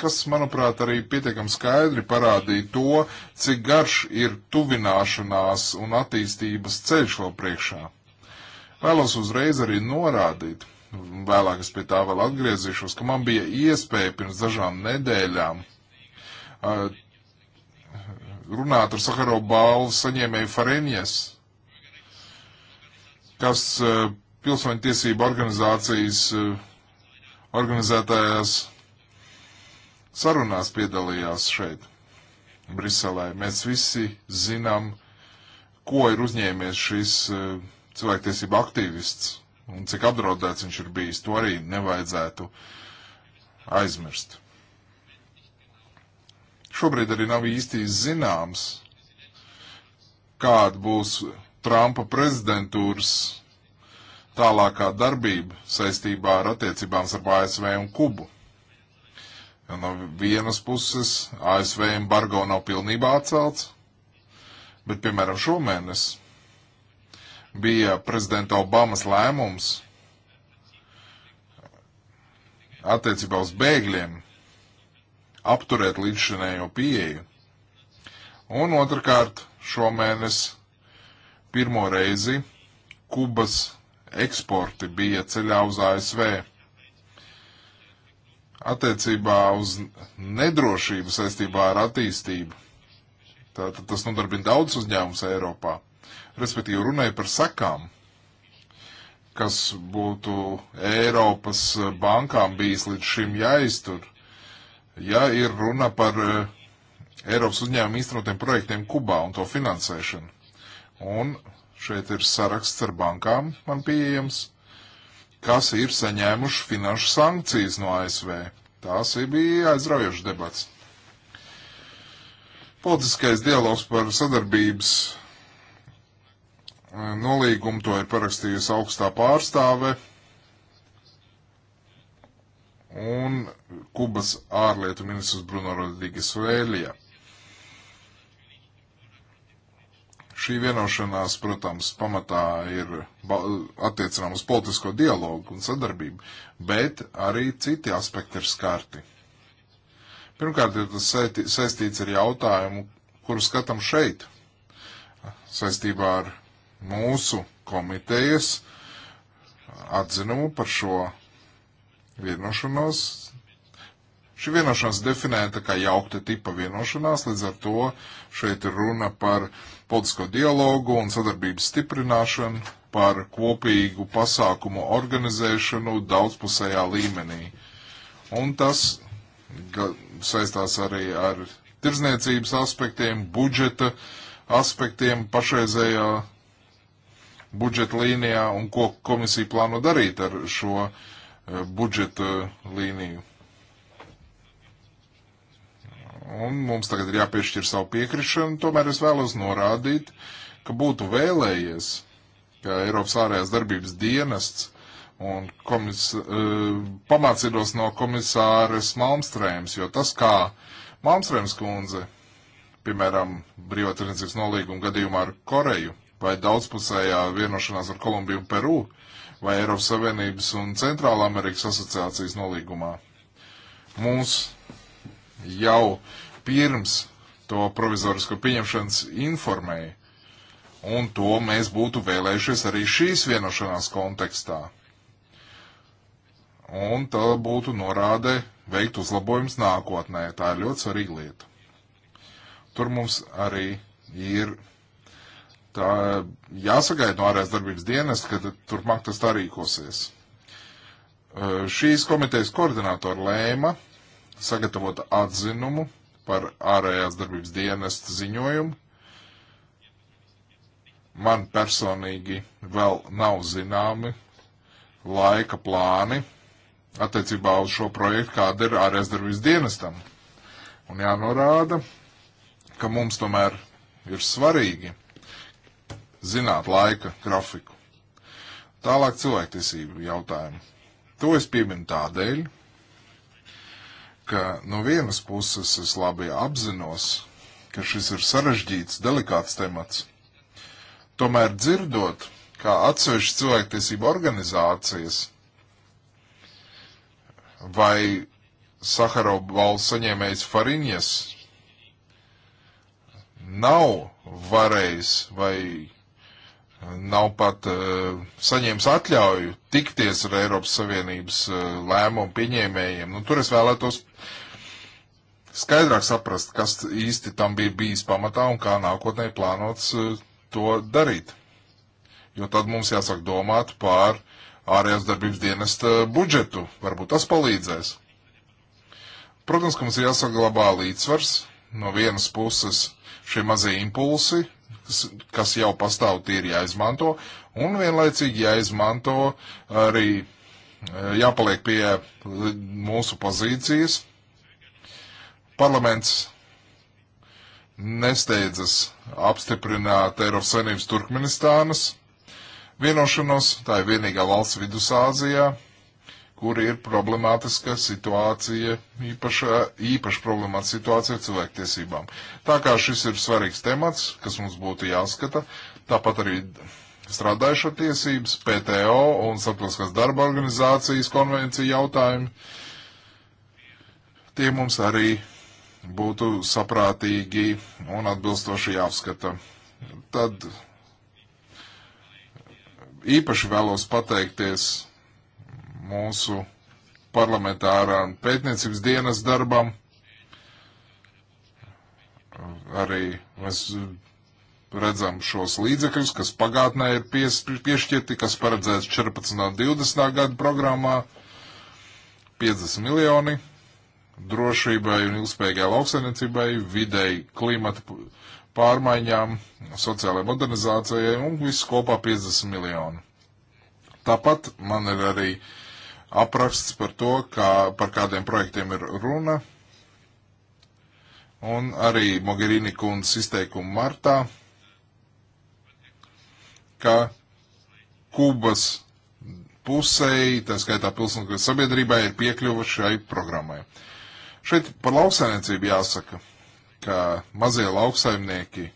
B: kas, manuprāt, arī pietiekami skaidri parādīja to, cik garš ir tuvināšanās un attīstības ceļš vēl priekšā. Vēlos uzreiz arī norādīt, vēlāk es pie tā vēl atgriezīšos, ka man bija iespēja pirms dažām nedēļām uh, runāt ar Sakaro balvu saņēmēju Farenjes, kas uh, pilsoņu tiesību organizācijas eh, organizētājās sarunās piedalījās šeit, Briselē. Mēs visi zinām, ko ir uzņēmies šis eh, cilvēktiesība aktīvists un cik apdraudēts viņš ir bijis. To arī nevajadzētu aizmirst. Šobrīd arī nav īsti zināms, kāda būs Trumpa prezidentūras tālākā darbība saistībā ar attiecībām starp ASV un Kubu. Jo no vienas puses ASV embargo nav pilnībā atcelts, bet, piemēram, šomēnes bija prezidenta Obamas lēmums attiecībā uz bēgļiem apturēt līdzšanējo pieeju. Un otrkārt, šomēnes pirmo reizi Kubas eksporti bija ceļā uz ASV. Attiecībā uz nedrošību saistībā ar attīstību. Tātad tas nodarbina daudz uzņēmums Eiropā. Respektīvi runāja par sakām, kas būtu Eiropas bankām bijis līdz šim jāiztur. Ja ir runa par e, Eiropas uzņēmumu īstenotiem projektiem Kubā un to finansēšanu. Un Šeit ir saraksts ar bankām man pieejams, kas ir saņēmuši finanšu sankcijas no ASV. Tās bija aizraujošas debats. Politiskais dialogs par sadarbības eh, nolīgumu to ir parakstījusi augstā pārstāve un Kubas ārlietu ministrs Bruno Rodrigues Vēlija. Šī vienošanās, protams, pamatā ir attiecinām uz politisko dialogu un sadarbību, bet arī citi aspekti ir skarti. Pirmkārt, ir tas saistīts ar jautājumu, kuru skatām šeit, saistībā ar mūsu komitejas atzinumu par šo vienošanos. Šī vienošanās definēta kā jaukta tipa vienošanās, līdz ar to šeit ir runa par politisko dialogu un sadarbības stiprināšanu, par kopīgu pasākumu organizēšanu daudzpusējā līmenī. Un tas saistās arī ar tirdzniecības aspektiem, budžeta aspektiem pašreizējā budžeta līnijā un ko komisija plāno darīt ar šo eh, budžeta līniju un mums tagad ir jāpiešķir savu piekrišanu, tomēr es vēlos norādīt, ka būtu vēlējies, ka Eiropas ārējās darbības dienests un komis, uh, pamācītos no komisāres Malmstrēms, jo tas, kā Malmstrēms kundze, piemēram, brīvotirdzniecības nolīguma gadījumā ar Koreju vai daudzpusējā vienošanās ar Kolumbiju un Peru vai Eiropas Savienības un Centrāla Amerikas asociācijas nolīgumā. Mūs jau uh, pirms to provizorisko pieņemšanas informēja. Un to mēs būtu vēlējušies arī šīs vienošanās kontekstā. Un tā būtu norāde veikt uzlabojums nākotnē. Tā ir ļoti svarīga lieta. Tur mums arī ir tā jāsagaida no ārējās darbības dienas, kad turpmāk tas tā rīkosies. Šīs komitejas koordinātori lēma sagatavot atzinumu par ārējās darbības dienesta ziņojumu. Man personīgi vēl nav zināmi laika plāni attiecībā uz šo projektu, kāda ir ārējās darbības dienestam. Un jānorāda, ka mums tomēr ir svarīgi zināt laika grafiku. Tālāk cilvēktiesību jautājumu. To es pieminu tādēļ, ka no vienas puses es labi apzinos, ka šis ir sarežģīts, delikāts temats. Tomēr dzirdot, kā atsevišķi cilvēktiesību organizācijas vai Saharovu balvu saņēmējs Fariņas nav varējis vai nav pat uh, saņēmis atļauju tikties ar Eiropas Savienības uh, lēmumu pieņēmējiem. Nu, tur es vēlētos skaidrāk saprast, kas īsti tam bija bijis pamatā un kā nākotnē plānots uh, to darīt. Jo tad mums jāsāk domāt par ārējās darbības dienesta budžetu. Varbūt tas palīdzēs. Protams, ka mums ir jāsaglabā līdzsvars. No vienas puses šie mazie impulsi, kas, kas jau pastāv, tie ir jāizmanto, un vienlaicīgi jāizmanto arī eh, jāpaliek pie eh, mūsu pozīcijas. Parlaments nesteidzas apstiprināt Eiropas Savienības Turkmenistānas vienošanos, tā ir vienīgā valsts Vidusāzijā, kur ir problemātiska situācija, īpaša, īpaši problemātiska situācija ar cilvēktiesībām. Tā kā šis ir svarīgs temats, kas mums būtu jāskata, tāpat arī strādājušo tiesības, PTO un Starptautiskās darba organizācijas konvencija jautājumi, tie mums arī būtu saprātīgi un atbilstoši jāapskata. Tad īpaši vēlos pateikties mūsu parlamentārā pētniecības dienas darbam. Arī mēs redzam šos līdzekļus, kas pagātnē ir pies, piešķirti, kas paredzēts 14. un 20. gada programmā - 50 miljoni drošībai un ilgspējīgai lauksainicībai, videi, klimata pārmaiņām, sociālajai modernizācijai un viss kopā 50 miljoni. Tāpat man ir arī uh, apraksts par to, kā, par kādiem projektiem ir runa. Un arī Mogherini kundas izteikumu martā, ka Kubas pusēji, tā skaitā pilsoniskajai sabiedrībai, ir piekļuva šai programmai. Šeit par lauksainiecību jāsaka, ka mazie lauksaimnieki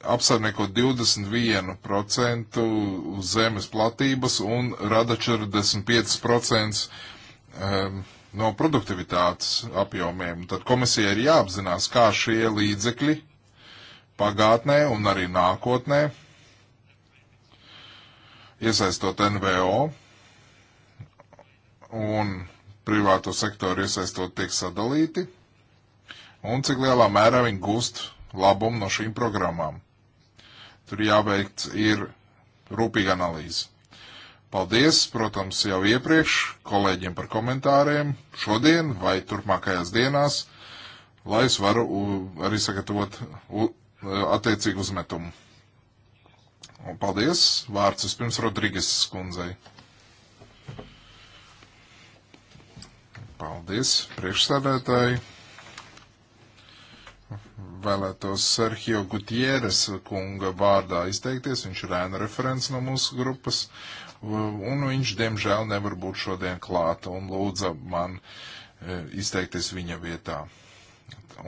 B: apsaimnieko 21% uz zemes platības un rada 45% ehm, no produktivitātes apjomiem. Tad komisija ir jāapzinās, kā šie līdzekļi pagātnē un arī nākotnē, iesaistot NVO un privāto sektoru iesaistot, tiek sadalīti, un cik lielā mērā viņi gūst labumu no šīm programmām. Tur jāveic ir rūpīga analīze. Paldies, protams, jau iepriekš kolēģiem par komentāriem šodien vai turpmākajās dienās, lai es varu arī sagatavot attiecīgu uzmetumu. Un paldies, vārds vispirms Rodrīgas skundzei. Paldies, priekšsēdētāji vēlētos Sergio Gutieres kunga vārdā izteikties. Viņš ir ēna referents no mūsu grupas, un viņš, diemžēl, nevar būt šodien klāta un lūdza man e, izteikties viņa vietā.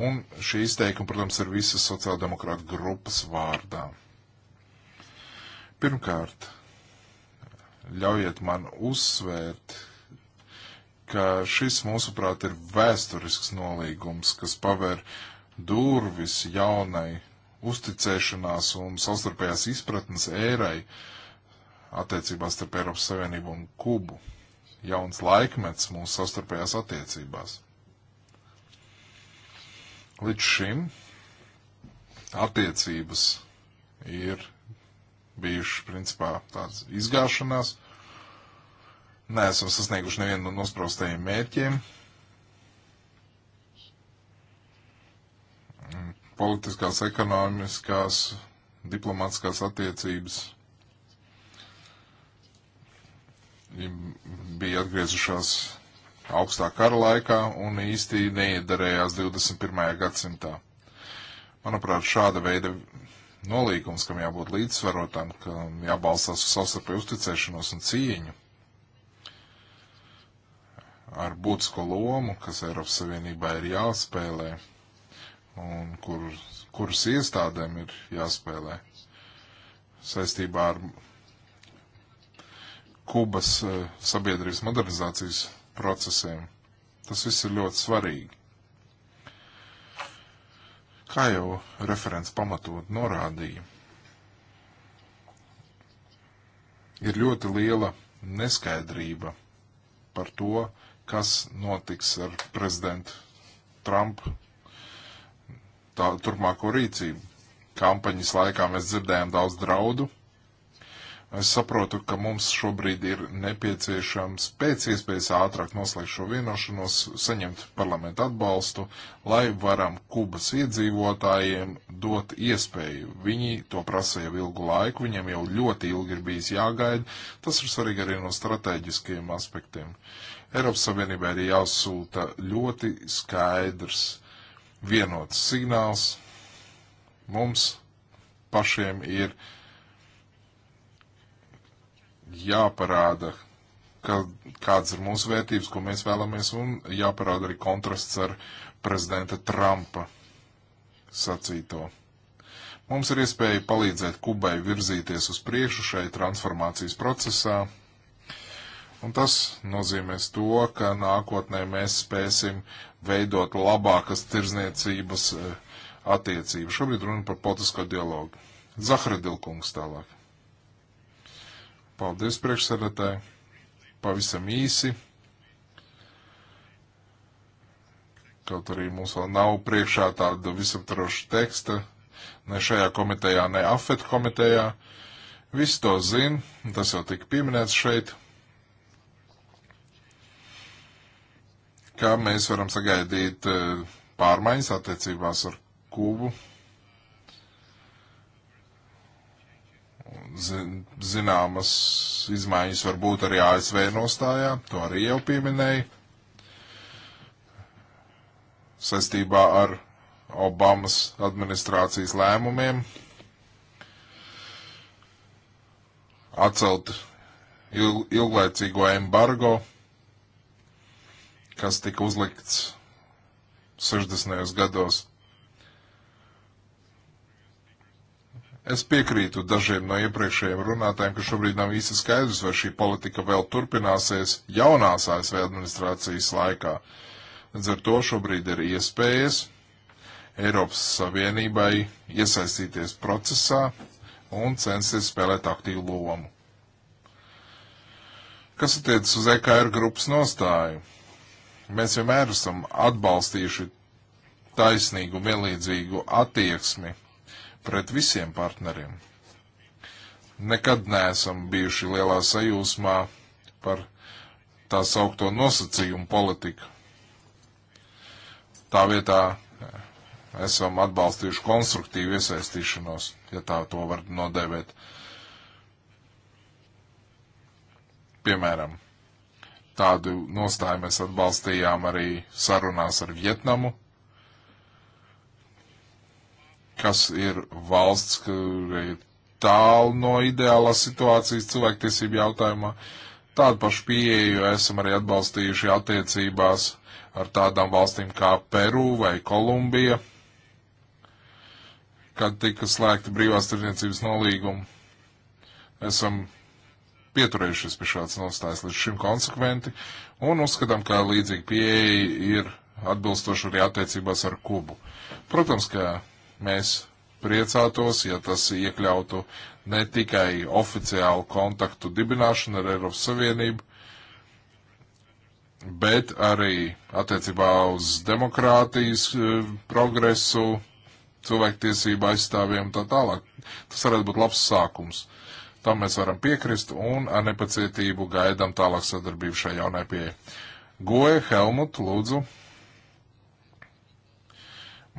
B: Un šī izteikuma, protams, ir visas sociāldemokrāta grupas vārdā. Pirmkārt, ļaujiet man uzsvērt, ka šis, mūsuprāt, ir vēsturisks nolīgums, kas paver uh, durvis jaunai uzticēšanās un savstarpējās izpratnes ērai attiecībās starp Eiropas Savienību un Kubu. Jauns laikmets mūsu savstarpējās attiecībās. Līdz šim attiecības ir bijušas principā tāds izgāšanās. Neesam sasnieguši nevienu no nospraustajiem mērķiem, politiskās, ekonomiskās, diplomātiskās attiecības bija atgriezušās augstā kara laikā un īsti neiedarējās 21. gadsimtā. Manuprāt, šāda veida nolīkums, kam jābūt līdzsvarotam, kam jābalstās uz savstarpēju uzticēšanos un cieņu ar būtisko lomu, kas Eiropas Savienībā ir jāspēlē un kur, kuras iestādēm ir jāspēlē saistībā ar Kubas eh, sabiedrības modernizācijas procesiem. Tas viss ir ļoti svarīgi. Kā jau referents pamatot norādīja, ir ļoti liela neskaidrība par to, kas notiks ar prezidentu Trumpu tā, turpmāko rīcību. Kampaņas laikā mēs dzirdējām daudz draudu. Es saprotu, ka mums šobrīd ir nepieciešams pēc iespējas ātrāk noslēgt šo vienošanos, saņemt parlamentu atbalstu, lai varam Kubas iedzīvotājiem dot iespēju. Viņi to prasa jau ilgu laiku, viņiem jau ļoti ilgi ir bijis jāgaida. Tas ir svarīgi arī no strateģiskiem aspektiem. Eiropas Savienībai ir jāsūta ļoti skaidrs vienots signāls. Mums pašiem ir jāparāda, ka, kādas ir mūsu vērtības, ko mēs vēlamies, un jāparāda arī kontrasts ar prezidenta Trumpa sacīto. Mums ir iespēja palīdzēt Kubai virzīties uz priekšu šai transformācijas procesā. Un tas nozīmēs to, ka nākotnē mēs spēsim veidot labākas tirzniecības e, attiecības. Šobrīd runa par politisko dialogu. Zahradilkungs tālāk. Paldies priekšsēdētāji. Pavisam īsi. Kaut arī mums vēl nav priekšā tāda visaptaroša teksta, ne šajā komitejā, ne afet komitejā. Viss to zina, tas jau tika pieminēts šeit. ka mēs varam sagaidīt eh, pārmaiņas attiecībās ar Kubu. Zināmas izmaiņas var būt arī ASV nostājā, to arī jau pieminēju. Sestībā ar Obamas administrācijas lēmumiem atcelt ilglaicīgo embargo kas tika uzlikts 60. gados. Es piekrītu dažiem no iepriekšējiem runātājiem, ka šobrīd nav īsti skaidrs, vai šī politika vēl turpināsies jaunās ASV administrācijas laikā. Līdz ar to šobrīd ir iespējas Eiropas Savienībai iesaistīties procesā un censties spēlēt aktīvu lomu. Kas attiecas uz EKR grupas nostāju? Mēs vienmēr esam atbalstījuši taisnīgu, vienlīdzīgu attieksmi pret visiem partneriem. Nekad neesam bijuši lielā sajūsmā par tā saukto nosacījumu politiku. Tā vietā eh, esam atbalstījuši konstruktīvu iesaistīšanos, ja tā to var nodēvēt. Piemēram, Tādu nostāju mēs atbalstījām arī sarunās ar Vietnamu, kas ir valsts, kur ir tālu no ideālās situācijas cilvēktiesību jautājumā. Tādu pašu pieeju esam arī atbalstījuši attiecībās ar tādām valstīm kā Peru vai Kolumbija, kad tika slēgta brīvās tirdzniecības nolīguma. Esam pieturējušies pie šādas nostājas līdz šim konsekventi un uzskatām, ka līdzīga pieeja ir atbilstoši arī attiecībās ar Kubu. Protams, ka mēs priecātos, ja tas iekļautu ne tikai oficiālu kontaktu dibināšanu ar Eiropas Savienību, bet arī attiecībā uz demokrātijas e, progresu, cilvēktiesību aizstāvjiem un tā tālāk. Tas varētu būt labs sākums. Tam mēs varam piekrist un ar nepacietību gaidām tālāk sadarbību šai jaunai pieeja. Goja, Helmut, lūdzu.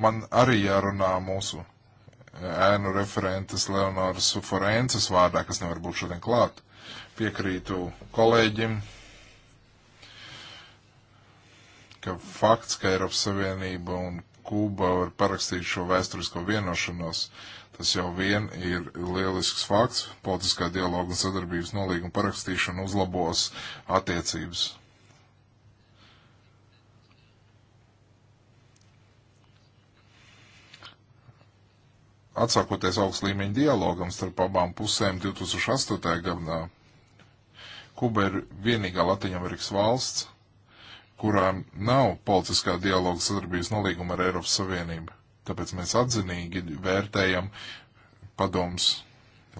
B: Man arī jārunā mūsu eh, ēnu referentes Leonoras Forences vārdā, kas nevar būt šodien klāt. Piekrītu kolēģim, ka fakts, ka Eiropas Savienība un Kuba ir parakstījusi šo vēsturisko vienošanos. Tas jau vien ir lielisks fakts. Politiskā dialoga un sadarbības nolīguma parakstīšana uzlabos attiecības. Atsākoties augsts līmeņa dialogam starp abām pusēm 2008. gadā, Kuba ir vienīgā Latvijas-Amerikas valsts, kurām nav politiskā dialoga sadarbības nolīguma ar Eiropas Savienību. Tāpēc mēs atzinīgi vērtējam padomus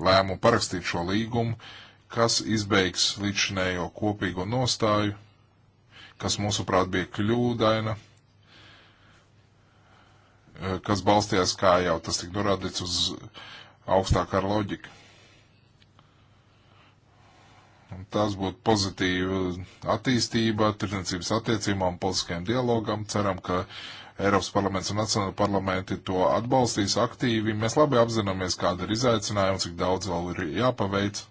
B: lēmumu parakstīt šo līgumu, kas izbeigs līdzinējo kopīgo nostāju, kas mūsuprāt bija kļūdaina, kas balstījās, kā jau tas tika norādīts, uz augstākā loģika. Tas būtu pozitīva attīstība tirdzniecības attiecībām, politiskajam dialogam. Ceram, ka Eiropas parlaments un Nacionāla parlamenti to atbalstīs aktīvi. Mēs labi apzināmies, kāda ir izaicinājuma, cik daudz vēl ir jāpaveic.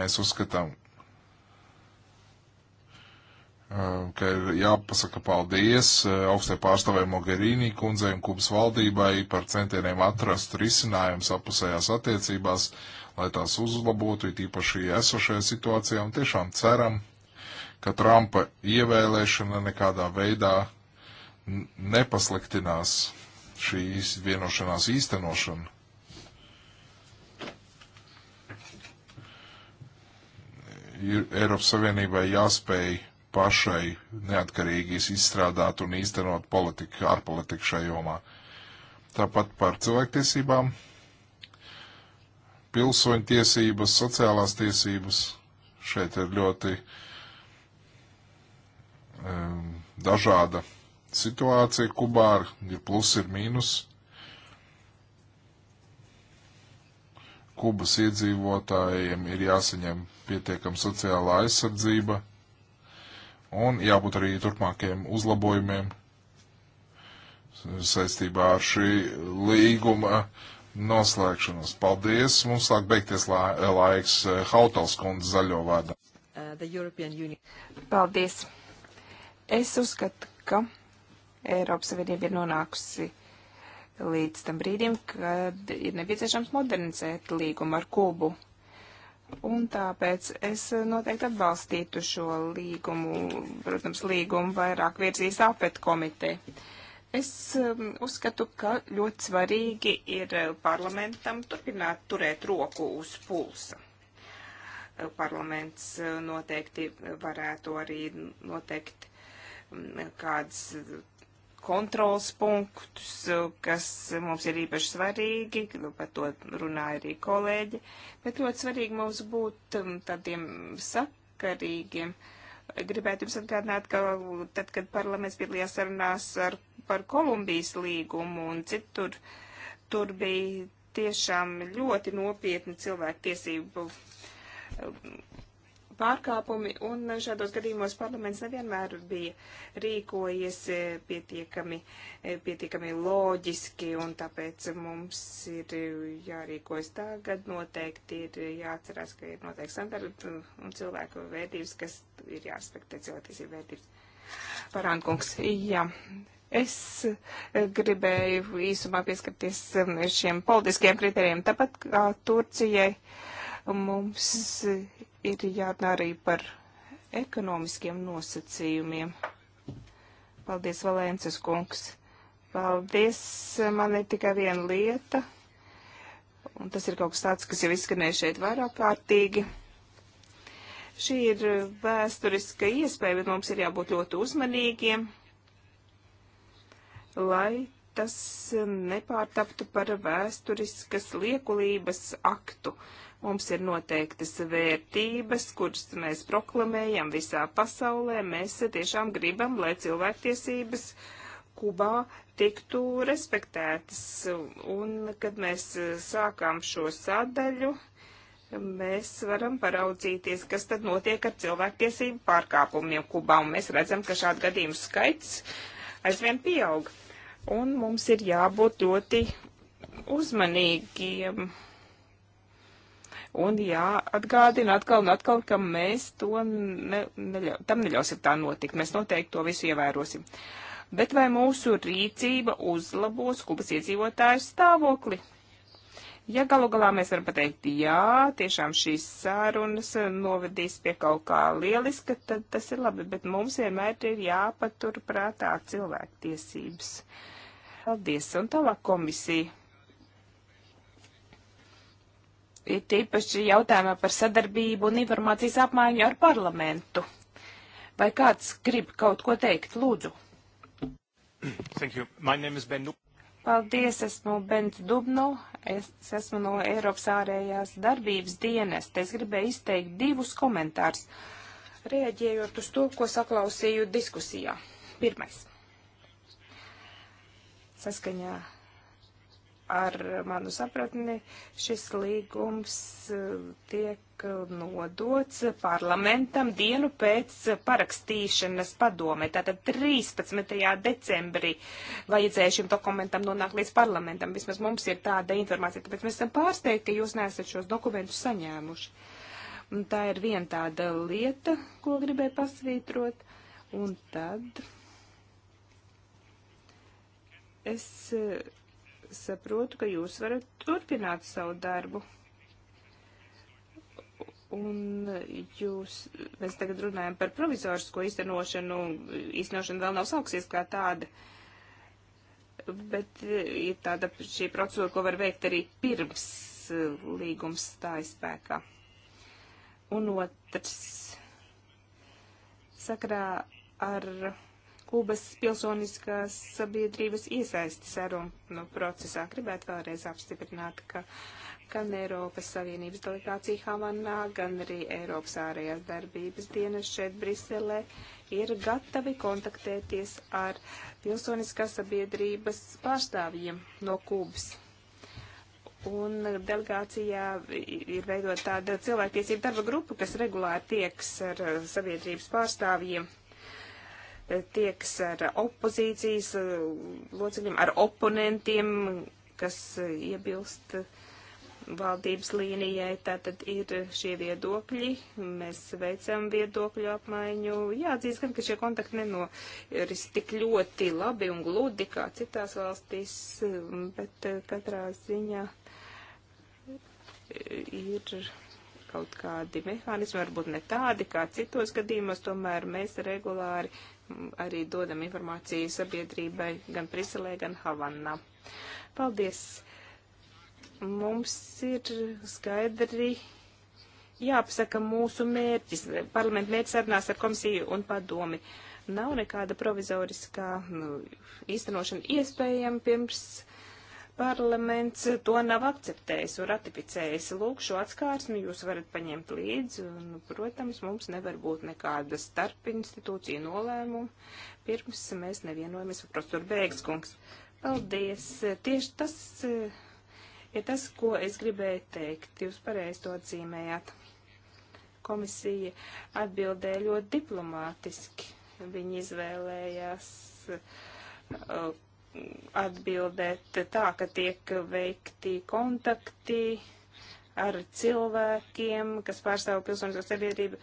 B: Mēs uzskatām, Um, ka ir jāpasaka paldies uh, augstai pārstāvē Mogherini kundzei un Kubas valdībai par centieniem atrast risinājumu sapusējās attiecībās, lai tās uzlabotu, it īpaši esošajā situācijā, un tiešām ceram, ka Trumpa ievēlēšana nekādā veidā nepasliktinās šīs vienošanās īstenošanu. Ir Eiropas Savienībai jāspēj pašai neatkarīgi izstrādāt un īstenot politiku, ārpolitiku šajā jomā. Tāpat par cilvēktiesībām, pilsoņu tiesības, sociālās tiesības. Šeit ir ļoti um, dažāda situācija Kubā, ir plus, ir mīnus. Kubas iedzīvotājiem ir jāsaņem pietiekama sociālā aizsardzība,
A: un jābūt
B: arī turpmākiem uzlabojumiem saistībā ar šī līguma noslēgšanos. Paldies! Mums sāk beigties la laiks eh, Hautals kundze zaļo vārdā.
C: Uh, Paldies! Es uzskatu, ka Eiropas Savienība ir nonākusi līdz tam brīdim, kad ir nepieciešams modernizēt līgumu ar Kubu. Un tāpēc es noteikti atbalstītu šo līgumu, protams, līgumu vairāk virzīs apet komiteja. Es um, uzskatu, ka ļoti svarīgi ir uh, parlamentam turpināt turēt roku uz pulsa. Uh, parlaments uh, noteikti varētu arī noteikt um, kādas kontrols punktus, kas mums ir īpaši svarīgi, nu, par to runāja arī kolēģi, bet ļoti svarīgi mums būt um, tādiem sakarīgiem. Gribētu jums atgādināt, ka tad, kad parlaments piedalījās sarunās ar, par Kolumbijas līgumu un citur, tur bija tiešām ļoti nopietni cilvēku tiesību um, pārkāpumi, un šādos gadījumos parlaments nevienmēr bija rīkojies e, pietiekami, e, pietiekami loģiski, un tāpēc mums ir jārīkojas tagad, noteikti ir jāatcerās, ka ir noteikti standarti un cilvēku vērtības, kas ir jārespektē cilvēktiesību vērtības. Parānkungs, jā. Es e, gribēju īsumā pieskarties šiem politiskiem kriterijiem, tāpat kā Turcijai mums ir jārunā arī par ekonomiskiem nosacījumiem. Paldies, Valēnces kungs. Paldies, man ir tikai viena lieta, un tas ir kaut kas tāds, kas jau izskanēja šeit vairāk kārtīgi. Šī ir vēsturiska iespēja, bet mums ir jābūt ļoti uzmanīgiem, lai tas nepārtaptu par vēsturiskas liekulības aktu. Uh, Mums ir noteiktas vērtības, kuras mēs proklamējam visā pasaulē. Mēs tiešām gribam, lai cilvēktiesības Kubā tiktu respektētas. Un, kad mēs sākām šo sadaļu, mēs varam paraudzīties, kas tad notiek ar cilvēktiesību pārkāpumiem Kubā, un mēs redzam, ka šādu gadījumu skaits aizvien pieaug. Un mums ir jābūt ļoti uzmanīgiem. Ja Un jāatgādina atkal un atkal, ka mēs to ne, neļau, tam neļausim tā notikt. Mēs noteikti to visu ievērosim. Bet vai mūsu rīcība uzlabos Kubas iedzīvotāju stāvokli? Ja galu galā mēs varam pateikt, jā, tiešām šīs sārunas novedīs pie kaut kā lieliska, tad tas ir labi, bet mums vienmēr ir jāpatur prātā cilvēktiesības. Paldies, un tālāk komisija. ir tīpaši jautājumā par sadarbību un informācijas apmaiņu ar parlamentu. Vai kāds grib kaut ko teikt? Lūdzu.
B: Thank you. My name is Ben Dubno.
C: Paldies, esmu Bens Dubno. Es esmu no Eiropas ārējās darbības dienas. Es gribēju izteikt divus komentārus, reaģējot uz to, ko saklausīju diskusijā. Pirmais. Saskaņā ar manu sapratni šis līgums eh, tiek eh, nodots parlamentam dienu pēc parakstīšanas padome. Tātad 13. decembrī vajadzēja šim dokumentam nonākt līdz parlamentam. Vismaz mums ir tāda informācija, tāpēc mēs esam pārsteigti, ka jūs neesat šos dokumentus saņēmuši. Un tā ir viena tāda lieta, ko gribēju pasvītrot. Un tad es eh, saprotu, ka jūs varat turpināt savu darbu. Un jūs, mēs tagad runājam par provizorisko īstenošanu, īstenošana vēl nav sauksies kā tāda, bet e, ir tāda šī procedūra, ko var veikt arī pirms e, līgums stājas spēkā. Un otrs, sakrā ar Kubas pilsoniskās sabiedrības iesaisti sarunu procesā. Gribētu vēlreiz apstiprināt, ka gan Eiropas Savienības delegācija Havanā, gan arī Eiropas ārējās darbības dienas šeit Briselē ir gatavi kontaktēties ar pilsoniskās sabiedrības pārstāvjiem no Kubas. Un delegācijā ir veidot tāda cilvēktiesība darba grupa, kas regulāri tieks ar sabiedrības pārstāvjiem tieks ar opozīcijas eh, locekļiem, ar oponentiem, kas eh, iebilst valdības līnijai. Tātad ir šie viedokļi, mēs veicam viedokļu apmaiņu. Jāatzīst gan, ka šie kontakti nenoris tik ļoti labi un gludi kā citās valstīs, bet eh, katrā ziņā ir kaut kādi mehānismi, varbūt ne tādi kā citos gadījumos, tomēr mēs regulāri arī dodam informāciju sabiedrībai gan Briselē, gan Havanā. Paldies! Mums ir skaidri jāpasaka mūsu mērķis. Parlamenta mērķis sarunās ar komisiju un padomi. Nav nekāda provizoriskā nu, īstenošana iespējama pirms parlaments to nav akceptējis un ratificējis. Lūk, šo atskārsmi jūs varat paņemt līdzi, un, protams, mums nevar būt nekāda starp institūciju nolēmuma, pirms mēs nevienojamies par prostoru beigas, kungs. Paldies! Tieši tas eh, ir tas, ko es gribēju teikt. Jūs pareizi to atzīmējāt. Komisija atbildēja ļoti diplomātiski. Viņi izvēlējās uh, atbildēt tā, ka tiek veikti kontakti ar cilvēkiem, kas pārstāv pilsonisko sabiedrību.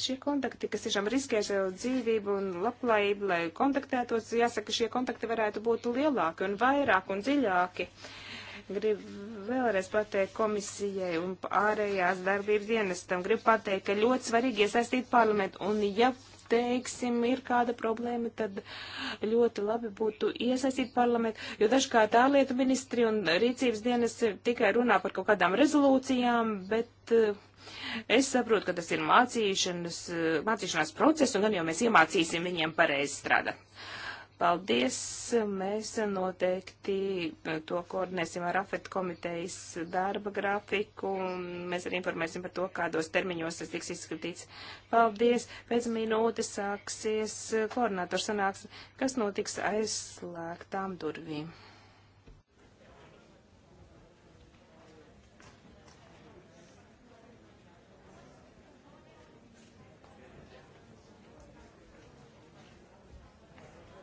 C: Šie kontakti, kas tiešām riskē savu dzīvību un labklājību, lai kontaktētos, jāsaka, šie kontakti varētu būt lielāki un vairāk un dziļāki. Gribu vēlreiz pateikt komisijai un ārējās darbības dienestam. Gribu pateikt, ka ļoti svarīgi iesaistīt parlamentu. Un ja teiksim, ir kāda problēma, tad ļoti labi būtu iesaistīt parlamentu, jo dažkārt ārlietu ministri un rīcības dienas tikai runā par kaut kādām rezolūcijām, bet eh, es saprotu, ka tas ir mācīšanas, eh, mācīšanās process, un gan jau mēs iemācīsim viņiem pareizi strādāt. Paldies! Mēs noteikti to koordinēsim ar AFET komitejas darba grafiku. Mēs arī informēsim par to, kādos termiņos tas tiks izskatīts. Paldies! Pēc minūtes sāksies koordinātors sanāks, kas notiks aizslēgtām durvīm.